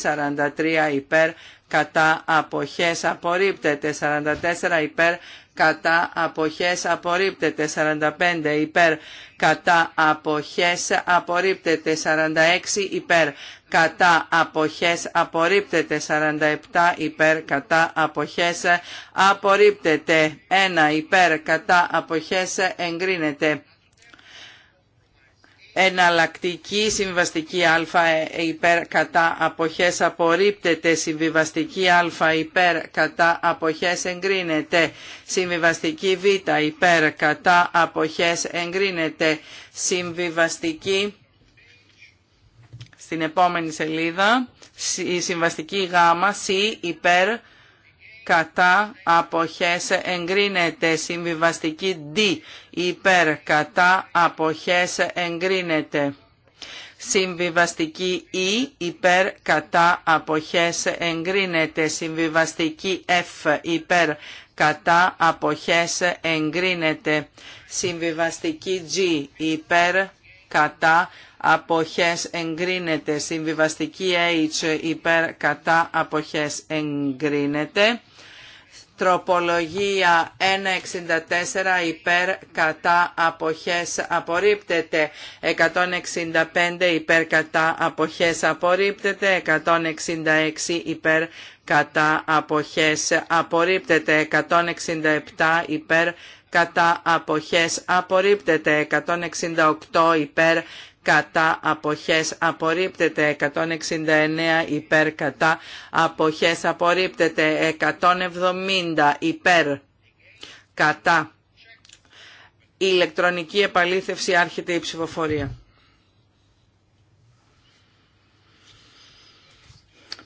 Speaker 3: 43 υπέρ κατά αποχές απορρίπτεται 44 υπέρ κατά αποχές απορρίπτεται 45 υπέρ κατά αποχές απορρίπτεται 46 υπέρ κατά αποχές απορρίπτεται 47 υπέρ κατά αποχές απορρίπτεται 1 υπέρ κατά αποχές εγκρίνεται εναλλακτική συμβιβαστική α υπέρ κατά αποχές απορρίπτεται, συμβιβαστική α υπέρ κατά αποχές εγκρίνεται, συμβιβαστική β υπέρ κατά αποχές εγκρίνεται, συμβιβαστική στην επόμενη σελίδα, η συμβαστική γ, σι υπέρ κατά αποχές εγκρίνεται. Συμβιβαστική D υπέρ κατά αποχές εγκρίνεται. Συμβιβαστική E υπέρ κατά αποχές εγκρίνεται. Συμβιβαστική F υπέρ κατά αποχές εγκρίνεται. Συμβιβαστική G υπέρ κατά αποχές εγκρίνεται. Συμβιβαστική H υπέρ κατά αποχές εγκρίνεται. Τροπολογία 164 υπέρ κατά αποχές απορρίπτεται. 165 υπέρ κατά αποχές απορρίπτεται. 166 υπέρ κατά αποχές απορρίπτεται. 167 υπέρ κατά αποχές απορρίπτεται. 168 υπέρ κατά αποχές απορρίπτεται 169 υπέρ κατά αποχές απορρίπτεται 170 υπέρ κατά η ηλεκτρονική επαλήθευση άρχεται η ψηφοφορία.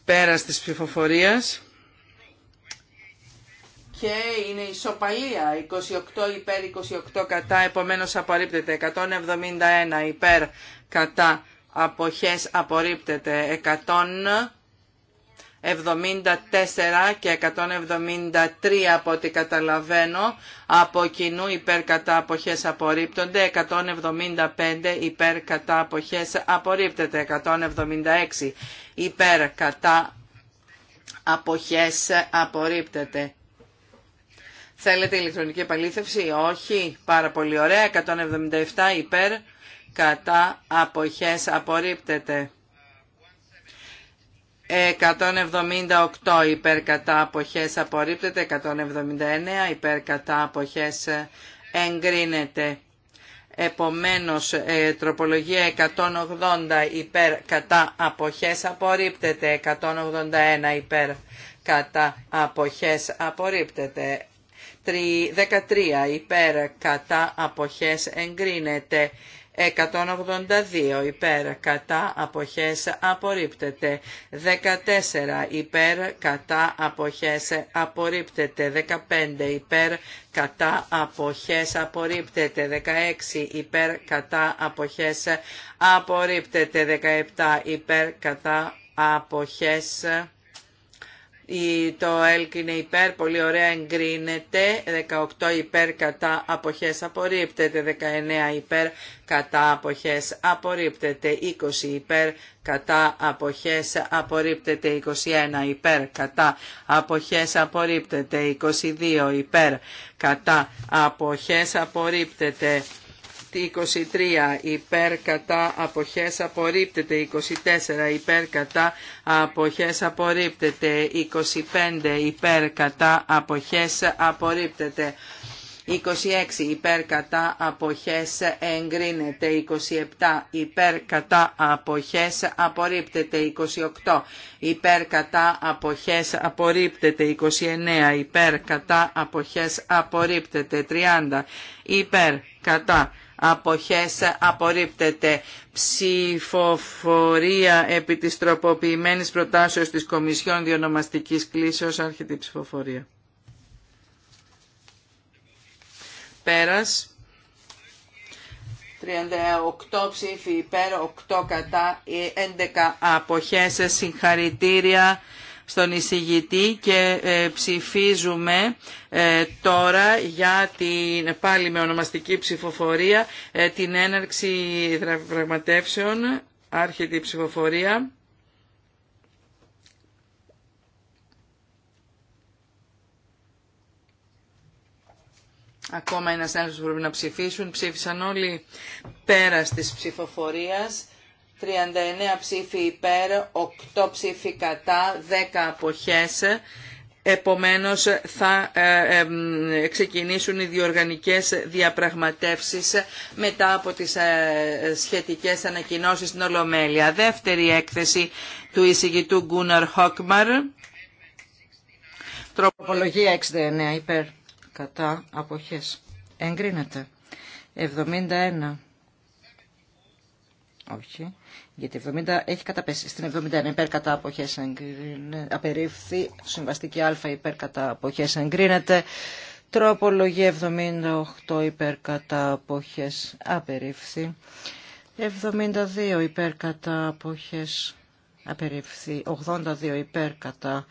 Speaker 3: Πέρας της ψηφοφορίας και είναι ισοπαλία 28 υπέρ 28 κατά επομένως απορρίπτεται 171 υπέρ κατά αποχές απορρίπτεται 174 και 173 από ό,τι καταλαβαίνω από κοινού υπέρ κατά αποχές απορρίπτονται 175 υπέρ κατά αποχές απορρίπτεται 176 υπέρ κατά αποχές απορρίπτεται Θέλετε ηλεκτρονική επαλήθευση. Όχι. Πάρα πολύ ωραία. 177 υπέρ. Κατά αποχές απορρίπτεται. 178 υπέρ κατά αποχές απορρίπτεται. 179 υπέρ κατά αποχές εγκρίνεται. Επομένως, ε, τροπολογία 180 υπέρ κατά αποχές απορρίπτεται. 181 υπέρ κατά αποχές απορρίπτεται. 13 υπέρ κατά αποχές εγκρίνεται. 182 υπέρ κατά αποχές απορρίπτεται 14 υπέρ κατά αποχές απορρίπτεται 15 υπέρ κατά αποχές απορρίπτεται 16 υπέρ κατά αποχές απορρίπτεται 17 υπέρ κατά αποχές το ΕΛΚ είναι υπέρ, πολύ ωραία εγκρίνεται, 18 υπέρ κατά αποχές απορρίπτεται, 19 υπέρ κατά αποχές απορρίπτεται, 20 υπέρ κατά αποχές απορρίπτεται, 21 υπέρ κατά αποχές απορρίπτεται, 22 υπέρ κατά αποχές απορρίπτεται. 23 υπέρ κατά αποχές απορρίπτεται, 24 υπέρ κατά αποχές απορρίπτεται, 25 υπέρ κατά αποχές απορρίπτεται. 26 υπέρ κατά αποχές εγκρίνεται, 27 υπέρ κατά αποχές απορρίπτεται, 28 υπέρ κατά αποχές απορρίπτεται, 29 υπέρ κατά αποχές απορρίπτεται, 30 υπέρ κατά αποχές απορρίπτεται. Ψηφοφορία επί της τροποποιημένης προτάσεως της Κομισιόν Διονομαστικής Κλήσεως άρχεται η ψηφοφορία. Πέρας. 38 ψήφοι υπέρ, 8 κατά, 11 ε, αποχές, συγχαρητήρια στον εισηγητή και ε, ψηφίζουμε ε, τώρα για την πάλι με ονομαστική ψηφοφορία ε, την έναρξη πραγματεύσεων, άρχεται η ψηφοφορία. Ακόμα ένας άνθρωπος που πρέπει να ψηφίσουν. Ψήφισαν όλοι πέρας της ψηφοφορίας. 39 ψήφοι υπέρ, 8 ψήφοι κατά, 10 αποχές. Επομένως θα ε, ε, ξεκινήσουν οι διοργανικές διαπραγματεύσεις μετά από τις ε, σχετικές ανακοινώσεις στην Ολομέλεια. Δεύτερη έκθεση του
Speaker 2: εισηγητού Γκούναρ Χόκμαρ. Τροπολογία 69 υπέρ κατά αποχές. Εγκρίνεται. 71 όχι. Γιατί 70 έχει καταπέσει. Στην 71 υπέρ κατά αποχές Απερίφθη. Συμβαστική α υπέρκατα κατά αποχές εγκρίνεται. Τροπολογία 78 υπέρκατα κατά αποχές απερίφθη. 72 υπέρ κατά αποχές απερίφθη. 82 υπέρ κατά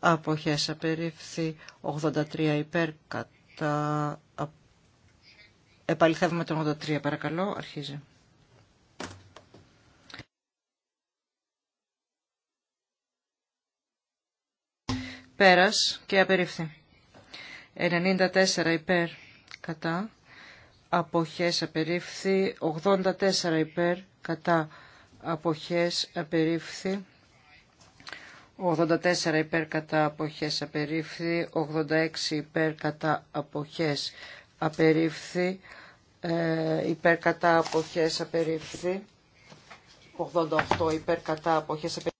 Speaker 2: αποχές απερίφθη. 83 υπέρκατα... κατά Επαληθεύουμε τον 83 παρακαλώ. Αρχίζει. πέρας και απερίφθη. 94 υπέρ κατά αποχές απερίφθη. 84 υπέρ κατά αποχές απερίφθη. 84 υπέρ κατά αποχές απερίφθη, 86 υπέρ κατά αποχές απερίφθη, ε, υπέρ κατά αποχές απερίφθη, 88 υπέρ κατά αποχές απερίφθη.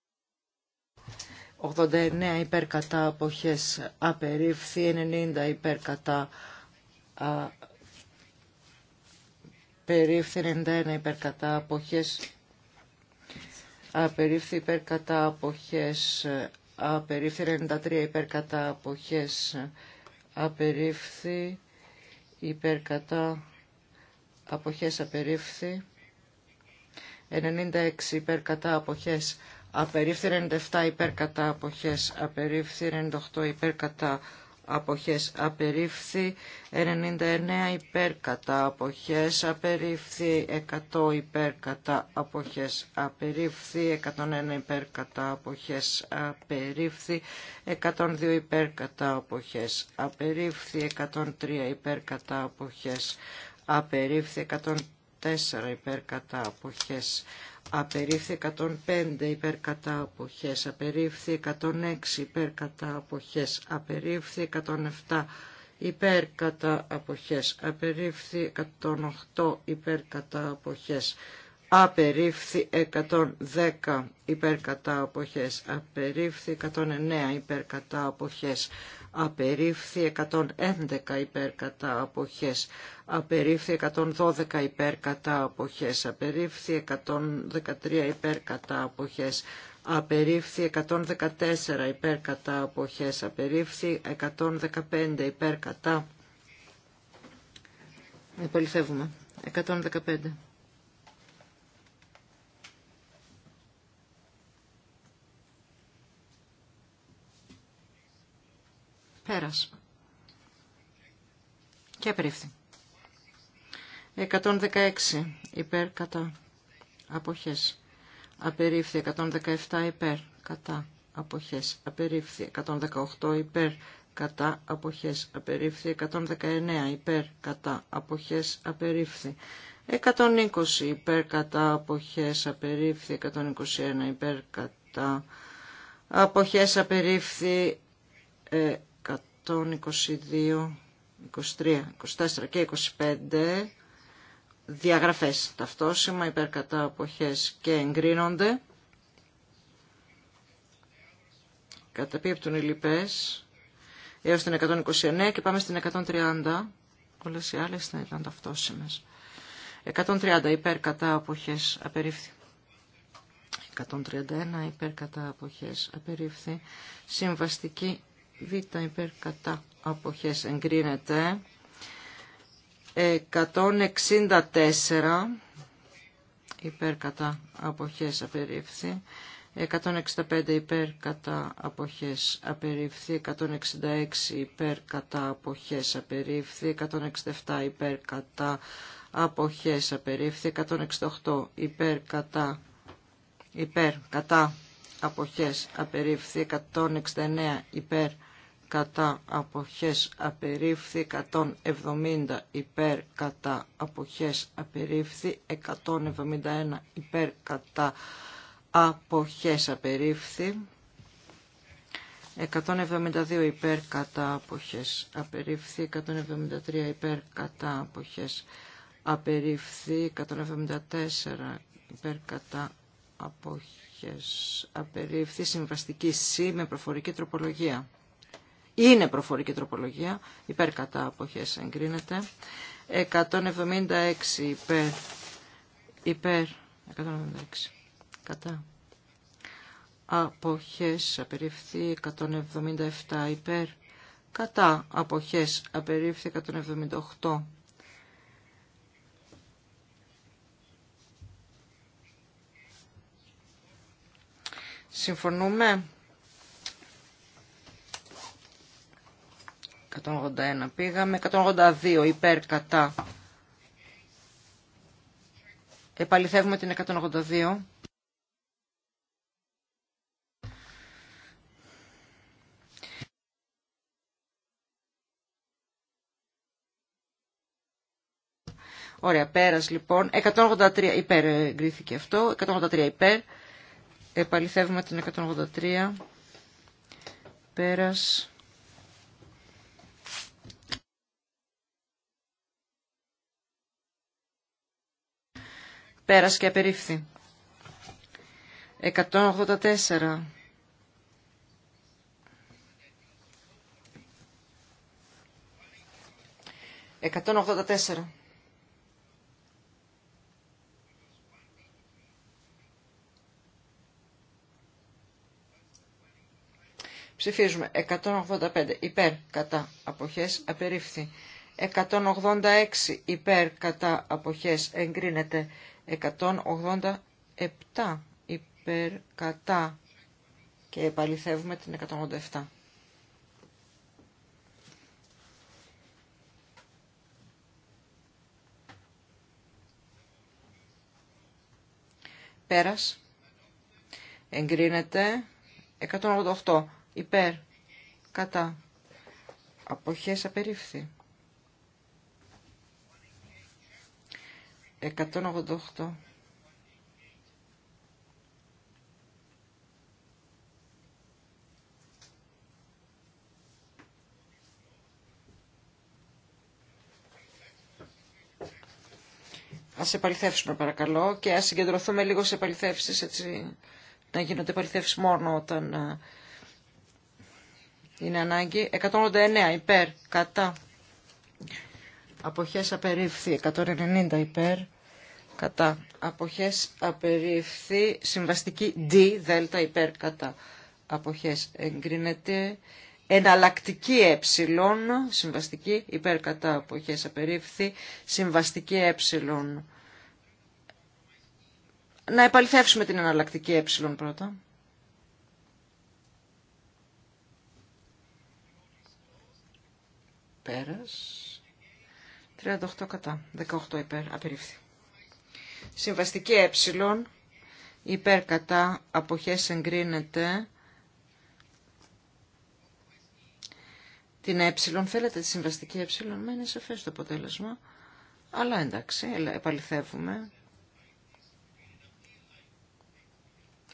Speaker 2: 89 υπέρ κατά αποχές απερίφθη, 90 υπέρ κατά α, περίφθη, 91 υπέρ κατά αποχές απερίφθη υπέρ αποχές απερίφθη, 93 υπέρ κατά αποχές απερίφθη, υπέρ αποχές απερίφθη, 96 υπέρ κατά αποχές απερίφθη, απερίφθη 97 υπέρ κατά αποχές, απερίφθη 98 υπέρ κατά αποχές, απερίφθη 99 υπέρ κατά αποχές, απερίφθη 100 υπέρ κατά αποχές, απερίφθη 101 υπέρ κατά αποχές, απερίφθη 102 υπέρ κατά αποχές, απερίφθη 103 υπέρ κατά αποχές, απερίφθη 104 υπέρ κατά αποχές, απερίφθη 105 υπέρ κατά αποχές, απερίφθη 106 υπέρ κατά αποχές, απερίφθη 107 υπέρ κατά αποχές, απερίφθη 108 υπέρ κατά αποχές, απερίφθη 110 υπέρ κατά αποχές, απερίφθη 109 υπέρ κατά αποχές, απερίφθη 111 υπέρ κατά αποχές, απερίφθη 112 υπέρ κατά αποχές, απερίφθη 113 υπέρ κατά αποχές, απερίφθη 114 υπέρ κατά αποχές, απερίφθη 115 υπέρ κατά. Επαληθεύουμε. 115. Πέρας. Και απερίφθη. 116 υπέρ κατά αποχές. Απερίφθη 117 υπέρ κατά αποχές. Απερίφθη 118 υπέρ κατά αποχές. Απερίφθη 119 υπέρ κατά αποχές. Απερίφθη 120 υπέρ κατά αποχές. Απερίφθη 121 υπέρ κατά αποχές. Απερίφθη ε, 22, 23, 24 και 25 διαγραφές ταυτόσημα υπέρ κατά αποχές και εγκρίνονται. Καταπίπτουν οι λοιπές έως την 129 και πάμε στην 130. Όλες οι άλλες θα ήταν ταυτόσημες. 130 υπέρ κατά αποχές απερίφθη. 131 υπέρ κατά αποχές απερίφθη. Συμβαστική Β υπέρ κατά αποχές εγκρίνεται. 164 υπέρ κατά αποχές απερίφθη. 165 υπέρ κατά αποχές απερίφθη, 166 υπέρ κατά αποχές απερίφθη, 167 υπέρ κατά αποχές απερίφθη, 168 υπέρ κατά, υπέρ κατά αποχές απερίφθη, 169 υπέρ κατά αποχές απερίφθη 170 υπέρ κατά αποχές απερίφθη 171 υπέρ κατά αποχές απερίφθη 172 υπέρ κατά αποχές απερίφθη 173 υπέρ κατά αποχές απερίφθη 174 υπέρ κατά αποχές απερίφθη συμβαστική σύ με προφορική τροπολογία είναι προφορική τροπολογία. Υπέρ κατά αποχές εγκρίνεται. 176 υπέρ. Υπέρ. 176. Κατά. Αποχές απερίφθη, 177 υπέρ. Κατά αποχές απερίφθη 178. Συμφωνούμε. 181 πήγαμε, 182 υπέρ κατά. Επαληθεύουμε την 182. Ωραία, πέρας λοιπόν. 183 υπέρ εγκρίθηκε αυτό. 183 υπέρ. Επαληθεύουμε την 183. Πέρας. Πέρας και απερίφθη. 184. 184. Ψηφίζουμε 185 υπέρ κατά αποχές απερίφθη. 186 υπέρ κατά αποχές εγκρίνεται. 187 υπέρ κατά και επαληθεύουμε την 187. Πέρας. Εγκρίνεται 188 υπέρ κατά. Αποχές απερίφθη. 188. Ας επαληθεύσουμε παρακαλώ και ας συγκεντρωθούμε λίγο σε επαληθεύσεις έτσι να γίνονται επαληθεύσεις μόνο όταν είναι ανάγκη. 189 υπέρ, κατά. Αποχές απερίφθη, 190 υπέρ, κατά αποχές απερίφθη. συμβαστική D δέλτα υπέρ κατά αποχές εγκρίνεται εναλλακτική ε συμβαστική υπέρ κατά αποχές απερίφθη, συμβαστική ε να επαληθεύσουμε την εναλλακτική ε πρώτα πέρας 38 κατά 18 υπέρ απερίφθη. Συμβαστική ε, υπέρ κατά αποχές εγκρίνεται. Την ε θέλετε τη συμβαστική ε, μένει σε σαφές το αποτέλεσμα. Αλλά εντάξει, επαληθεύουμε.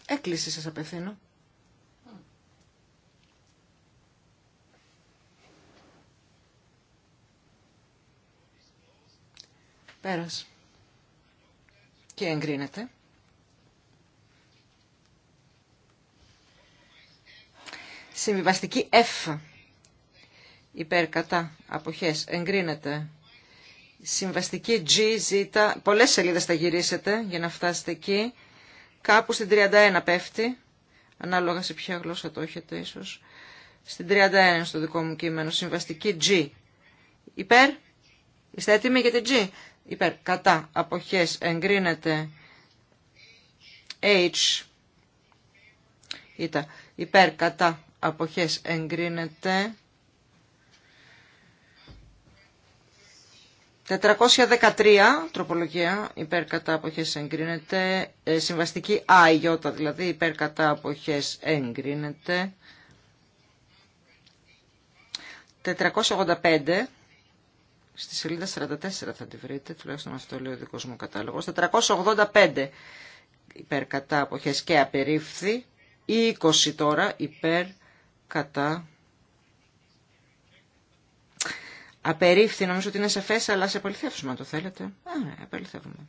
Speaker 2: Έκλειση σας απευθύνω. Πέρασε και εγκρίνεται. Συμβιβαστική F υπέρ κατά αποχές εγκρίνεται. Συμβαστική G, Z, πολλές σελίδες θα γυρίσετε για να φτάσετε εκεί. Κάπου στην 31 πέφτει, ανάλογα σε ποια γλώσσα το έχετε ίσως. Στην 31 στο δικό μου κείμενο, συμβαστική G. Υπέρ, είστε έτοιμοι για την G υπέρ κατά αποχές εγκρίνεται H ήτα, υπέρ κατά αποχές εγκρίνεται 413 τροπολογία υπέρ κατά αποχές εγκρίνεται ε, συμβαστική ΑΙ δηλαδή υπέρ κατά αποχές εγκρίνεται 485 Στη σελίδα 44 θα τη βρείτε, τουλάχιστον αυτό λέει ο δικός μου κατάλογος. 485 υπέρ κατά αποχές και απερίφθη. Ή 20 τώρα υπέρ κατά απερίφθη. Νομίζω ότι είναι σε σαφές, αλλά σε απολυθεύσουμε αν το θέλετε. Α, ναι, απολυθεύουμε.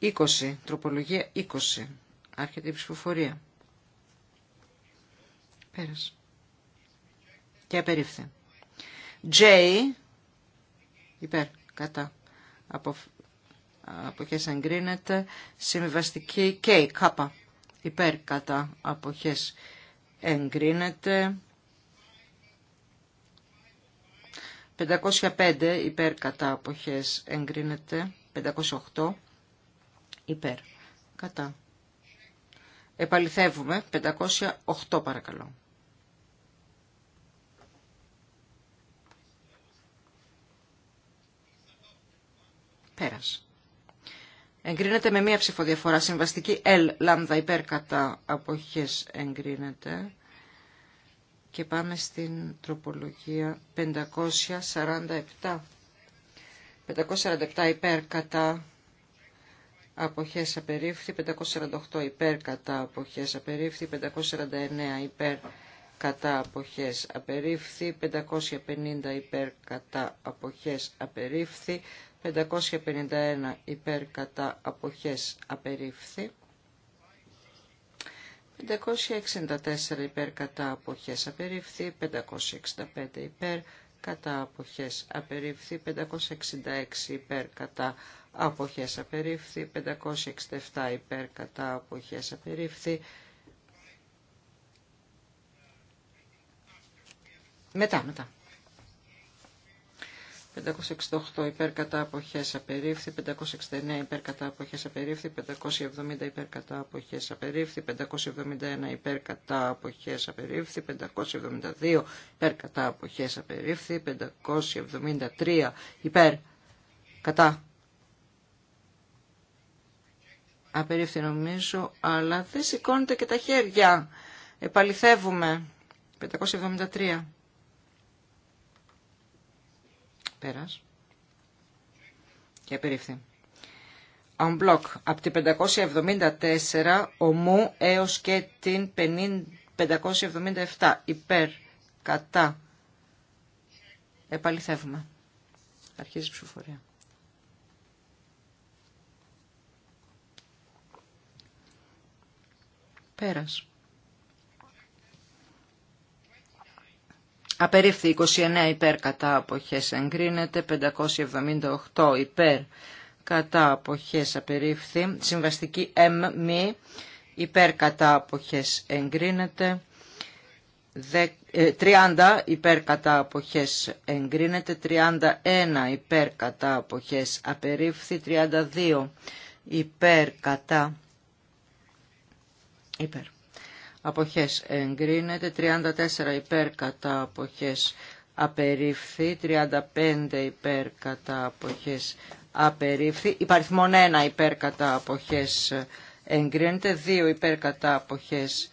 Speaker 2: 20, τροπολογία 20. Άρχεται η ψηφοφορία. Πέρασε. Και απερίφθη. J υπέρ κατά από αποχές εγκρίνεται συμβιβαστική K κάπα υπέρ κατά αποχές εγκρίνεται 505 υπέρ κατά αποχές εγκρίνεται 508 υπέρ κατά επαληθεύουμε 508 παρακαλώ Πέρας. Εγκρίνεται με μία ψηφοδιαφορά. Συμβαστική L λάμδα υπέρ κατά αποχές εγκρίνεται. Και πάμε στην τροπολογία 547. 547 υπέρ κατά αποχές απερίφθη, 548 υπέρ κατά αποχές απερίφθη, 549 υπέρ κατά αποχές απερίφθη, 550 υπέρ κατά αποχές απερίφθη, 551 υπέρ κατά αποχές απερίφθη, 564 υπέρ κατά αποχές απερίφθη, 565 υπέρ κατά αποχές απερίφθη, 566 υπέρ κατά αποχές απερίφθη, 567 υπέρ κατά αποχές απερίφθη, Μετά, μετά. 568 υπέρ κατά αποχές απερίφθη, 569 υπέρ κατά αποχές απερίφθη, 570 υπέρ κατά αποχές απερίφθη, 571 υπέρ κατά αποχές απερίφθη, 572 υπέρ κατά αποχές απερίφθη, 573 υπέρ κατά απερίφθη νομίζω, αλλά δεν σηκώνεται και τα χέρια. Επαληθεύουμε. 573. Πέρας. Και απερίφθη. Αν block. Από την 574 ομού έως και την 577. Υπέρ. Κατά. Επαληθεύουμε. Αρχίζει η ψηφοφορία. Πέρας. Απερίφθη 29 υπέρ κατά αποχές εγκρίνεται, 578 υπέρ κατά αποχές απερίφθη, συμβαστική M υπέρ κατά αποχές εγκρίνεται, 30 ε, υπέρ κατά αποχές εγκρίνεται, 31 υπέρ κατά αποχές απερίφθη, 32 υπέρ κατά υπέρ αποχές εγκρίνεται, 34 υπέρ κατά αποχές απερίφθη, 35 υπέρ κατά αποχές απερίφθη, υπαριθμόν 1 υπέρ κατά αποχές εγκρίνεται, 2 υπέρ κατά αποχές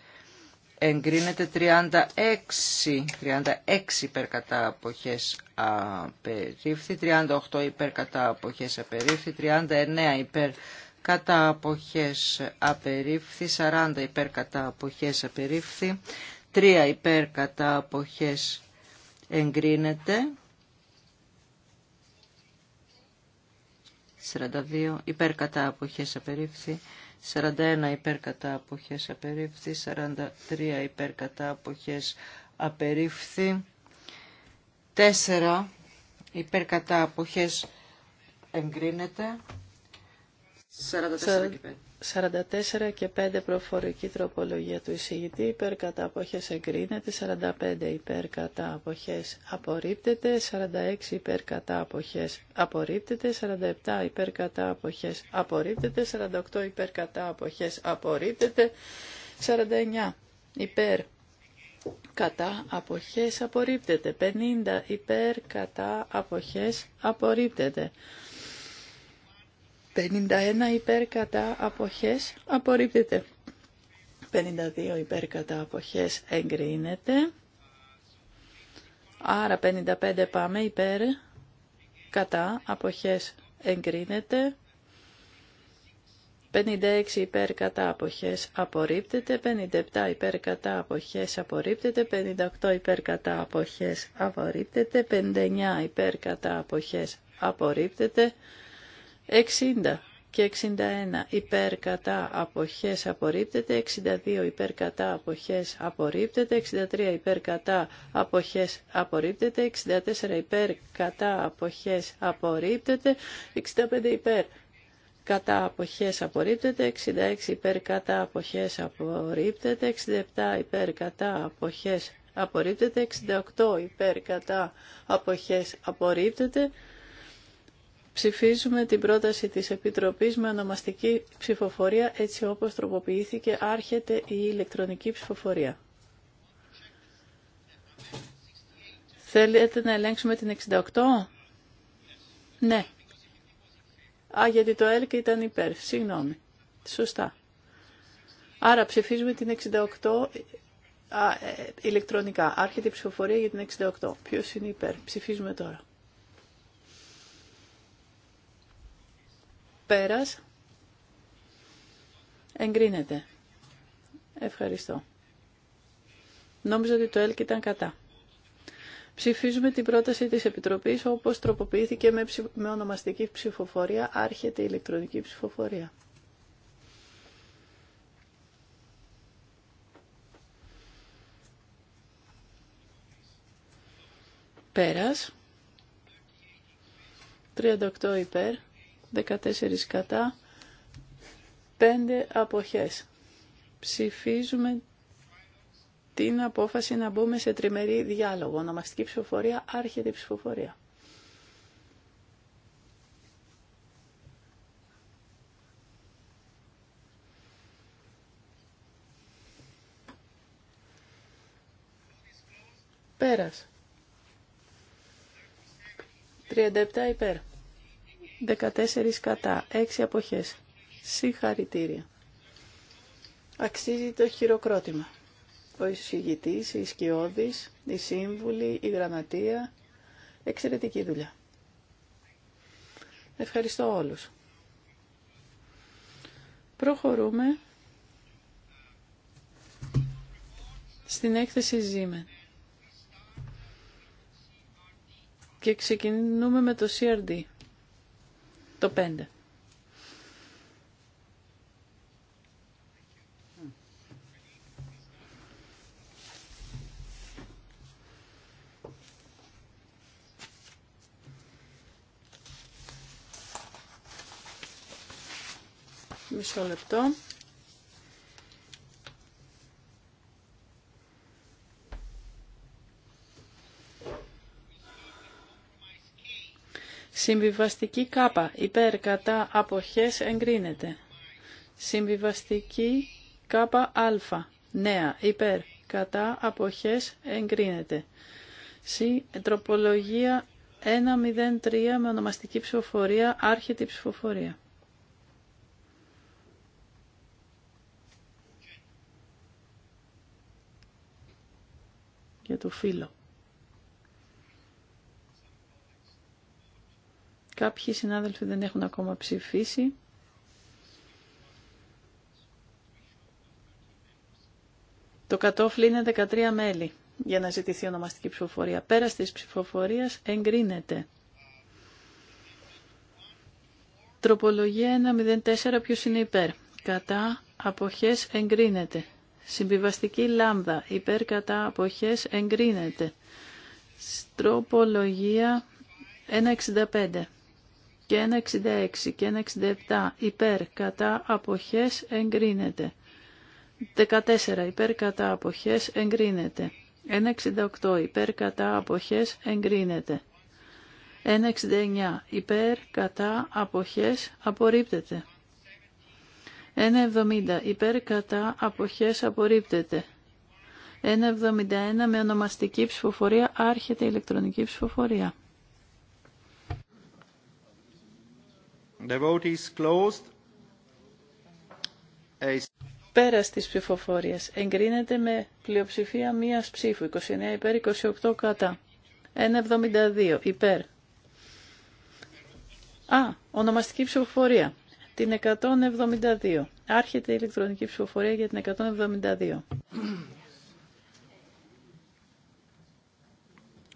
Speaker 2: εγκρίνεται, 36, 36 υπέρ κατά αποχές απερίφθη, 38 υπέρ κατά αποχές απερίφθη, 39 υπέρ κατά αποχές απερίφθη, 40 υπέρ κατά αποχές απερίφθη, 3 υπέρ κατά αποχές εγκρίνεται, 42 υπέρ κατά αποχές απερίφθη, 41 υπέρ κατά αποχές απερίφθη, 43 υπέρ κατά αποχές απερίφθη, 4 υπέρ κατά αποχές εγκρίνεται, 44 και 5.
Speaker 1: 44 και 5 προφορική τροπολογία του εισηγητή υπέρ κατά αποχές εγκρίνεται, 45 υπέρ κατά αποχές απορρίπτεται, 46 υπέρ κατά αποχές απορρίπτεται, 47 υπέρ κατά αποχές απορρίπτεται, 48 υπέρ κατά αποχές απορρίπτεται, 49 υπέρ κατά αποχές απορρίπτεται, 50 υπέρ κατά αποχές απορρίπτεται. 51 υπέρ κατά αποχές απορρίπτεται. 52 υπέρ κατά αποχές εγκρίνεται. Άρα 55 πάμε υπέρ κατά αποχές εγκρίνεται. 56 υπέρ κατά αποχές απορρίπτεται, 57 υπέρ κατά αποχές απορρίπτεται, 58 υπέρ κατά αποχές απορρίπτεται, 59 υπέρ κατά αποχές απορρίπτεται, 60 και 61 υπέρ κατά αποχές απορρίπτεται, 62 υπέρ κατά αποχές απορρίπτεται, 63 υπέρ κατά αποχές απορρίπτεται, 64 υπέρ κατά αποχές απορρίπτεται, 65 υπέρ κατά αποχές απορρίπτεται, 66 υπέρ κατά αποχές απορρίπτεται, 67 υπέρ κατά αποχές απορρίπτεται, 68 υπέρ κατά αποχές απορρίπτεται, Ψηφίζουμε την πρόταση της Επιτροπής με ονομαστική ψηφοφορία έτσι όπως τροποποιήθηκε άρχεται η ηλεκτρονική ψηφοφορία. Θέλετε να ελέγξουμε την 68? Ναι. Α, γιατί το ΕΛΚ ήταν υπέρ. Συγγνώμη. Σωστά. Άρα ψηφίζουμε την 68 α, ε, ηλεκτρονικά. Άρχεται η ψηφοφορία για την 68. Ποιος είναι υπέρ. Ψηφίζουμε τώρα. Πέρας. Εγκρίνεται. Ευχαριστώ. Νόμιζα ότι το ΕΛΚ ήταν κατά. Ψηφίζουμε την πρόταση της Επιτροπής όπως τροποποιήθηκε με, με ονομαστική ψηφοφορία, άρχεται η ηλεκτρονική ψηφοφορία. Πέρας. 38 υπέρ, 14 κατά, 5 αποχές. Ψηφίζουμε την απόφαση να μπούμε σε τριμερή διάλογο. Ονομαστική ψηφοφορία, άρχεται η ψηφοφορία. Πέρας. 37 υπέρ. 14 κατά, 6 αποχές. Συγχαρητήρια. Αξίζει το χειροκρότημα. Ο εισηγητής, η σκιώδης, η σύμβουλη, η γραμματεία. Εξαιρετική δουλειά. Ευχαριστώ όλους. Προχωρούμε στην έκθεση Ζήμεν. Και ξεκινούμε με το CRD το 5. Μισό λεπτό. Συμβιβαστική κάπα υπέρ κατά αποχές εγκρίνεται. Συμβιβαστική κάπα αλφα νέα υπέρ κατά αποχές εγκρίνεται. Συ, τροπολογία 103 με ονομαστική ψηφοφορία, άρχιτη ψηφοφορία. Για το φύλλο. Κάποιοι συνάδελφοι δεν έχουν ακόμα ψηφίσει. Το κατόφλι είναι 13 μέλη για να ζητηθεί ονομαστική ψηφοφορία. Πέρα της ψηφοφορίας εγκρίνεται. Τροπολογία 1.04 ποιος είναι υπέρ. Κατά αποχές εγκρίνεται. Συμπιβαστική λάμδα υπέρ κατά αποχές εγκρίνεται. Τροπολογία 1.65 και 1,66 και 1,67 υπέρ κατά αποχές εγκρίνεται. 14 υπέρ κατά αποχές εγκρίνεται. 1,68 υπέρ κατά αποχές εγκρίνεται. 1,69 υπέρ κατά αποχές απορρίπτεται. 1,70 υπέρ κατά αποχές απορρίπτεται. 1,71 με ονομαστική ψηφοφορία άρχεται ηλεκτρονική ψηφοφορία. The vote is Πέρα εγκρίνεται με πλειοψηφία μίας ψήφου, 29 υπέρ, 28 κατά, 1,72 υπέρ. Α, ονομαστική ψηφοφορία, την 172. Άρχεται η ηλεκτρονική ψηφοφορία για την 172.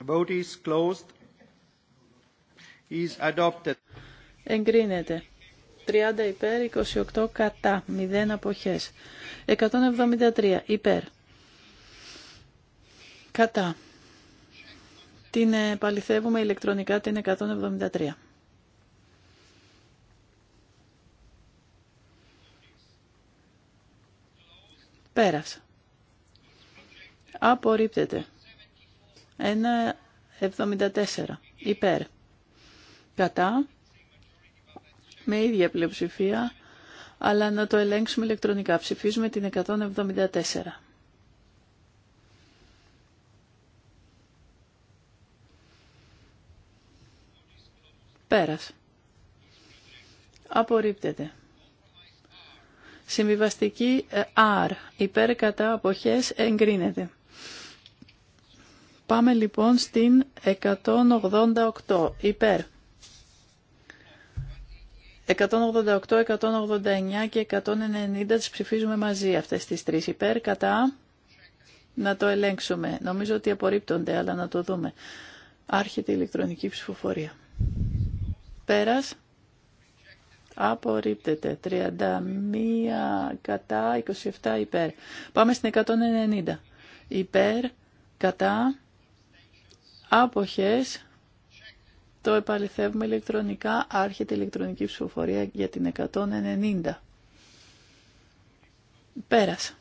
Speaker 4: Vote is closed. Is adopted
Speaker 1: εγκρίνεται. 30 υπέρ, 28 κατά, 0 αποχές. 173 υπέρ, κατά. Την παληθεύουμε ηλεκτρονικά την 173. Πέρασε. Απορρίπτεται. 1,74. Υπέρ. Κατά με ίδια πλειοψηφία, αλλά να το ελέγξουμε ηλεκτρονικά. Ψηφίζουμε την 174. Πέρας. Απορρίπτεται. Συμβιβαστική ε, R. Υπέρ κατά αποχές εγκρίνεται. Πάμε λοιπόν στην 188. Υπέρ. 188, 189 και 190 τις ψηφίζουμε μαζί αυτές τις τρεις υπέρ, κατά να το ελέγξουμε. Νομίζω ότι απορρίπτονται, αλλά να το δούμε. Άρχεται η ηλεκτρονική ψηφοφορία. Πέρας. Απορρίπτεται. 31 κατά, 27 υπέρ. Πάμε στην 190. Υπέρ, κατά, άποχες, το επαληθεύουμε ηλεκτρονικά. Άρχεται ηλεκτρονική ψηφοφορία για την 190. Πέρασα.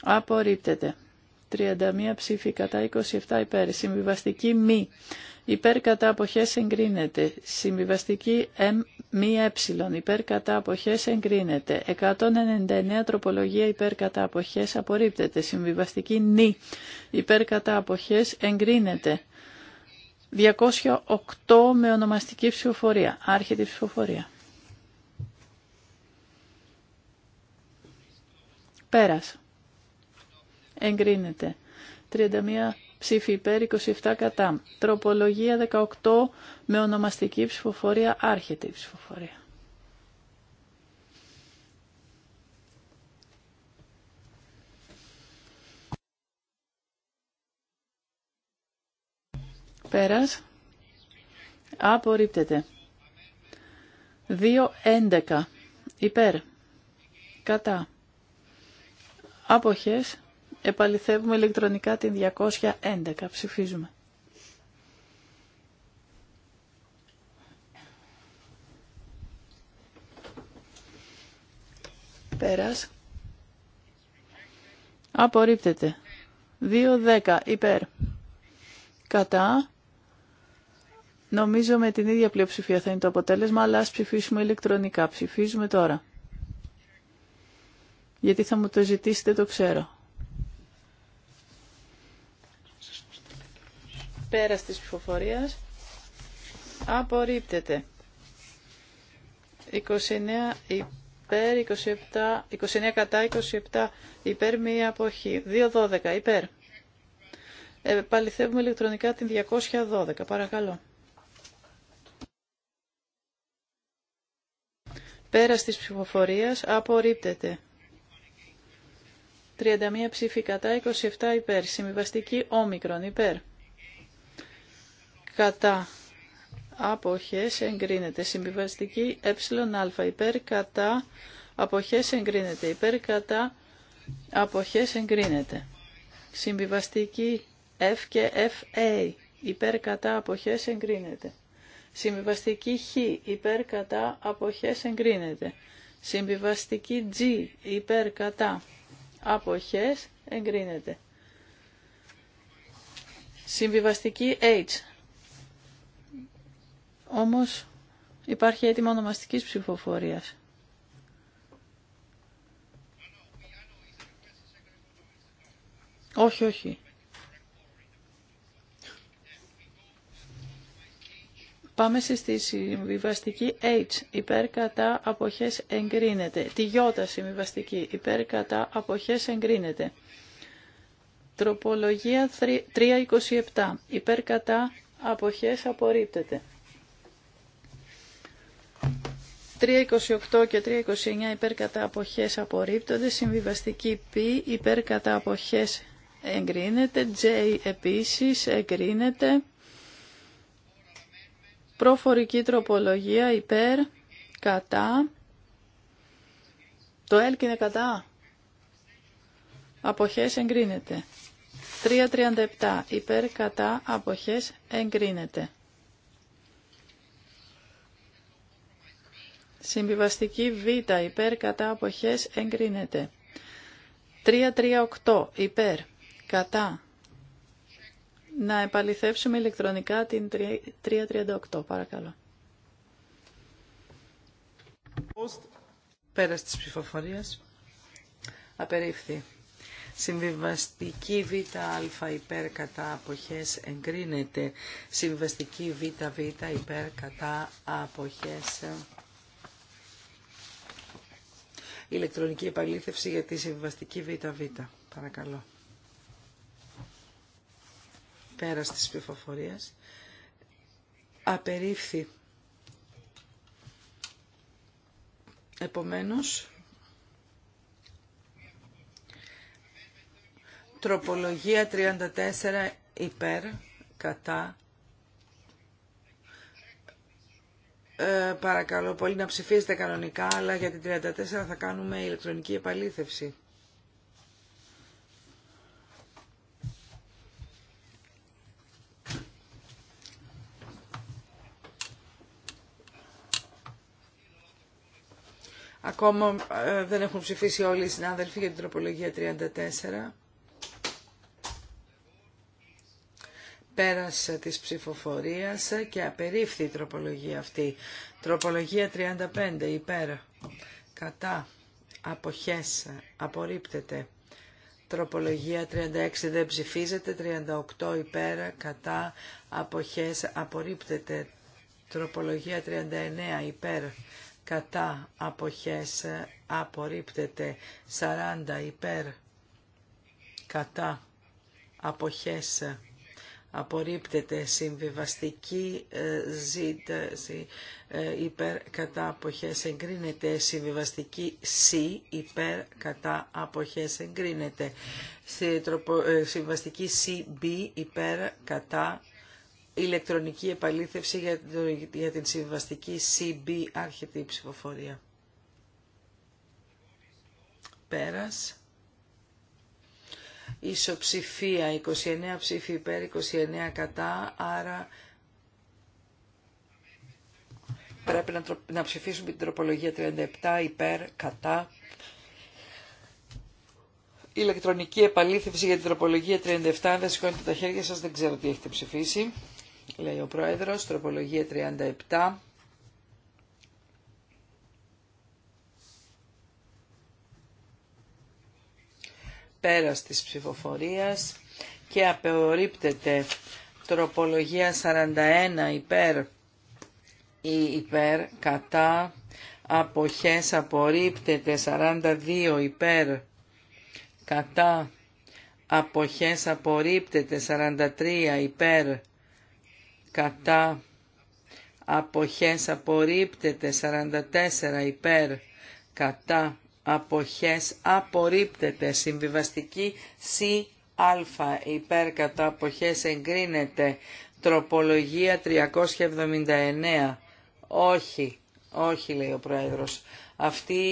Speaker 1: Απορρίπτεται. 31 ψήφοι κατά 27 υπέρ. Συμβιβαστική μη. Υπέρ κατά αποχές εγκρίνεται. Συμβιβαστική μη ε. Υπέρ κατά αποχές εγκρίνεται. 199 τροπολογία υπέρ κατά αποχές απορρίπτεται. Συμβιβαστική νη. Υπέρ κατά αποχές εγκρίνεται. 208 με ονομαστική ψηφοφορία. Άρχεται η ψηφοφορία. Πέρας. Εγκρίνεται. 31 ψήφοι υπέρ, 27 κατά. Τροπολογία 18 με ονομαστική ψηφοφορία. Άρχεται η ψηφοφορία. Πέρας. Απορρίπτεται. 2.11. Υπέρ. Κατά. Άποχες. Επαληθεύουμε ηλεκτρονικά την 211. Ψηφίζουμε. Πέρας. Απορρίπτεται. 2.10. Υπέρ. Κατά. Νομίζω με την ίδια πλειοψηφία θα είναι το αποτέλεσμα, αλλά ας ψηφίσουμε ηλεκτρονικά. Ψηφίζουμε τώρα. Γιατί θα μου το ζητήσετε, το ξέρω. Πέρα της ψηφοφορίας απορρίπτεται. 29 υπέρ, 27, 29 κατά, 27 υπέρ, μία αποχή. 2-12 υπέρ. Επαληθεύουμε ηλεκτρονικά την 212, παρακαλώ. Πέρας της ψηφοφορίας απορρίπτεται. 31 ψήφοι κατά, 27 υπέρ. Συμβιβαστική όμικρον υπέρ. Κατά. Αποχές εγκρίνεται. Συμβιβαστική αλφα ε υπέρ κατά. Αποχές εγκρίνεται. Υπέρ κατά. Αποχές εγκρίνεται. Συμβιβαστική F και FA. Υπέρ κατά αποχές εγκρίνεται. Συμβιβαστική Χ υπέρ κατά αποχές εγκρίνεται. Συμβιβαστική G υπέρ κατά αποχές εγκρίνεται. Συμβιβαστική H. Όμως υπάρχει έτοιμο ονομαστικής ψηφοφορίας. Όχι, όχι. Πάμε στη συμβιβαστική H, υπέρ κατά αποχές εγκρίνεται. Τη Ι συμβιβαστική, υπέρ κατά αποχές εγκρίνεται. Τροπολογία 327, υπέρ κατά αποχές απορρίπτεται. 3.28 και 3.29 υπέρ κατά αποχές απορρίπτονται, συμβιβαστική P, υπέρ κατά αποχές εγκρίνεται, J επίσης εγκρίνεται, Προφορική τροπολογία υπέρ, κατά. Το ΕΛΚ είναι κατά. Αποχές εγκρίνεται. 3.37 υπέρ, κατά, αποχές εγκρίνεται. Συμβιβαστική Β υπέρ, κατά, αποχές εγκρίνεται. 3.38 υπέρ, κατά, να επαληθεύσουμε ηλεκτρονικά την 338. Παρακαλώ. Πέρα της ψηφοφορίας.
Speaker 3: Απερίφθη. Συμβιβαστική ΒΑ υπέρ κατά αποχές εγκρίνεται. Συμβιβαστική ΒΒ υπέρ κατά αποχές ηλεκτρονική επαλήθευση για τη συμβιβαστική ΒΒ. Παρακαλώ πέρας της ψηφοφορίας. Απερίφθη. Επομένως, τροπολογία 34 υπέρ, κατά. Ε, παρακαλώ πολύ να ψηφίσετε κανονικά, αλλά για την 34 θα κάνουμε ηλεκτρονική επαλήθευση. Ακόμα ε, δεν έχουν ψηφίσει όλοι οι συνάδελφοι για την τροπολογία 34. Πέρασε της ψηφοφορίας και απερίφθη η τροπολογία αυτή. Τροπολογία 35 υπέρ. Κατά. Αποχές. Απορρίπτεται. Τροπολογία 36 δεν ψηφίζεται. 38 υπέρ. Κατά. Αποχές. Απορρίπτεται. Τροπολογία 39 υπέρ κατά αποχές απορρίπτεται 40 υπέρ κατά αποχές απορρίπτεται συμβιβαστική ε, ζήτηση ε, υπέρ κατά αποχές εγκρίνεται συμβιβαστική σι υπέρ κατά αποχές εγκρίνεται ε, συμβιβαστική σι μπι υπέρ κατά ηλεκτρονική επαλήθευση για, για την συμβαστική CB άρχεται η ψηφοφορία. Πέρας. Ισοψηφία 29 ψήφοι υπέρ 29 κατά, άρα πρέπει να, να ψηφίσουμε την τροπολογία 37 υπέρ κατά. Ηλεκτρονική επαλήθευση για την τροπολογία 37, δεν σηκώνετε τα χέρια σας δεν ξέρω τι έχετε ψηφίσει λέει ο Πρόεδρος, τροπολογία 37. Πέρας της ψηφοφορίας και απεορίπτεται τροπολογία 41 υπέρ ή υπέρ κατά αποχές απορρίπτεται 42 υπέρ κατά αποχές απορρίπτεται 43 υπέρ κατά αποχές απορρίπτεται 44 υπέρ κατά αποχές απορρίπτεται συμβιβαστική C α υπέρ κατά αποχές εγκρίνεται τροπολογία 379 όχι όχι λέει ο πρόεδρος αυτή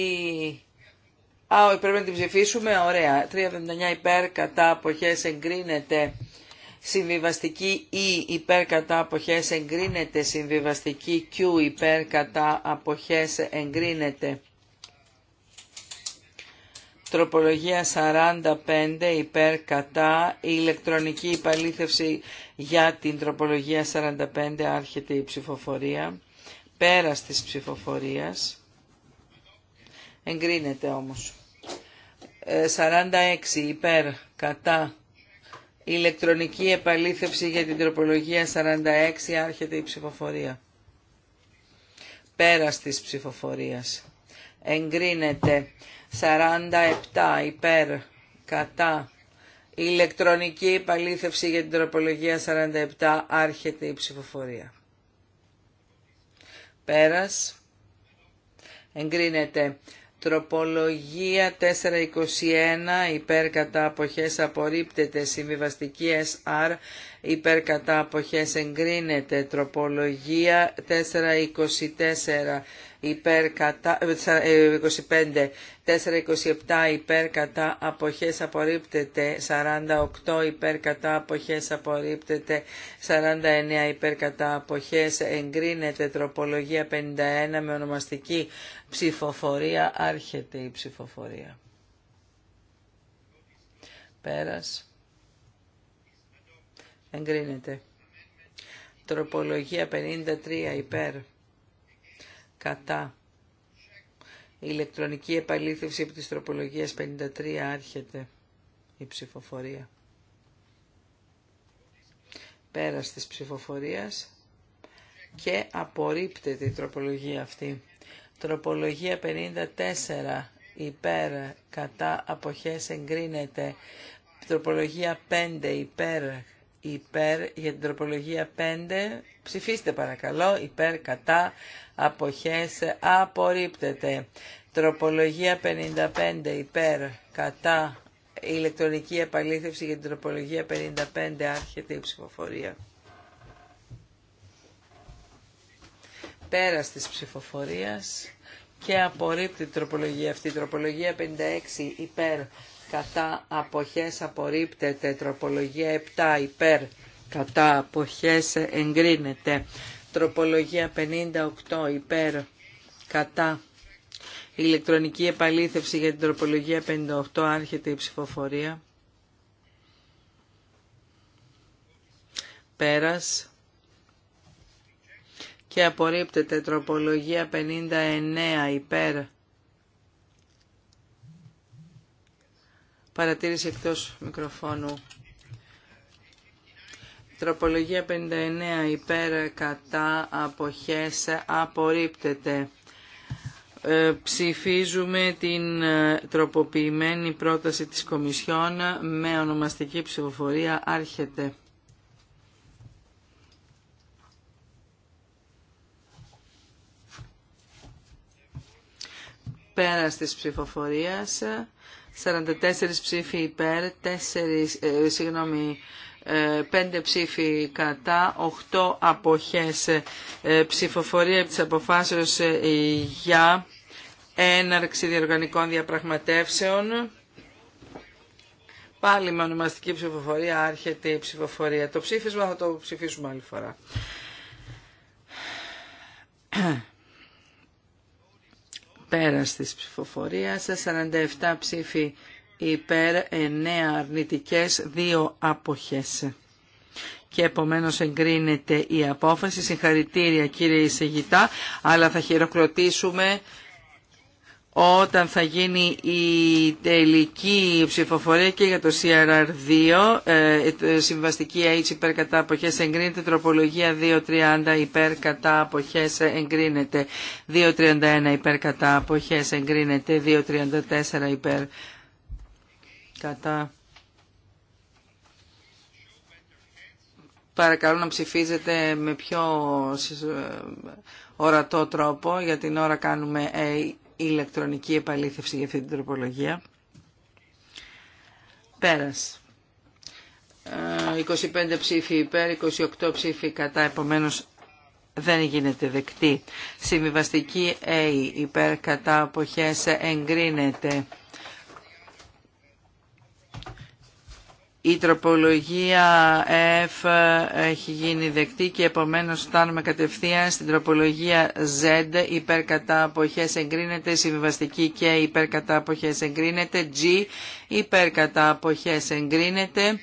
Speaker 3: Α, πρέπει να την ψηφίσουμε. Ωραία. 3,79 υπέρ κατά αποχές εγκρίνεται. Συμβιβαστική E υπέρ κατά αποχές εγκρίνεται. Συμβιβαστική Q υπέρ κατά αποχές εγκρίνεται. Τροπολογία 45 υπέρ κατά η ηλεκτρονική υπαλήθευση για την τροπολογία 45 άρχεται η ψηφοφορία. Πέρας της ψηφοφορίας. Εγκρίνεται όμως. 46 ε, υπέρ κατά ηλεκτρονική επαλήθευση για την τροπολογία 46 άρχεται η ψηφοφορία. Πέρας της ψηφοφορίας. Εγκρίνεται 47 υπέρ κατά ηλεκτρονική επαλήθευση για την τροπολογία 47 άρχεται η ψηφοφορία. Πέρας. Εγκρίνεται Τροπολογία 421 υπέρ κατά αποχές απορρίπτεται. Συμβιβαστική SR υπέρ κατά αποχές εγκρίνεται. Τροπολογία 424 25, 427 ε, ε, υπέρ κατά αποχές απορρίπτεται, 48 υπέρ κατά αποχές απορρίπτεται, 49 υπέρ κατά αποχές εγκρίνεται, τροπολογία 51 με ονομαστική ψηφοφορία, άρχεται η ψηφοφορία. Πέρας. Εγκρίνεται. Τροπολογία 53 υπέρ κατά. Η ηλεκτρονική επαλήθευση επί της τροπολογίας 53 άρχεται η ψηφοφορία. Πέρας της ψηφοφορίας και απορρίπτεται η τροπολογία αυτή. Τροπολογία 54 υπέρ κατά αποχές εγκρίνεται. Τροπολογία 5 υπέρ υπέρ για την τροπολογία 5 Ψηφίστε παρακαλώ υπέρ κατά αποχές απορρίπτεται. Τροπολογία 55 υπέρ κατά ηλεκτρονική επαλήθευση για την τροπολογία 55 άρχεται η ψηφοφορία. Πέρας της ψηφοφορίας και απορρίπτει την τροπολογία αυτή. Τροπολογία 56 υπέρ κατά αποχές απορρίπτεται. Τροπολογία 7 υπέρ κατά αποχές εγκρίνεται. Τροπολογία 58 υπέρ κατά ηλεκτρονική επαλήθευση για την τροπολογία 58 άρχεται η ψηφοφορία. Πέρας. Και απορρίπτεται τροπολογία 59 υπέρ. Παρατήρηση εκτός μικροφώνου. Τροπολογία 59 υπέρ κατά αποχές απορρίπτεται. Ε, ψηφίζουμε την ε, τροποποιημένη πρόταση της Κομισιόν με ονομαστική ψηφοφορία άρχεται. πέρα της ψηφοφορίας, 44 ψήφοι υπέρ, 4, ε, συγγνώμη, 5 ε, ψήφοι κατά, 8 αποχές ε, ψηφοφορία της αποφάσεως ε, για έναρξη διοργανικών διαπραγματεύσεων. Πάλι με ονομαστική ψηφοφορία άρχεται η ψηφοφορία. Το ψήφισμα θα το ψηφίσουμε άλλη φορά. Πέρας της ψηφοφορίας, 47 ψήφοι υπέρ 9 αρνητικές δύο αποχές. Και επομένως εγκρίνεται η απόφαση. Συγχαρητήρια κύριε Ισηγητά, αλλά θα χειροκροτήσουμε όταν θα γίνει η τελική ψηφοφορία και για το CRR2, ε, συμβαστική H υπέρ κατά αποχές εγκρίνεται, τροπολογία 2.30 υπέρ κατά αποχές εγκρίνεται, 2.31 υπέρ κατά αποχές εγκρίνεται, 2.34 υπέρ κατά παρακαλώ να ψηφίζετε με πιο ε, ορατό τρόπο. Για την ώρα κάνουμε ε, ηλεκτρονική επαλήθευση για αυτή την τροπολογία. Πέρας. 25 ε, ψήφοι υπέρ, 28 ψήφοι κατά, επομένως δεν γίνεται δεκτή. Συμβιβαστική A υπέρ κατά αποχές εγκρίνεται. Η τροπολογία F έχει γίνει δεκτή και επομένως φτάνουμε κατευθείαν στην τροπολογία Z Υπερκατά αποχές εγκρίνεται, συμβιβαστική και υπέρκαταποχέ αποχές εγκρίνεται, G υπερκατά αποχές εγκρίνεται.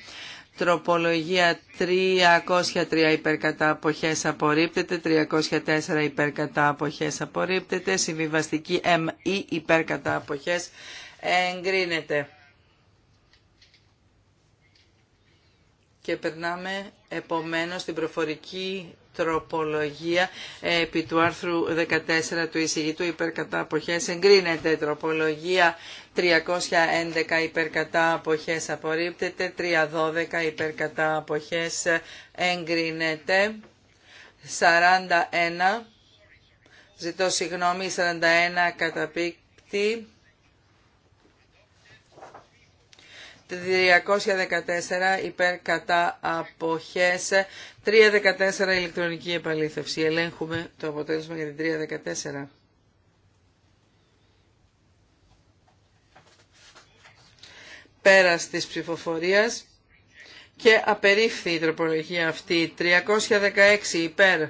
Speaker 3: Τροπολογία 303 υπερκατά αποχές απορρίπτεται, 304 υπερκατά αποχές απορρίπτεται, συμβιβαστική ME υπερκατά αποχές εγκρίνεται. και περνάμε επομένως στην προφορική τροπολογία ε, επί του άρθρου 14 του εισηγητού υπερκατά αποχές εγκρίνεται τροπολογία 311 υπερκατά αποχές απορρίπτεται 312 υπερκατά αποχές εγκρίνεται 41 ζητώ συγγνώμη 41 καταπίκτη 314 υπέρ κατά αποχές, 314 ηλεκτρονική επαλήθευση. Ελέγχουμε το αποτέλεσμα για την 314. Πέρας της ψηφοφορίας και απερίφθη η τροπολογία αυτή. 316 υπέρ,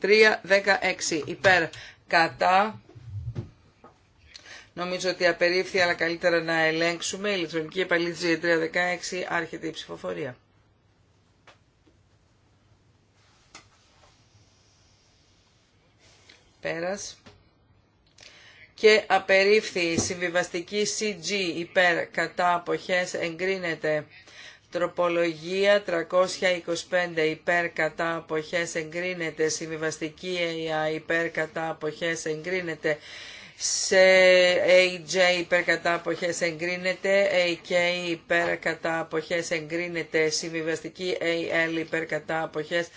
Speaker 3: 316 υπέρ κατά Νομίζω ότι απερίφθη, αλλά καλύτερα να ελέγξουμε. Η ηλεκτρονική επαλήθευση 316 άρχεται η ψηφοφορία. Πέρας. Και απερίφθη η συμβιβαστική CG υπέρ κατά αποχές εγκρίνεται. Τροπολογία 325 υπέρ κατά αποχές εγκρίνεται, συμβιβαστική AI υπέρ κατά αποχές εγκρίνεται, σε AJ υπέρ κατά αποχές εγκρίνεται, AK υπέρ κατά εγκρίνεται, συμβιβαστική AL υπέρ κατά αποχές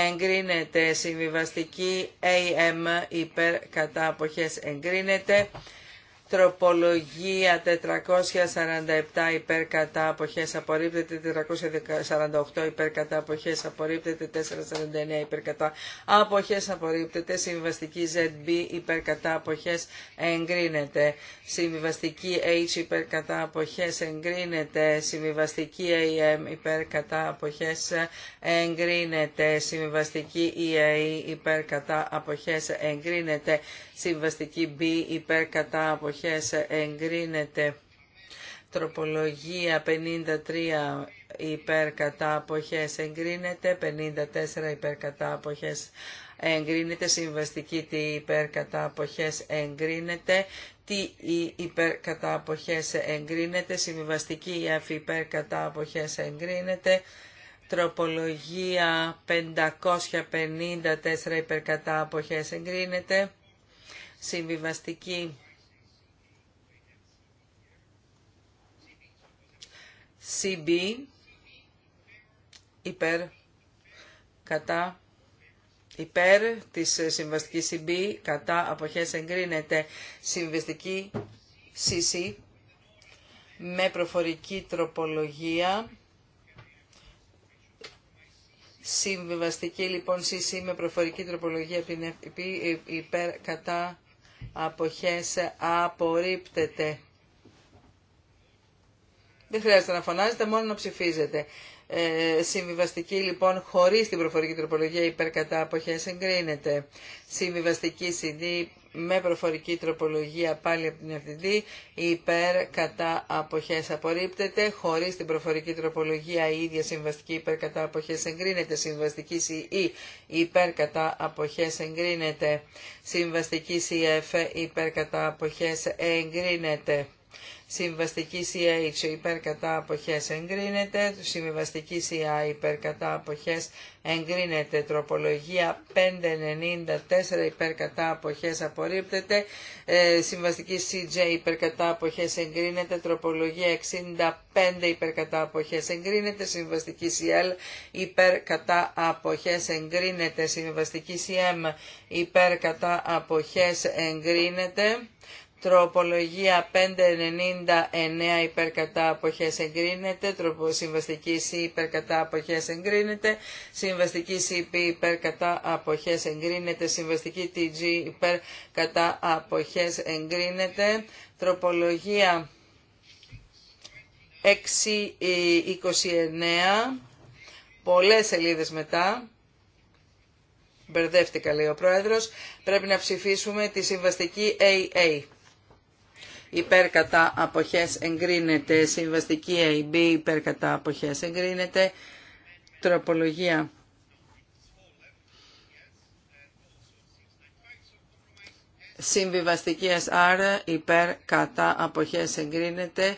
Speaker 3: εγκρίνεται, συμβιβαστική AM υπέρ κατά αποχές εγκρίνεται. Τροπολογία 447 υπέρ κατά αποχές απορρίπτεται, 448 υπέρ κατά αποχές απορρίπτεται, 449 υπέρ κατά αποχές απορρίπτεται, συμβιβαστική ZB υπερκατά κατά αποχές εγκρίνεται, συμβιβαστική H υπέρ κατά αποχές εγκρίνεται, συμβιβαστική AM υπερκατά κατά αποχές εγκρίνεται, συμβιβαστική EA υπέρ κατά αποχές εγκρίνεται, Συμβαστική B υπέρ κατά αποχές εγκρίνεται. Τροπολογία 53 υπέρ κατά αποχές εγκρίνεται. 54 υπέρ κατά αποχές εγκρίνεται. Συμβαστική τι υπέρ κατά αποχές εγκρίνεται. Τι η e, υπέρ κατά αποχές εγκρίνεται. Συμβαστική e, F υπέρ κατά αποχές εγκρίνεται τροπολογία 554 κατά αποχές εγκρίνεται, συμβιβαστική CB υπέρ κατά υπέρ της συμβαστικής CB κατά αποχές εγκρίνεται συμβιβαστική CC με προφορική τροπολογία συμβιβαστική λοιπόν CC με προφορική τροπολογία υπέρ κατά αποχές απορρίπτεται. Δεν χρειάζεται να φωνάζετε, μόνο να ψηφίζετε. Ε, συμβιβαστική λοιπόν χωρίς την προφορική τροπολογία υπέρ κατά αποχές εγκρίνεται. Συμβιβαστική CD με προφορική τροπολογία πάλι από την ευθυντή υπέρ κατά αποχές απορρίπτεται. Χωρίς την προφορική τροπολογία η ίδια συμβαστική υπέρ κατά αποχές εγκρίνεται. Συμβαστική CE υπέρ κατά αποχές εγκρίνεται. Συμβαστική CF υπέρ κατά αποχές εγκρίνεται. Συμβαστική CH υπέρ κατά αποχές εγκρίνεται. Συμβαστική CI υπέρ κατά αποχές εγκρίνεται. Τροπολογία 594 υπέρ κατά αποχές απορρίπτεται. Ε, συμβαστική CJ υπέρ κατά αποχές εγκρίνεται. Τροπολογία 65 υπέρ κατά αποχές εγκρίνεται. Συμβαστική CL υπέρ κατά αποχές εγκρίνεται. Συμβαστική CM υπέρ κατά αποχές εγκρίνεται. Τροπολογία 599 υπερκατά αποχές εγκρίνεται. Συμβαστική C υπερκατά αποχές εγκρίνεται. Συμβαστική CP υπερκατά αποχές εγκρίνεται. Συμβαστική TG υπερκατά αποχές εγκρίνεται. Τροπολογία 629. Πολλές σελίδες μετά. Μπερδεύτηκα λέει ο πρόεδρος. Πρέπει να ψηφίσουμε τη συμβαστική AA Υπερκατά αποχές εγκρίνεται. Συμβαστική AB υπερκατά αποχές εγκρίνεται. Τροπολογία Συμβιβαστική SR ε, υπέρ κατά αποχές εγκρίνεται.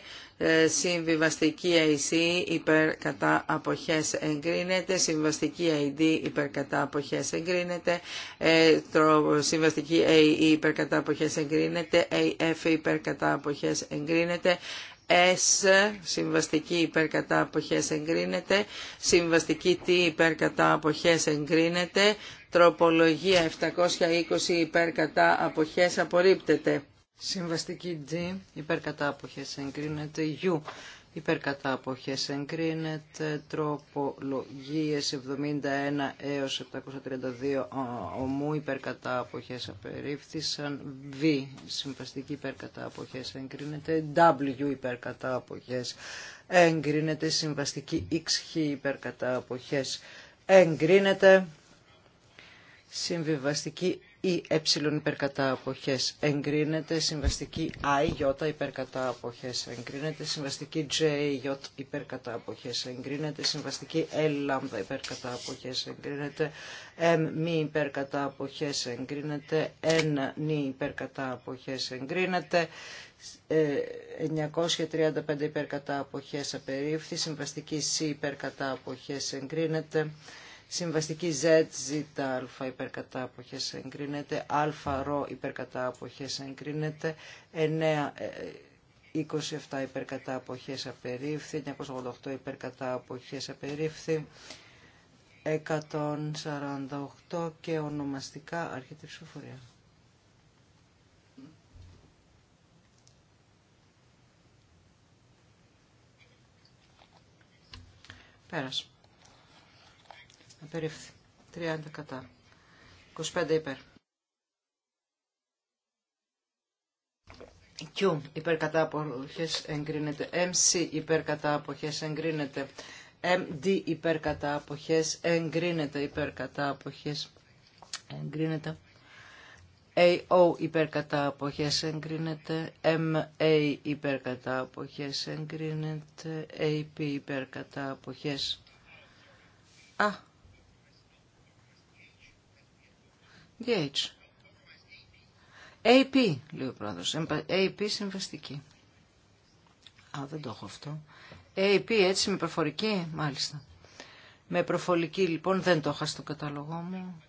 Speaker 3: Συμβιβαστική AC υπέρ κατά αποχές εγκρίνεται. Ε, συμβιβαστική AD e, υπέρ κατά αποχές εγκρίνεται. Συμβιβαστική AE υπέρ κατά αποχές εγκρίνεται. AF υπέρ κατά αποχές εγκρίνεται. S, συμβαστική υπέρ κατά αποχές εγκρίνεται, συμβαστική T υπέρ κατά αποχές εγκρίνεται, Τροπολογία 720 υπερκατά κατά αποχές
Speaker 2: απορρίπτεται. Συμβαστική G Υπερκατά κατά αποχές εγκρίνεται. U υπέρ κατά αποχές εγκρίνεται. Τροπολογίες 71 έως 732 ομού υπέρ κατά αποχές απερίφθησαν. V συμβαστική υπερκατά κατά αποχές εγκρίνεται. W υπέρ κατά αποχές εγκρίνεται. Συμβαστική X υπέρ αποχές εγκρίνεται. Συμβιβαστική ή ε υπερκατά αποχές εγκρίνεται, συμβαστική αι υπερκατά αποχές εγκρίνεται, συμβαστική J υπερκατά αποχές εγκρίνεται, συμβαστική λ υπερκατά αποχές εγκρίνεται, Μ μη υπερκατά αποχές εγκρίνεται, n νη αποχές εγκρίνεται, 935 υπερκατά αποχές απερίφθη, συμβαστική Σ υπερκατά αποχές εγκρίνεται, Συμβαστική Z, Z, α υπερκατά εγκρίνεται, α, ρο εγκρίνεται, 9, 27 υπερκατά απερίφθη, 988 υπερκατάποχε απερίφθη, 148 και ονομαστικά αρχιτεί ψηφοφορία. Πέρασε. Απερίφθη. 30 κατά. 25 υπέρ. Q υπέρ κατά αποχές εγκρίνεται. MC υπέρ κατά αποχές εγκρίνεται. MD υπέρ κατά αποχές εγκρίνεται. Υπέρ κατά αποχές εγκρίνεται. AO υπέρ κατά αποχές εγκρίνεται, MA υπέρ κατά αποχές εγκρίνεται, AP υπέρ κατά αποχές. Α, DH. AP, λέει ο πρόεδρος. AP συμβαστική. Α, δεν το έχω αυτό. AP, έτσι, με προφορική, μάλιστα. Με προφορική, λοιπόν, δεν το είχα στο κατάλογό μου.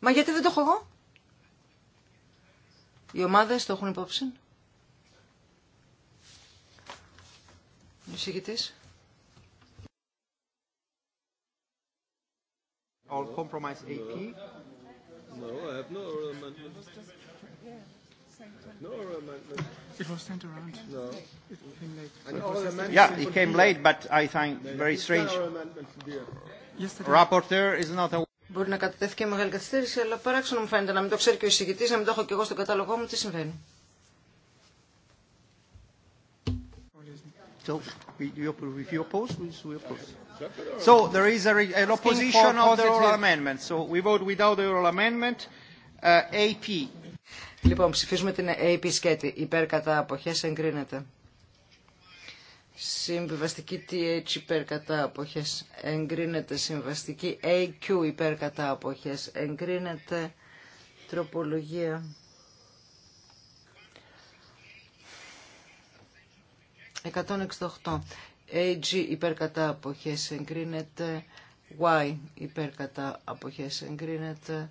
Speaker 2: Μα γιατί δεν το έχω εγώ. Οι ομάδες το έχουν υπόψη. Ο εισηγητής.
Speaker 4: or compromise AP? No, I have no oral amendment. No oral amendment. It was sent around. No. It came late. An oral amendment yeah, it came late, but I find very strange.
Speaker 2: Rapporteur is not a... Μπορεί να κατατέθει και μεγάλη καθυστέρηση, αλλά παράξενο μου φαίνεται να μην το ξέρει και ο εισηγητής, να μην το έχω και εγώ στον κατάλογό μου, τι συμβαίνει.
Speaker 4: So, you oppose, we oppose. So there is an opposition of the oral amendment. So we vote without the oral amendment. Uh, AP.
Speaker 2: Λοιπόν, ψηφίζουμε την AP σκέτη. Υπέρ κατά αποχές εγκρίνεται. Συμβιβαστική TH υπέρ κατά αποχές εγκρίνεται. Συμβαστική AQ υπέρ κατά αποχές εγκρίνεται. Τροπολογία. 168. AG υπερκατά αποχές εγκρίνεται. Y υπέρκατα αποχές εγκρίνεται.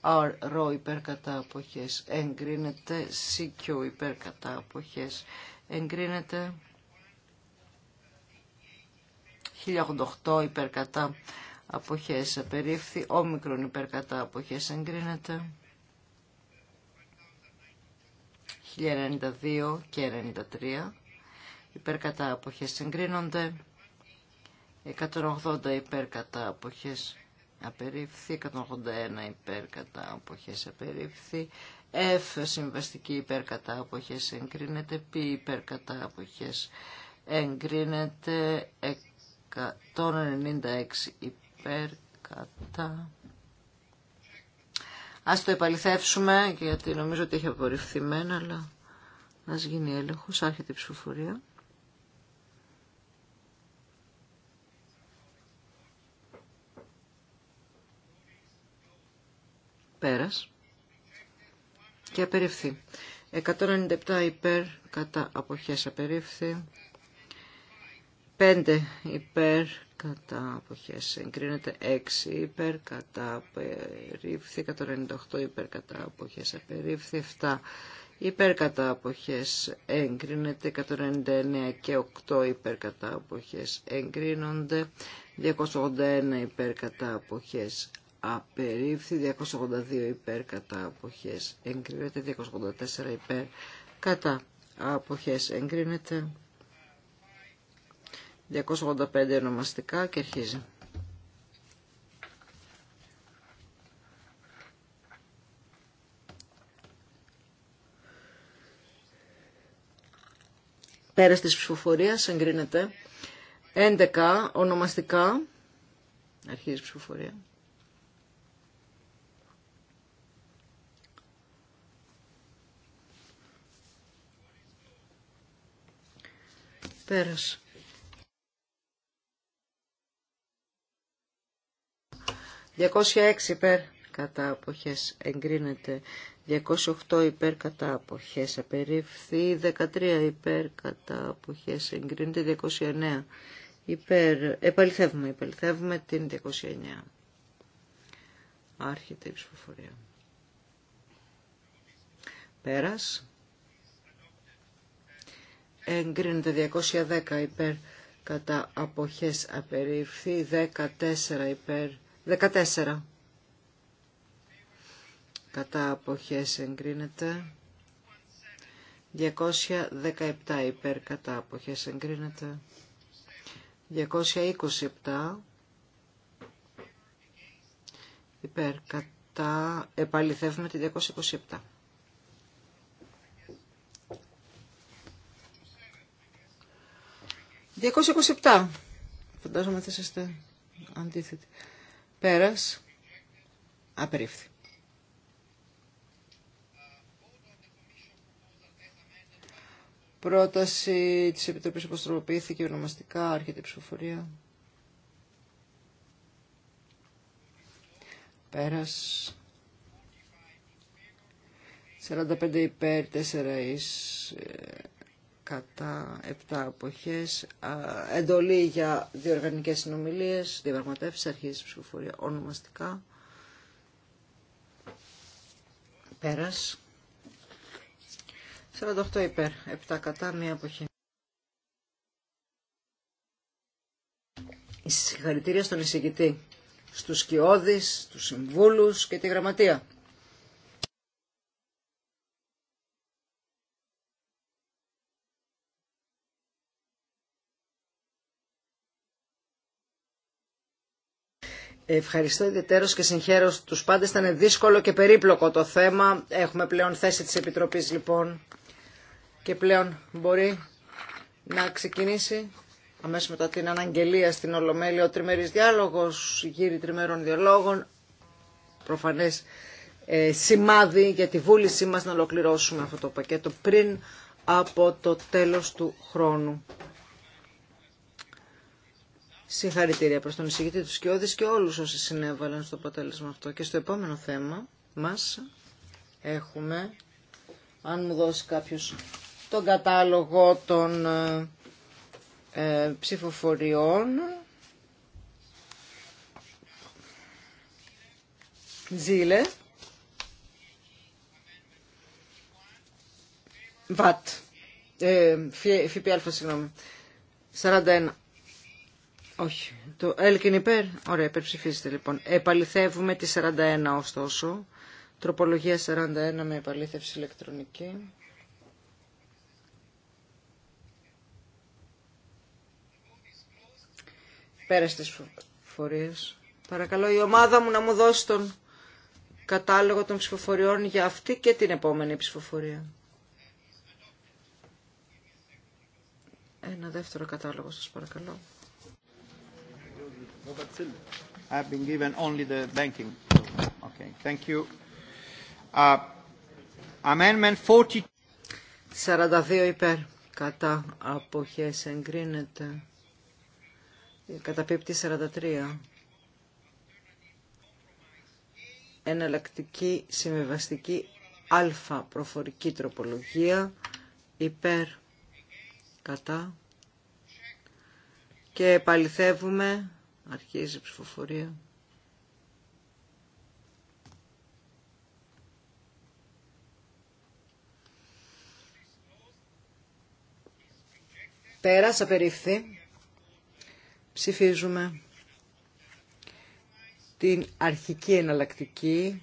Speaker 2: R ρο υπερκατά αποχές εγκρίνεται. C, Q υπέρκατα αποχές εγκρίνεται. 1088 υπέρ αποχές απερίφθη. Όμικρον υπερκατά αποχές εγκρίνεται. 1092 και 93 Υπερκατά συγκρίνονται. εγκρίνονται 180 υπέρ αποχές απερίφθη 181 υπέρ απερίφθη F συμβαστική υπέρ εγκρίνεται P υπέρ εγκρίνεται 196 υπερκατά Ας το επαληθεύσουμε γιατί νομίζω ότι έχει απορριφθεί μένα αλλά ας γίνει έλεγχος, άρχεται η ψηφοφορία. πέρας και απερίφθη. 197 υπέρ κατά αποχές απερίφθη. 5 υπέρ κατά αποχές εγκρίνεται. 6 υπέρ κατά απερίφθη. 198 υπέρ κατά αποχές απερίφθη. 7 υπέρ κατά αποχές εγκρίνεται. 199 και 8 υπέρ κατά αποχές εγκρίνονται. 281 υπέρ κατά αποχές απερίφθη 282 υπέρ κατά αποχές εγκρίνεται 284 υπέρ κατά αποχές εγκρίνεται 285 ονομαστικά και αρχίζει Πέρας της ψηφοφορίας εγκρίνεται 11 ονομαστικά αρχίζει η ψηφοφορία Πέρας. «206 υπέρ κατά αποχές εγκρίνεται, 208 υπέρ κατά αποχές απερίφθη, 13 υπέρ κατά αποχές εγκρίνεται, 209 υπέρ, επαληθεύουμε, επαληθεύουμε την 209. Άρχεται η ψηφοφορία. Πέρας εγκρίνεται 210 υπέρ κατά αποχές απεριφθεί 14 υπέρ 14 κατά αποχές εγκρίνεται 217 υπέρ κατά αποχές εγκρίνεται 227 υπέρ κατά επαληθεύουμε τη 227 227. Φαντάζομαι θα είστε αντίθετοι. Πέρας. Απερίφθη. Πρόταση της Επιτροπής αποστροποποιήθηκε ονομαστικά, άρχεται η ψηφοφορία. Πέρας. 45 υπέρ, 4 εις, ε, κατά 7 αποχές, εντολή για διοργανικές συνομιλίες, διαπραγματεύσεις, αρχής ψηφοφορία ονομαστικά, πέρας, 48 υπέρ, 7 κατά, μία αποχή. Συγχαρητήρια στον εισηγητή, στους σκιώδεις, τους συμβούλους και τη γραμματεία. Ευχαριστώ ιδιαίτερως και συγχαίρω τους πάντες. Ήταν δύσκολο και περίπλοκο το θέμα. Έχουμε πλέον θέση της Επιτροπής λοιπόν και πλέον μπορεί να ξεκινήσει αμέσως μετά την αναγγελία στην Ολομέλεια ο τριμερής διάλογος, γύρι τριμερών διαλόγων, προφανές ε, σημάδι για τη βούλησή μας να ολοκληρώσουμε αυτό το πακέτο πριν από το τέλος του χρόνου. Συγχαρητήρια προς τον εισηγητή του Σκιώδης και όλους όσοι συνέβαλαν στο αποτέλεσμα αυτό. Και στο επόμενο θέμα μας έχουμε, αν μου δώσει κάποιος τον κατάλογο των ε, ε ψηφοφοριών, Ζήλε, ΒΑΤ, ε, ΦΠΑ, συγγνώμη, 41 όχι. Το Έλκιν υπέρ. Ωραία, υπερψηφίζεται λοιπόν. Επαληθεύουμε τη 41 ωστόσο. Τροπολογία 41 με επαλήθευση ηλεκτρονική. Πέρα στις φορείες. Παρακαλώ η ομάδα μου να μου δώσει τον κατάλογο των ψηφοφοριών για αυτή και την επόμενη ψηφοφορία. Ένα δεύτερο κατάλογο σας παρακαλώ.
Speaker 4: I
Speaker 1: I've been given only the banking. Okay, thank you. Uh,
Speaker 2: amendment 40... 42 υπέρ. Κατά αποχές εγκρίνεται. Καταπίπτει 43. Εναλλακτική συμβιβαστική α προφορική τροπολογία υπέρ κατά και επαληθεύουμε Αρχίζει η ψηφοφορία. Πέρασα περίφθη. Ψηφίζουμε την αρχική εναλλακτική.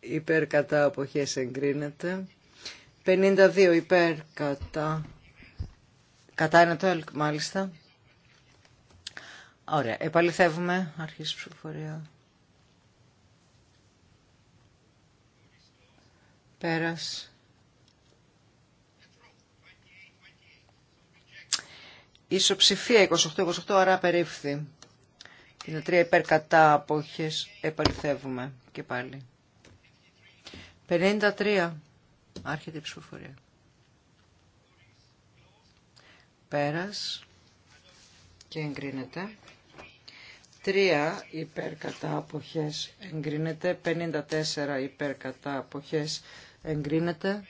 Speaker 2: Υπέρ κατά αποχές εγκρίνεται. 52 υπέρ κατά... Κατά ένα το μάλιστα. Ωραία. Επαληθεύουμε. Αρχής ψηφοφορία. Πέρας. Ισοψηφία 28-28, άρα περίφθη. Τα τρία υπέρ κατά απόχες. Επαληθεύουμε και πάλι. 53. Άρχεται η ψηφοφορία. Πέρας. Και εγκρίνεται. Τ3 υπέρ κατά αποχές εγκρίνεται, 54 υπέρ κατά αποχές εγκρίνεται,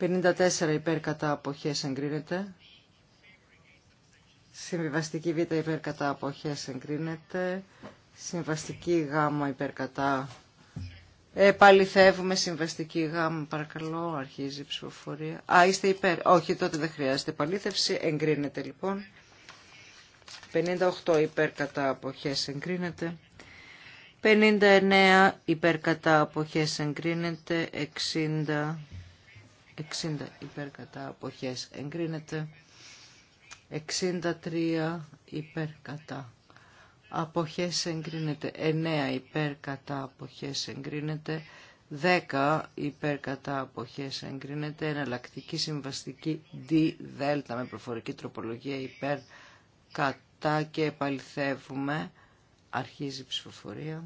Speaker 2: 54 υπέρ κατά αποχές εγκρίνεται, συμβιβαστική β υπερκατά κατά αποχές εγκρίνεται, συμβαστική γ υπέρ κατά ε, συμβαστική γάμμα, παρακαλώ, αρχίζει η ψηφοφορία. Α, είστε υπέρ. Όχι, τότε δεν χρειάζεται επαλήθευση. Εγκρίνεται λοιπόν. 58 υπέρ κατά αποχές εγκρίνεται. 59 υπέρ κατά αποχές εγκρίνεται. 60, 60 υπέρ κατά αποχές εγκρίνεται. 63 υπέρ κατά αποχές εγκρίνεται. 9 υπέρ κατά αποχές εγκρίνεται. 10 υπέρ κατά αποχές εγκρίνεται. Εναλλακτική συμβαστική D δέλτα με προφορική τροπολογία υπέρ κατά και επαληθεύουμε. Αρχίζει η ψηφοφορία.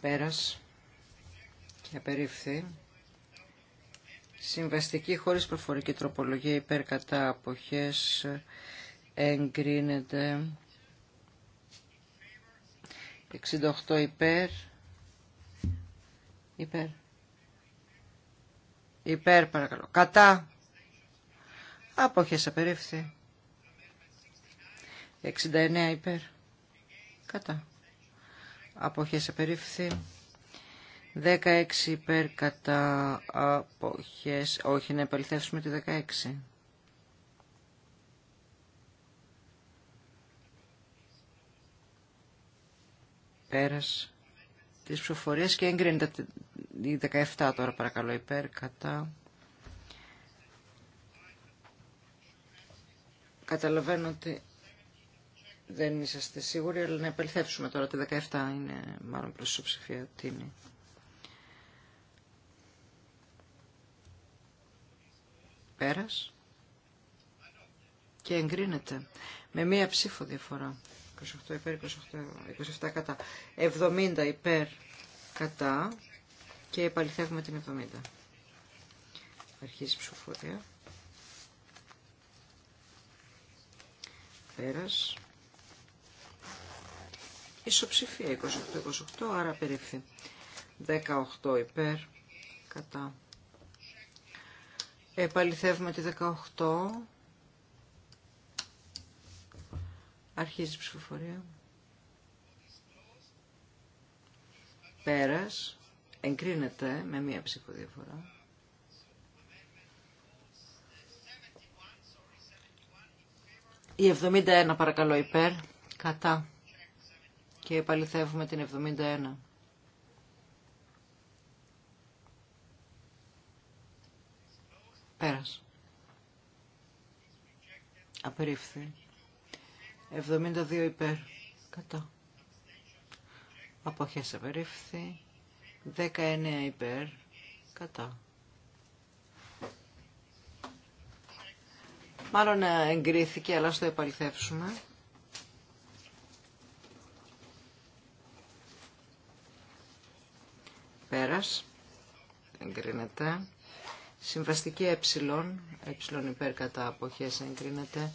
Speaker 2: Πέρας και απερίφθη. Συμβαστική χωρίς προφορική τροπολογία υπέρ κατά αποχές εγκρίνεται 68 υπέρ υπέρ υπέρ παρακαλώ κατά Απόχες απερίφθη. 69 υπέρ. Κατά. Απόχες απερίφθη. 16 υπέρ κατά αποχές. Όχι, να επαληθεύσουμε τη 16. Πέρας της ψηφοφορίας και έγκρινε η 17 τώρα παρακαλώ υπέρ κατά Καταλαβαίνω ότι δεν είσαστε σίγουροι, αλλά να επελθεύσουμε τώρα. Το 17 είναι μάλλον προς ισοψηφία Πέρας. Και εγκρίνεται. Με μία ψήφο διαφορά. 28 υπέρ, 28, 27 κατά. 70 υπέρ κατά. Και επαληθεύουμε την 70. Αρχίζει η ψηφοφορία. Πέρας. Ισοψηφία 28-28, άρα περίφθη. 18 υπέρ, κατά. Επαληθεύουμε τη 18. Αρχίζει η ψηφοφορία. Πέρας. Εγκρίνεται με μία ψηφοδιαφορά. Η 71 παρακαλώ υπέρ, κατά και επαληθεύουμε την 71. Πέρας. Απερίφθη. 72 υπέρ. Κατά. Αποχές απερίφθη. 19 υπέρ. Κατά. Μάλλον ε, εγκρίθηκε, αλλά στο το επαληθεύσουμε. Πέρας. Εγκρίνεται. Συμβαστική ε, ε υπέρ κατά αποχές εγκρίνεται.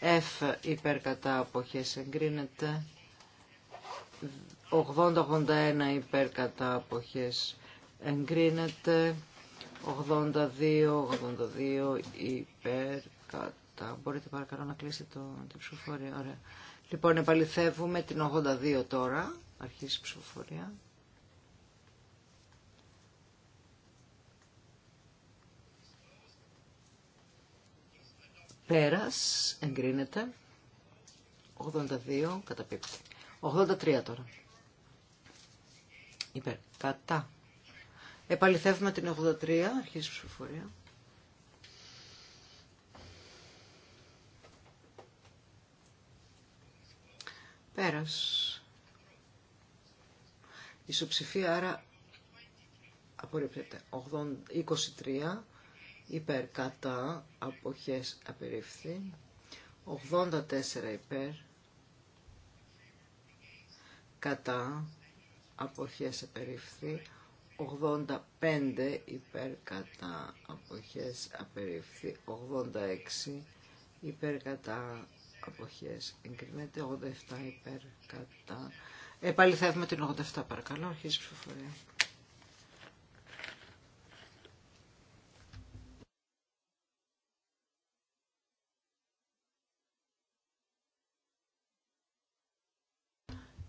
Speaker 2: F υπέρ κατά αποχές εγκρίνεται. 80-81 υπέρ κατά αποχές εγκρίνεται. 82-82 υπέρ κατά Μπορείτε παρακαλώ να κλείσετε το, την ψηφοφορία. Λοιπόν, επαληθεύουμε την 82 τώρα. Αρχίζει η ψηφοφορία. Πέρας, εγκρίνεται. 82, καταπίπτει. 83 τώρα. Υπέρ. Κατά. Επαληθεύουμε την 83, αρχίζει η ψηφοφορία. Πέρας. Ισοψηφία άρα απορρίπτεται. 23 υπέρ κατά αποχές απερίφθη. 84 υπέρ κατά αποχές απερίφθη. 85 υπέρ κατά αποχές απερίφθη. 86 υπέρ κατά αποχές εγκρίνεται 87 υπέρ κατά επαληθεύουμε την 87 παρακαλώ αρχίζει ψηφοφορία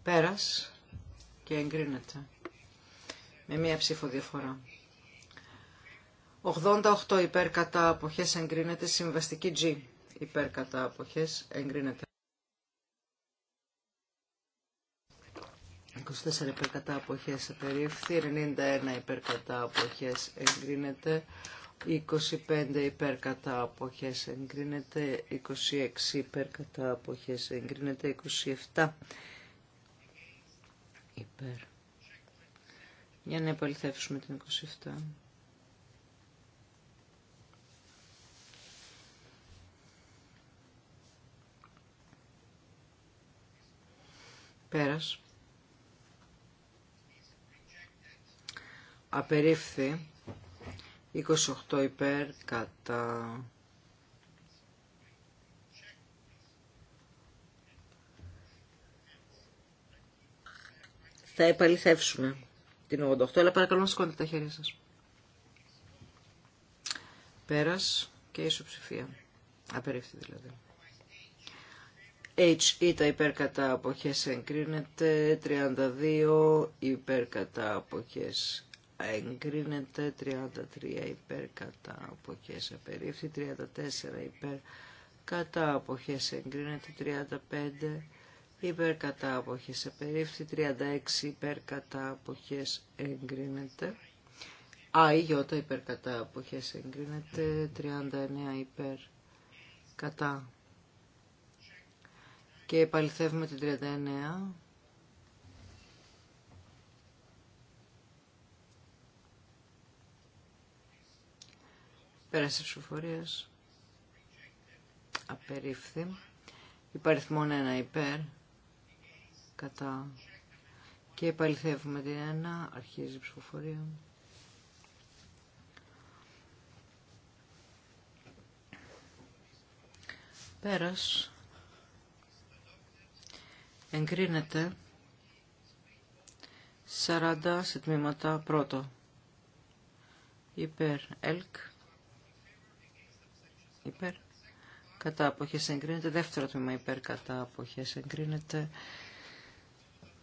Speaker 2: πέρας και εγκρίνεται με μία ψήφο διαφορά. 88 υπέρ κατά αποχές εγκρίνεται συμβαστική G υπέρ εγκρίνεται. 24 υπέρ κατά απερίφθη, 91 υπέρ κατά αποχές εγκρίνεται, 25 υπέρ κατά αποχές εγκρίνεται, 26 υπέρ κατά αποχές εγκρίνεται, 27 υπέρ. Για να επαληθεύσουμε την 27. Πέρας. Απερίφθη. 28 υπέρ κατά... Θα επαληθεύσουμε την 88, αλλά παρακαλώ να σηκώνετε τα χέρια σας. Πέρας και ισοψηφία. Απερίφθη δηλαδή. HE τα υπέρκατα αποχές εγκρίνεται, 32 υπέρκατα αποχές εγκρίνεται, 33 υπέρκατα αποχές απερίφθη, 34 υπέρ κατά αποχές εγκρίνεται, 35 υπέρ αποχές απερίφθη, 36 υπέρ αποχές εγκρίνεται. Α, η γιώτα υπέρ αποχές εγκρίνεται, 39 υπέρ κατά και επαληθεύουμε την 39. Πέρασε ψηφοφορίας. Απερίφθη. Υπαριθμόν 1 υπέρ. Κατά. Και επαληθεύουμε την 1. Αρχίζει η ψηφοφορία. Πέρας εγκρίνεται 40 σε τμήματα πρώτο υπέρ ΕΛΚ υπέρ κατά αποχές εγκρίνεται δεύτερο τμήμα υπέρ κατά αποχές εγκρίνεται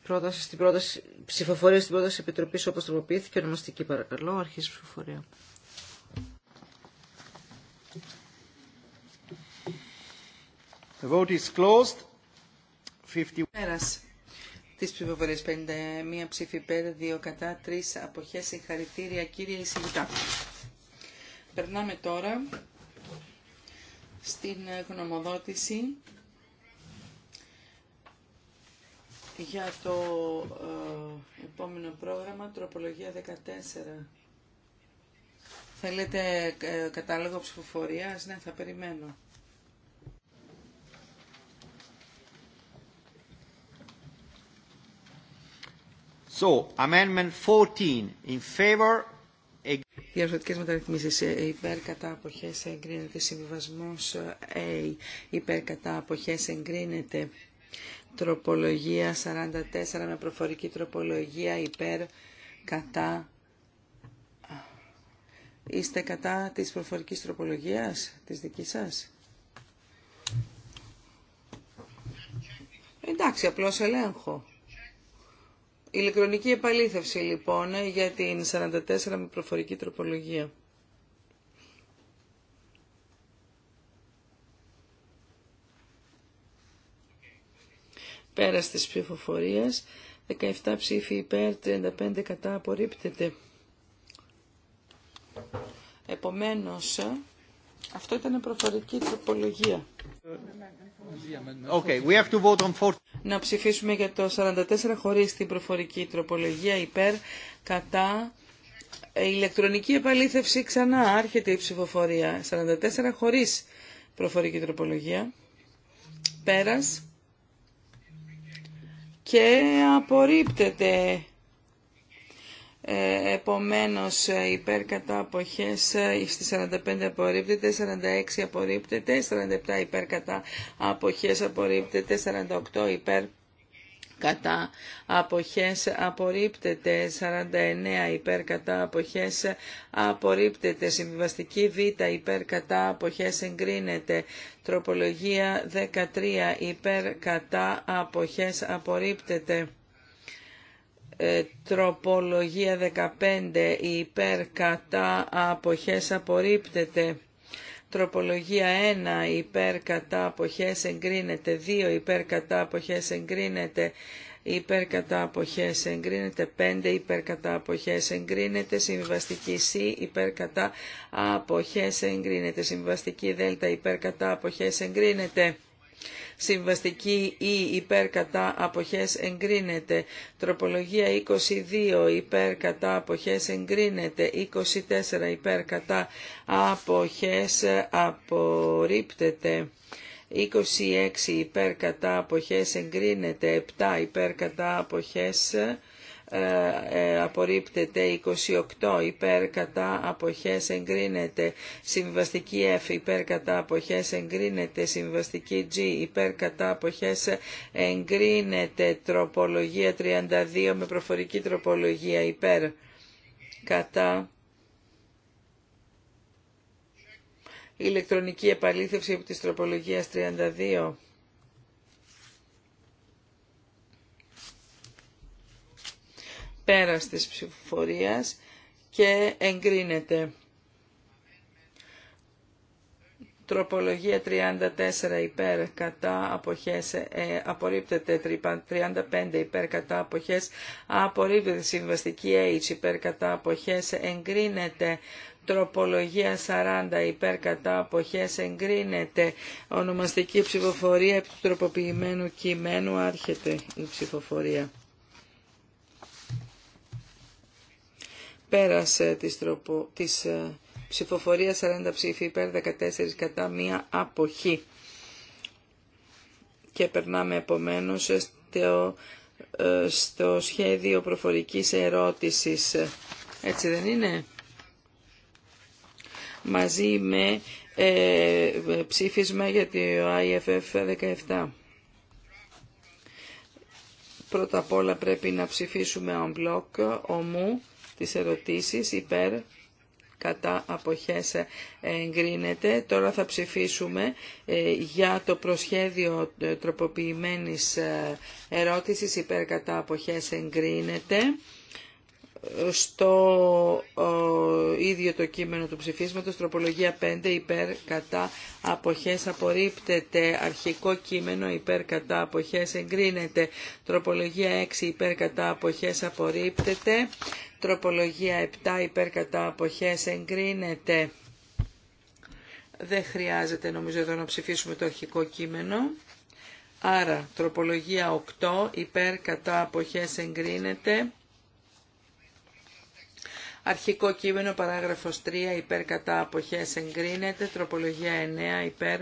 Speaker 2: πρόταση στην πρόταση, ψηφοφορία στην πρόταση επιτροπής όπως τροποποιήθηκε ονομαστική παρακαλώ αρχής ψηφοφορία The vote is
Speaker 3: closed. 50... Πέρας της ψηφοφορίας 51 ψήφι 5, 2 κατά, 3 αποχές. Συγχαρητήρια κύριε Ισηγητά. Περνάμε τώρα στην γνωμοδότηση για το ε, επόμενο πρόγραμμα, τροπολογία 14. Θέλετε ε, κατάλογο ψηφοφορίας, ναι, θα περιμένω. So, amendment 14 in favor. μεταρρυθμίσεις ε, υπέρ κατά αποχές εγκρίνεται. Συμβιβασμός ε, A υπέρ κατά αποχές εγκρίνεται. Τροπολογία 44 με προφορική τροπολογία υπέρ κατά. Είστε κατά της προφορικής τροπολογίας της δικής σας. Εντάξει, απλώς ελέγχω. Ηλεκτρονική επαλήθευση λοιπόν για την 44 με προφορική τροπολογία. Πέρα της ψηφοφορίας, 17 ψήφοι υπέρ, 35 κατά απορρίπτεται. Επομένως, αυτό ήταν η προφορική τροπολογία. Okay, we have to vote on four. Να ψηφίσουμε για το 44 χωρίς την προφορική τροπολογία υπέρ, κατά, ε, ηλεκτρονική επαλήθευση ξανά, άρχεται η ψηφοφορία. 44 χωρίς προφορική τροπολογία. Πέρας. Και απορρίπτεται ε, επομένως ε, υπέρ κατά αποχές ε, στις 45 απορρίπτεται, 46 απορρίπτεται, 47 υπέρ κατά αποχές απορρίπτεται, 48 υπέρ κατά αποχές απορρίπτεται, 49 υπέρ κατά αποχές απορρίπτεται, συμβιβαστική β υπέρ κατά αποχές εγκρίνεται, τροπολογία 13 υπέρ κατά αποχές απορρίπτεται. Ε, τροπολογία 15 υπέρ κατά αποχές απορρίπτεται. Τροπολογία 1 υπέρ κατά αποχές εγκρίνεται. 2 υπέρ κατά αποχές εγκρίνεται. Υπέρ κατά αποχές εγκρίνεται. 5 υπέρ κατά αποχές εγκρίνεται. Συμβιβαστική C υπέρ κατά αποχές εγκρίνεται. Συμβιβαστική Δ υπέρ κατά αποχές εγκρίνεται συμβαστική ή υπέρ κατά αποχές εγκρίνεται. Τροπολογία 22 υπέρ κατά αποχές εγκρίνεται. 24 υπέρ κατά αποχές απορρίπτεται. 26 υπέρ κατά αποχές εγκρίνεται. 7 υπέρ κατά αποχές ε, ε, απορρίπτεται 28 υπέρ κατά αποχές εγκρίνεται συμβαστική F υπέρ κατά αποχές εγκρίνεται συμβαστική G υπέρ κατά αποχές εγκρίνεται τροπολογία 32 με προφορική τροπολογία υπέρ κατά ηλεκτρονική επαλήθευση από της τροπολογίας 32 πέρας της ψηφοφορίας και εγκρίνεται. Τροπολογία 34 υπέρ κατά αποχές ε, απορρίπτεται, 35 υπέρ κατά αποχές απορρίπτεται, συμβαστική H υπέρ κατά αποχές εγκρίνεται, τροπολογία 40 υπέρ κατά αποχές εγκρίνεται, ονομαστική ψηφοφορία του τροποποιημένου κειμένου άρχεται η ψηφοφορία. Πέρασε της, τροπο, της ε, ψηφοφορία 40 ψήφοι υπέρ 14 κατά μία αποχή. Και περνάμε επομένως στο, ε, στο σχέδιο προφορικής ερώτησης. Έτσι δεν είναι. Μαζί με ε, ψήφισμα για το IFF 17. Πρώτα απ' όλα πρέπει να ψηφίσουμε on block, ομού, τις ερωτήσεις υπέρ κατά αποχές ε, εγκρίνεται. Τώρα θα ψηφίσουμε ε, για το προσχέδιο ε, τροποποιημένης ερώτησης υπέρ κατά αποχές εγκρίνεται στο ίδιο το κείμενο του ψηφίσματος, τροπολογία 5, υπέρ κατά αποχές απορρίπτεται, αρχικό κείμενο υπέρ κατά αποχές εγκρίνεται, τροπολογία 6 υπέρ κατά αποχές απορρίπτεται, τροπολογία 7 υπέρ κατά αποχές εγκρίνεται. Δεν χρειάζεται νομίζω εδώ να ψηφίσουμε το αρχικό κείμενο. Άρα, τροπολογία 8, υπέρ κατά αποχές εγκρίνεται Αρχικό κείμενο παράγραφος 3 υπέρ κατά αποχές εγκρίνεται. Τροπολογία 9 υπέρ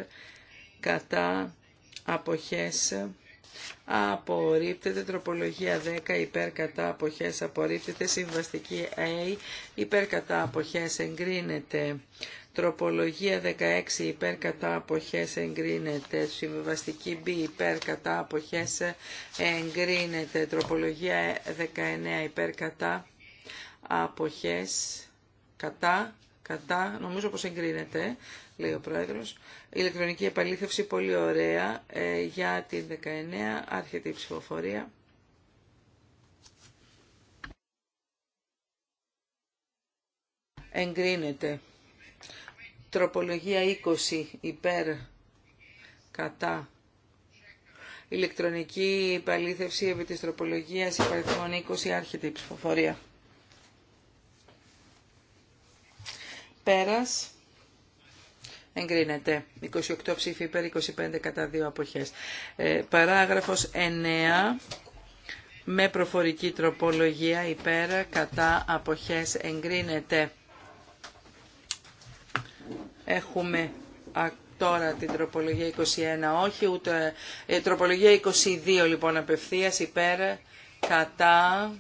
Speaker 3: κατά αποχές απορρίπτεται. Τροπολογία 10 υπέρ κατά αποχές απορρίπτεται. Συμβαστική A υπέρ κατά αποχές εγκρίνεται. Τροπολογία 16 υπέρ κατά αποχές εγκρίνεται. Συμβαστική B υπέρ κατά αποχές εγκρίνεται. Τροπολογία 19 υπέρ κατά αποχές κατά, κατά, νομίζω πως εγκρίνεται, λέει ο Πρόεδρος. Ηλεκτρονική επαλήθευση, πολύ ωραία, ε, για την 19, άρχεται η ψηφοφορία. Εγκρίνεται. Τροπολογία 20 υπέρ κατά ηλεκτρονική επαλήθευση επί της τροπολογίας υπαριθμών 20 άρχεται η ψηφοφορία. Πέρας. Εγκρίνεται. 28 ψήφοι υπέρ, 25 κατά 2 αποχές. Ε, παράγραφος 9 με προφορική τροπολογία υπέρ κατά αποχές εγκρίνεται. Έχουμε τώρα την τροπολογία 21, όχι ούτε... Ε, τροπολογία 22 λοιπόν απευθείας υπέρ κατά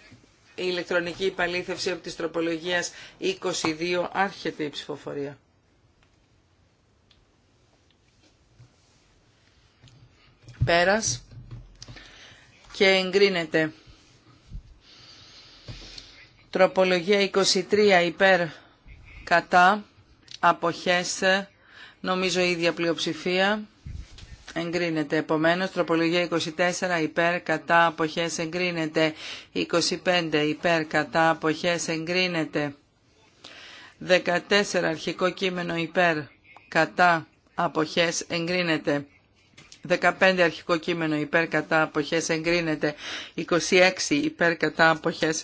Speaker 3: η ηλεκτρονική υπαλήθευση από της τροπολογίας 22 άρχεται η ψηφοφορία. Πέρας και εγκρίνεται. Τροπολογία 23 υπέρ κατά αποχές νομίζω ίδια πλειοψηφία. Εγκρίνεται. επομένω. τροπολογία 24 υπέρ κατά απόχέ εγκρίνεται. 25 υπέρ κατά απόχέ εγκρίνεται. 14 αρχικό κείμενο υπέρ κατά αποχέ εγκρίνεται. 15 αρχικό κείμενο υπέρ κατά αποχές εγκρίνεται. 26 υπέρ κατά αποχές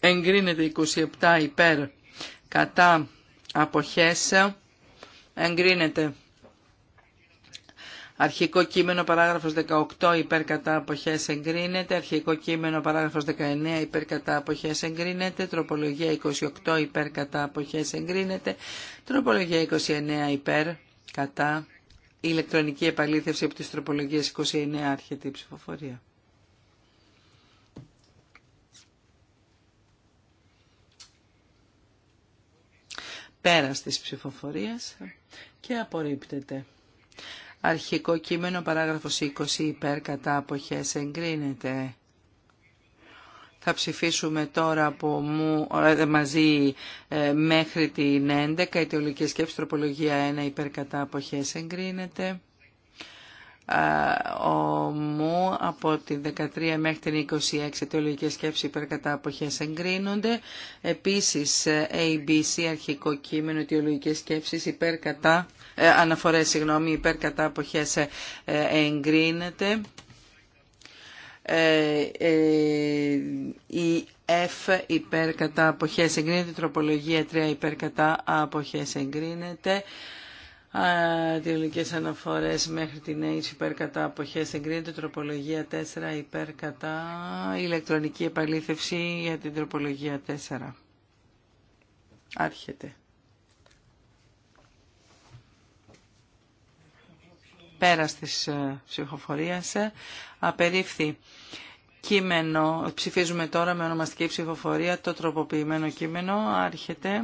Speaker 3: εγκρίνεται. 27 υπέρ κατά αποχές εγκρίνεται. Αρχικό κείμενο παράγραφος 18 υπέρ κατά αποχές εγκρίνεται. Αρχικό κείμενο παράγραφος 19 υπέρ κατά αποχές εγκρίνεται. Τροπολογία 28 υπέρ κατά αποχές εγκρίνεται. Τροπολογία 29 υπέρ κατά ηλεκτρονική επαλήθευση από τις τροπολογίες 29 άρχεται η ψηφοφορία. Πέρας της ψηφοφορίας και απορρίπτεται. Αρχικό κείμενο παράγραφος 20 υπέρ κατά αποχές εγκρίνεται. Θα ψηφίσουμε τώρα από μου, ε, μαζί ε, μέχρι την 11 η τεολογική σκέψη τροπολογία 1 υπέρ κατά αποχές εγκρίνεται. Ο μου από την 13 μέχρι την 26 σκέψη υπέρ κατά αποχές εγκρίνονται. Επίσης, ε, ABC αρχικό κείμενο τεολογικές σκέψεις κατά... Ε, αναφορές συγγνώμη, υπέρ κατά αποχές ε, εγκρίνεται. Ε, ε, η F υπέρ κατά αποχές εγκρίνεται, τροπολογία 3 υπέρ κατά αποχές εγκρίνεται. Διολογικές αναφορές μέχρι την H υπέρ κατά αποχές εγκρίνεται τροπολογία 4 υπέρ κατά ηλεκτρονική επαλήθευση για την τροπολογία 4. Άρχεται. πέρας της ε, ψηφοφορίας ε, απερίφθη κείμενο, ψηφίζουμε τώρα με ονομαστική ψηφοφορία το τροποποιημένο κείμενο, άρχεται.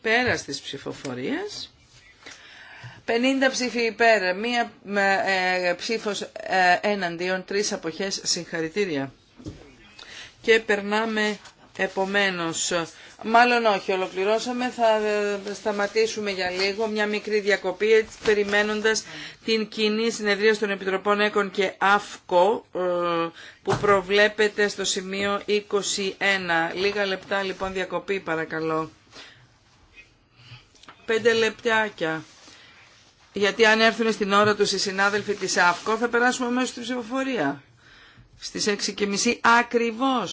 Speaker 3: Πέρας της ψηφοφορίας. 50 ψήφοι υπέρ, μία ε, ψήφος ε, εναντίον, τρεις αποχές, συγχαρητήρια. Και περνάμε Επομένως, μάλλον όχι, ολοκληρώσαμε, θα ε, σταματήσουμε για λίγο μια μικρή διακοπή περιμένοντας την κοινή συνεδρία των Επιτροπών ΕΚΟΝ και ΑΦΚΟ ε, που προβλέπεται στο σημείο 21. Λίγα λεπτά λοιπόν διακοπή παρακαλώ. Πέντε λεπτάκια. Γιατί αν έρθουν στην ώρα τους οι συνάδελφοι της ΑΦΚΟ θα περάσουμε μέσω στην ψηφοφορία. Στις 6.30 ακριβώς.